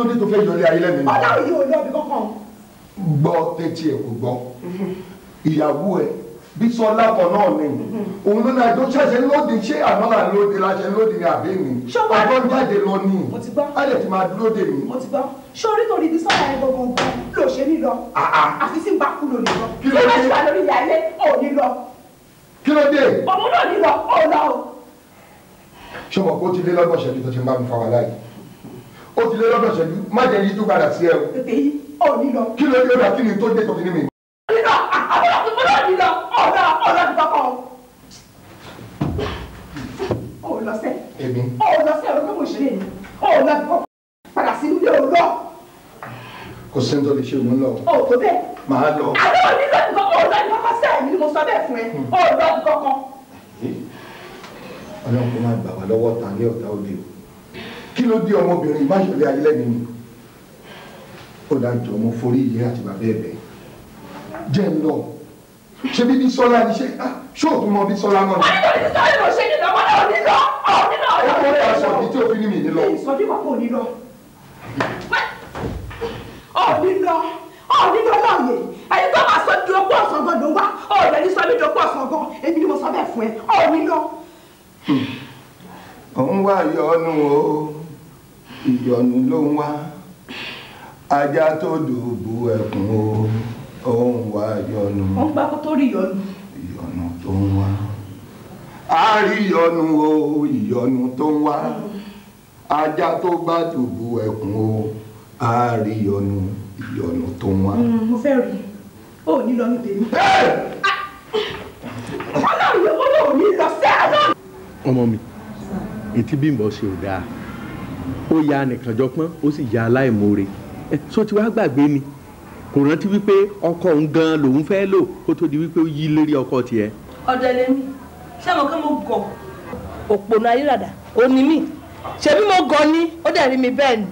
ló dé tó fẹ́ yọlé ayé lẹ́nu. ọlọ́run yóò lọ bí kankan. gbọ́ tẹ́tí ẹ̀ kò gbọ́ ìyàwó ẹ̀ bísọ́lá kan náà ni òun ló náà tó ṣẹ̀ṣẹ̀ lóde ṣé àná là ń lóde láṣẹ lóde ní àbẹ́ mi ọgbọ́n jáde lọ ní ẹ̀dẹ̀ tí máa lóde mi. mo ti gbọ́ ṣé orí torí bísọ́lá yẹn gbogbo lò ṣe ní lọ ah, ah. àfi tí n bá kú lòlì lọ kí ló dé lórí ìyá ilé ò ní lọ. kí ló dé. òun náà ní lọ ò lọ. ṣé o mọ̀ kó ti dé lọ́gbọ̀n ṣẹ́jú tó ti ń bá mi fa wàhálà yìí ó ti lé lọ́dọ̀ ṣẹ́jú má jẹ́ yíjú padà sí ẹ o. tètè yí ò ní lọ. kí ló dé ọ̀dà kí ni tó dé tó fi ní mi. nígbà àbúrò ti bọ́lá mi lọ ọ̀dà ọ̀dà ti tọkọ. o lọ sẹ́. èmi. o lọ sẹ́ ọ̀rọ̀ mẹ́wọ̀n ìṣeré mi o lọ ti kọ́ padà sí ilé o lọ. kò sẹ́ni tó lè ṣe òun lọ. o tó bẹ́ẹ̀. màá lọ. àbúrò mi lọ kọ́kọ́ ọ̀dà ìkọ́kọ́ kí ló dé ọmọbìnrin máṣẹlẹ ayélujára mi ó dájọ mo forí ìyẹn àti bàbá ẹ bẹ́ẹ̀ jẹ́ ń lọ ah, ṣe bí Bísọ́lá ni ṣe ṣóòtú mọ Bísọ́lá mọ. àwọn ọmọdé sọ̀rọ̀ ló ṣe nílò wọn náà nílò ọ nílò ọ. ó kọ́ ọ́ sọ̀rọ̀ tí o fi ní mi nílò. ìsọjí wà kò nílò. ọ nílò ọ nílò lọ́ọ̀yẹ̀ ẹni tó máa sọ di ogún ọ̀sán gan ló wá ọ ò lẹ́ni sọ mí di ogún ọ̀sán gan èmi ni mo sọ bẹ́ẹ̀ fún ẹ ọ nílò. Hmm. òun wá yọ ọ́ nù o ìyọnu ló ń wá ajá tó dùbú ẹkùn o ó ń wá ìyọnu. wọ́n gbá kó tó rí ìyọnu. ìyọnu tó ń wá a rí ìyọnu o ìyọnu tó ń wá ajá tó bá dùbú ẹkùn o a rí ìyọnu ìyọnu tó ń wá. Hmm, mo fẹ́ rí o ò ní lọ ní tèmi. ọlọ́run yóò wọ́n lò lọ sí àná. ọmọ mi ètí Bímbọ́ ṣe ò dáa ó ya nìkànjọpọ́n ó sì ya aláìmoore ẹ sọ ti wá gbàgbé ni kò rántí wípé ọkọ òun gan lòun fẹ́ lò kó tó di wípé ó yí lérí ọkọ tiẹ̀. ọ̀dọ̀ lèmi ṣé mo kí mo gọ̀ òpònà ayélujára ò ní mí ṣebí mo gọ̀ ni ó dẹ̀ rí mi bẹ́ẹ̀ ni.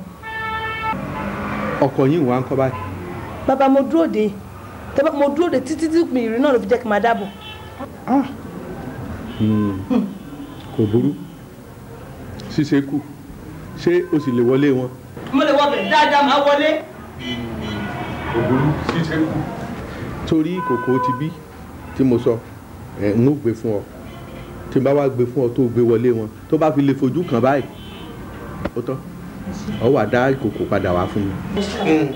ọkọ yìí wà ń kọ́ báyìí. bàbá mo dúró de tẹ́lẹ̀ mo dúró de títí tí mi ìrìn náà ló fi jẹ́ kí n máa dáàbò. Ah! Hmm. kò burú ṣíṣe kù ṣé o sì lè wọlé wọn. mo lè wọbẹ̀ dáadáa máa wọlé. ògùn ṣíṣe kù. torí kòkó ti bí tí mo sọ ẹ̀ ń gbé fún ọ tí n bá wá gbé fún ọ tó gbé wọlé wọn tó bá fi lè fojú kàn báyìí ó tán ọ wà dá ìkòkò padà wá fún mi. Hmm.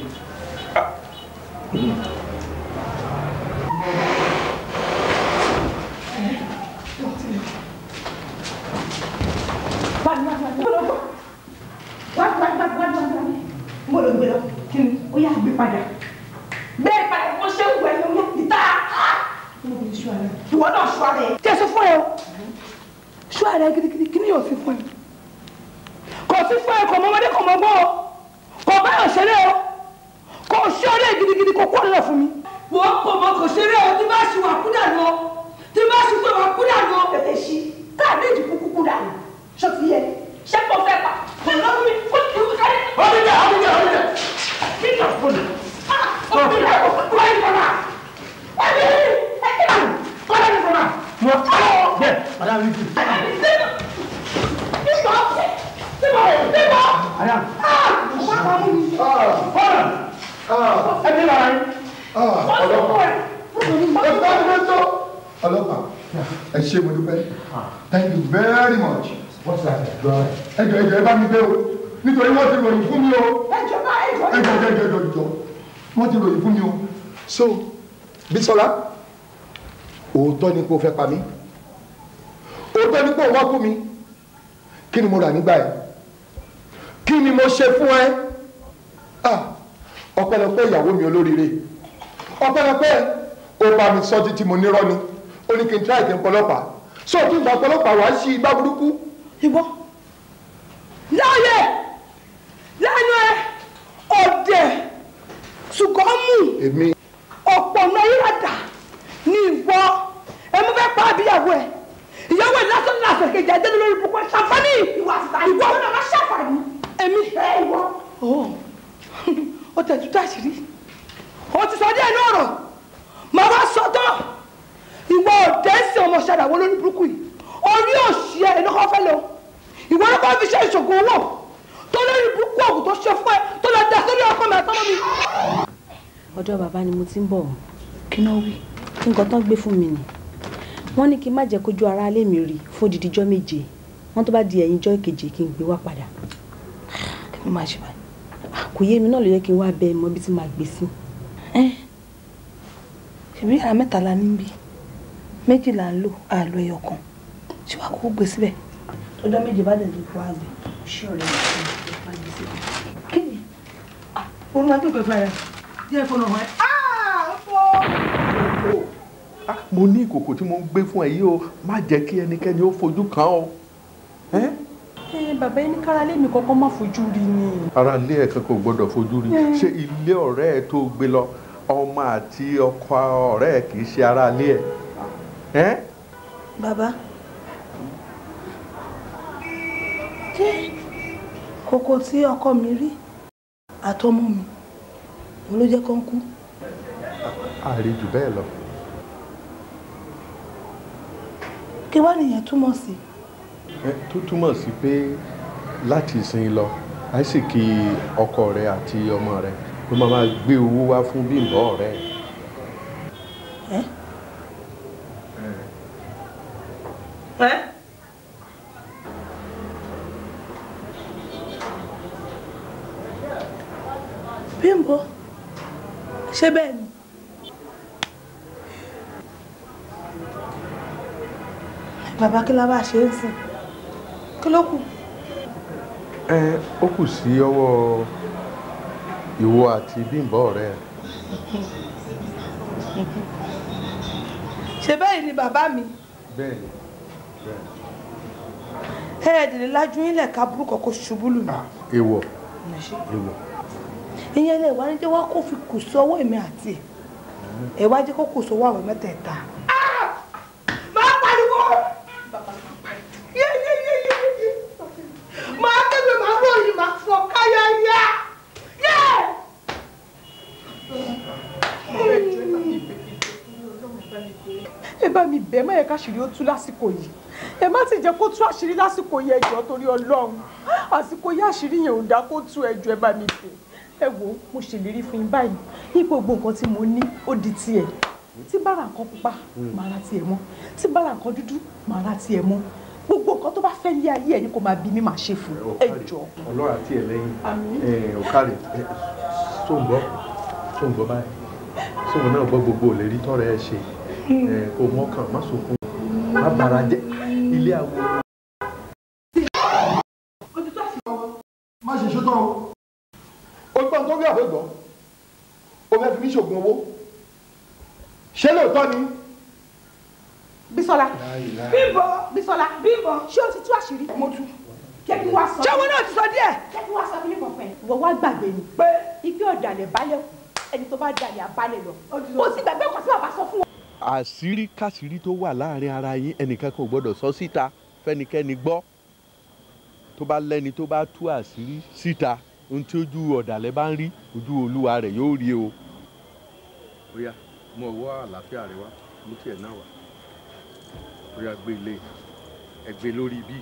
fẹ́ pa mí òótọ́ ní pé òun wá kú mi kí ni mo rà nígbà yẹn kí ni mo ṣe fún ẹ ah, ọpẹ́lọpẹ́ ìyàwó mi olóríire ọpẹ́lọpẹ́ ó bá mi sọ títí mo nírọ́ ni ó ní kí n tíráì kí n pọlọ́pàá sọ tún ìgbà pọlọ́pàá wàá sí igbá burúkú. ìwọ láàyè lẹ́nu ẹ ọ̀dẹ̀ ṣùgbọ́n mú. èmi. tí ń bọ̀ ọ́ kí náà wí nǹkan tán gbé fún mi ni wọ́n ní kí n má jẹ́ kójú ara alẹ́ mi rí fódìdí jọ́ méje wọ́n tó bá di ẹ̀yìn jọ́ keje kí n gbé wá padà kí ló máa ṣe báyìí kò yé mi náà ló yẹ kí n wá bẹ mọ ibi tí màá gbé sí. ṣèbí yàrá mẹ́ta la níbi méjì là ń lò àlọ́ ẹyọ kan ṣé wàá kó gbé síbẹ̀. ọjọ́ méje bá dẹ̀ ló wá gbé ṣé ọ̀rẹ́ mi díẹ̀ fọlọ́ wọn ẹ̀ mo ní ìkòkò tí mo ń gbé fún ẹ yìí o má jẹ́ kí ẹnikẹ́ni ó fojú kàn o. bàbá ẹni kára lé mi kọ́kọ́ má fojú rí ni. ara ilé ẹ̀ kankan kò gbọ́dọ̀ fojú rí ṣé ilé ọ̀rẹ́ ẹ tó gbé lọ ọmọ àti ọkọ ọ̀rẹ́ ẹ kì í ṣe ara ilé ẹ. bàbá ṣé kòkò tí ọkọ mi rí àtọmọ mi òun ló jẹ́ kó ń kú. àrèjù bẹ́ẹ̀ lọ. kí wá nìyẹn túmọ̀ sí. ẹ tó túmọ̀ sí pé láti ìsìn lọ àìsíkì ọkọ rẹ àti ọmọ rẹ ló máa máa gbé owó wá fún Bímbọ́ ọ̀rẹ́ ẹ. ẹ ẹ. ni. bàbá kí la bá ṣe ń sìn kí ló kù. ẹ ó kù sí ọwọ́ ìwọ àti bímbọ ọ̀rẹ́ ẹ. ṣe bẹ́ẹ̀ ni bàbá mi. bẹ́ẹ̀ ni bẹ́ẹ̀ ni ẹ̀ẹ́dẹ̀lẹ̀ lájú ilẹ̀ ká burúkọ kó ṣubú lù mí. Ah, èèwọ̀ èèwọ̀. ìyẹn lè wá ní jẹ́ wá kó fi kù sọ́wọ́ èmi àti ẹ̀ wá jẹ́ kó kù sọ́wọ́ àwọn mẹ́tẹ̀ẹ̀ta. ẹ má yẹ káṣírí ó tú lásìkò yìí ẹ má ti jẹ́ kó tú àṣírí lásìkò yìí ẹjọ́ torí ọlọ́run àsìkò yìí àṣírí yẹn ò dá kó tú ẹjọ́ ẹ bá mi fè ẹ wo mo ṣèlérí fún yín báyìí ní gbogbo nǹkan tí mo ní ó di tiẹ̀ tí bára nǹkan pupa hmm. màá ra tiẹ̀ mọ́ tí bára nǹkan dúdú màá ra tiẹ̀ mọ́ gbogbo nǹkan tó bá fẹ́ lé ayé ẹ̀ ni kò máa bí mi máa ṣe fún ẹ jọ. ọlọ́run àti ẹ̀ lẹ́yìn ọ̀kàrẹ̀ tó báyìí tó náà gbọ́ gbogbo òlérí kò mọ́kàn má sọkún má bara jẹ́ ilé àwọn. má ṣe ṣótọ́ o ogbọ́n tó gbé àfẹ́gbọ́ o fẹ́ fi mí ṣògùn owó ṣé lóòótọ́ ni. Bísọ́lá Bímbọ́ Bísọ́lá Bímbọ́ ṣé o ti tú àṣírí. mo tú kẹ́kí wá sọ. ṣé wọn náà ti sọ díẹ̀. kẹ́kí wá sọ kíní kọ̀ọ̀kan. ìwọ wá gbàgbé ni. pé ipe ọ̀dàlẹ̀ balẹ̀ kù ẹni tó bá dalẹ̀ abalẹ̀ lọ. o ti gbàgbé nǹkan tí bàbá sọ fún àṣírí kàṣírí tó wà láàrin ara yín ẹnìkan kò gbọ́dọ̀ sọ síta fẹ́nikẹ́ni gbọ́ tó bá lẹ́ni tó bá tú àṣírí síta ohun tí ojú ọ̀dàlẹ̀ bá ń rí ojú olúwa rẹ̀ yóò rí o. ó mo wọ àlàáfíà rẹ wá mú tiẹ̀ náà wá ó gbé ilé ẹgbẹ́ lórí bí.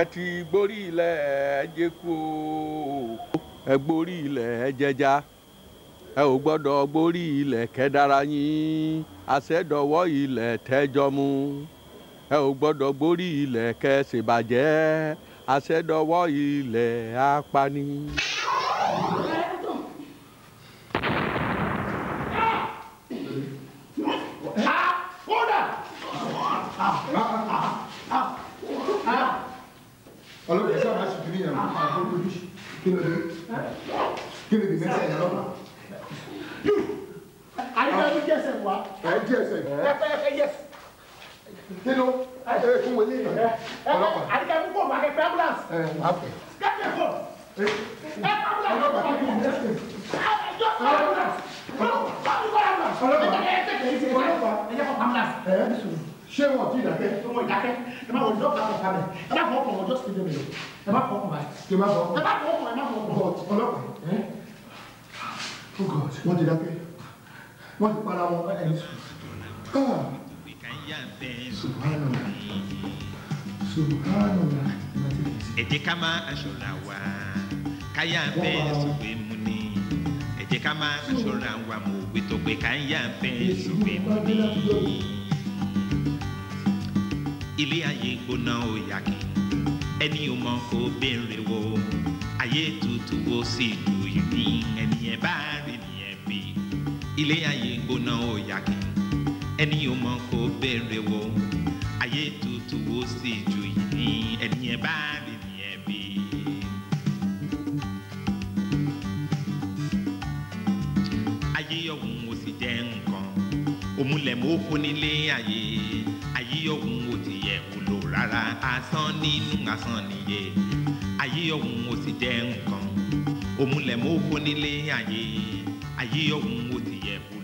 ẹ ti gborí ilẹ̀ ẹ jẹ́ kú o ẹ gborí ilẹ̀ ẹ jẹja ẹ ò gbọ́dọ̀ gbórí ilẹ̀ kẹ́dára yín àṣẹdọ̀wọ́ ilẹ̀ tẹ́jọ́mú ẹ ò gbọ́dọ̀ gbórí ilẹ̀ kẹsìbàjẹ́ àṣẹdọ̀wọ́ ilẹ̀ apani. ọlọ́dẹ sábà ṣùgbọ́n yàrá kí ló dé kí ló dé mẹ́sàn-án yàrá you ayélujára jẹ ẹsẹ wa. ẹ jẹ ẹsẹ. ẹ fẹ ẹ yẹ. nínú ẹ fún wọlé yìí. ẹ ẹ ayélujára mú bọ́ọ̀lù akẹ́kọ̀ọ́ ambulance. ẹ wà á pè. kẹ́kẹ́ bọ̀. ẹ ẹ ambulance. ẹ jọ fún ambulance. bọ́ọ̀lù fún ambulance. ọlọ́pàá má wọ ní ẹ má fọ ọkọ̀ ẹ má fọ ọkọ̀ ẹ má fọ ọkọ̀ ọlọ́pàá wọ́n ti dákẹ́ wọ́n ti para wọn ẹ̀ subhanahu subhanahu ẹ jẹ́ ká máa aṣọra wa káyà bẹ́ẹ̀ sùgbẹ́ mu ni ẹ jẹ́ ká máa aṣọra wa mo gbé tó pé káyà bẹ́ẹ̀ sùgbẹ́ mu ni ilé ayé gbóná ó yà ẹni ò mọ kó wo ayé tútù ó sì dùn yìí ẹni ẹ báyìí ilé ayé gbóná ó yàgì ẹni ò mọ kó béèrè wo ayé tutù ó sì ju yìí ẹni ẹ bá rí ni ẹ bí. ayé ọ̀hún ó sì jẹ́ nǹkan òmùlẹ̀ mọ́ kó nílé ayé ayé ọ̀hún ó ti yẹ wúlò rárá asán nínú asán nìyẹn ayé ọ̀hún ó sì jẹ́ nǹkan òmùlẹ̀ mọ́ kó nílé ayé. ayé ọ̀hún ó ti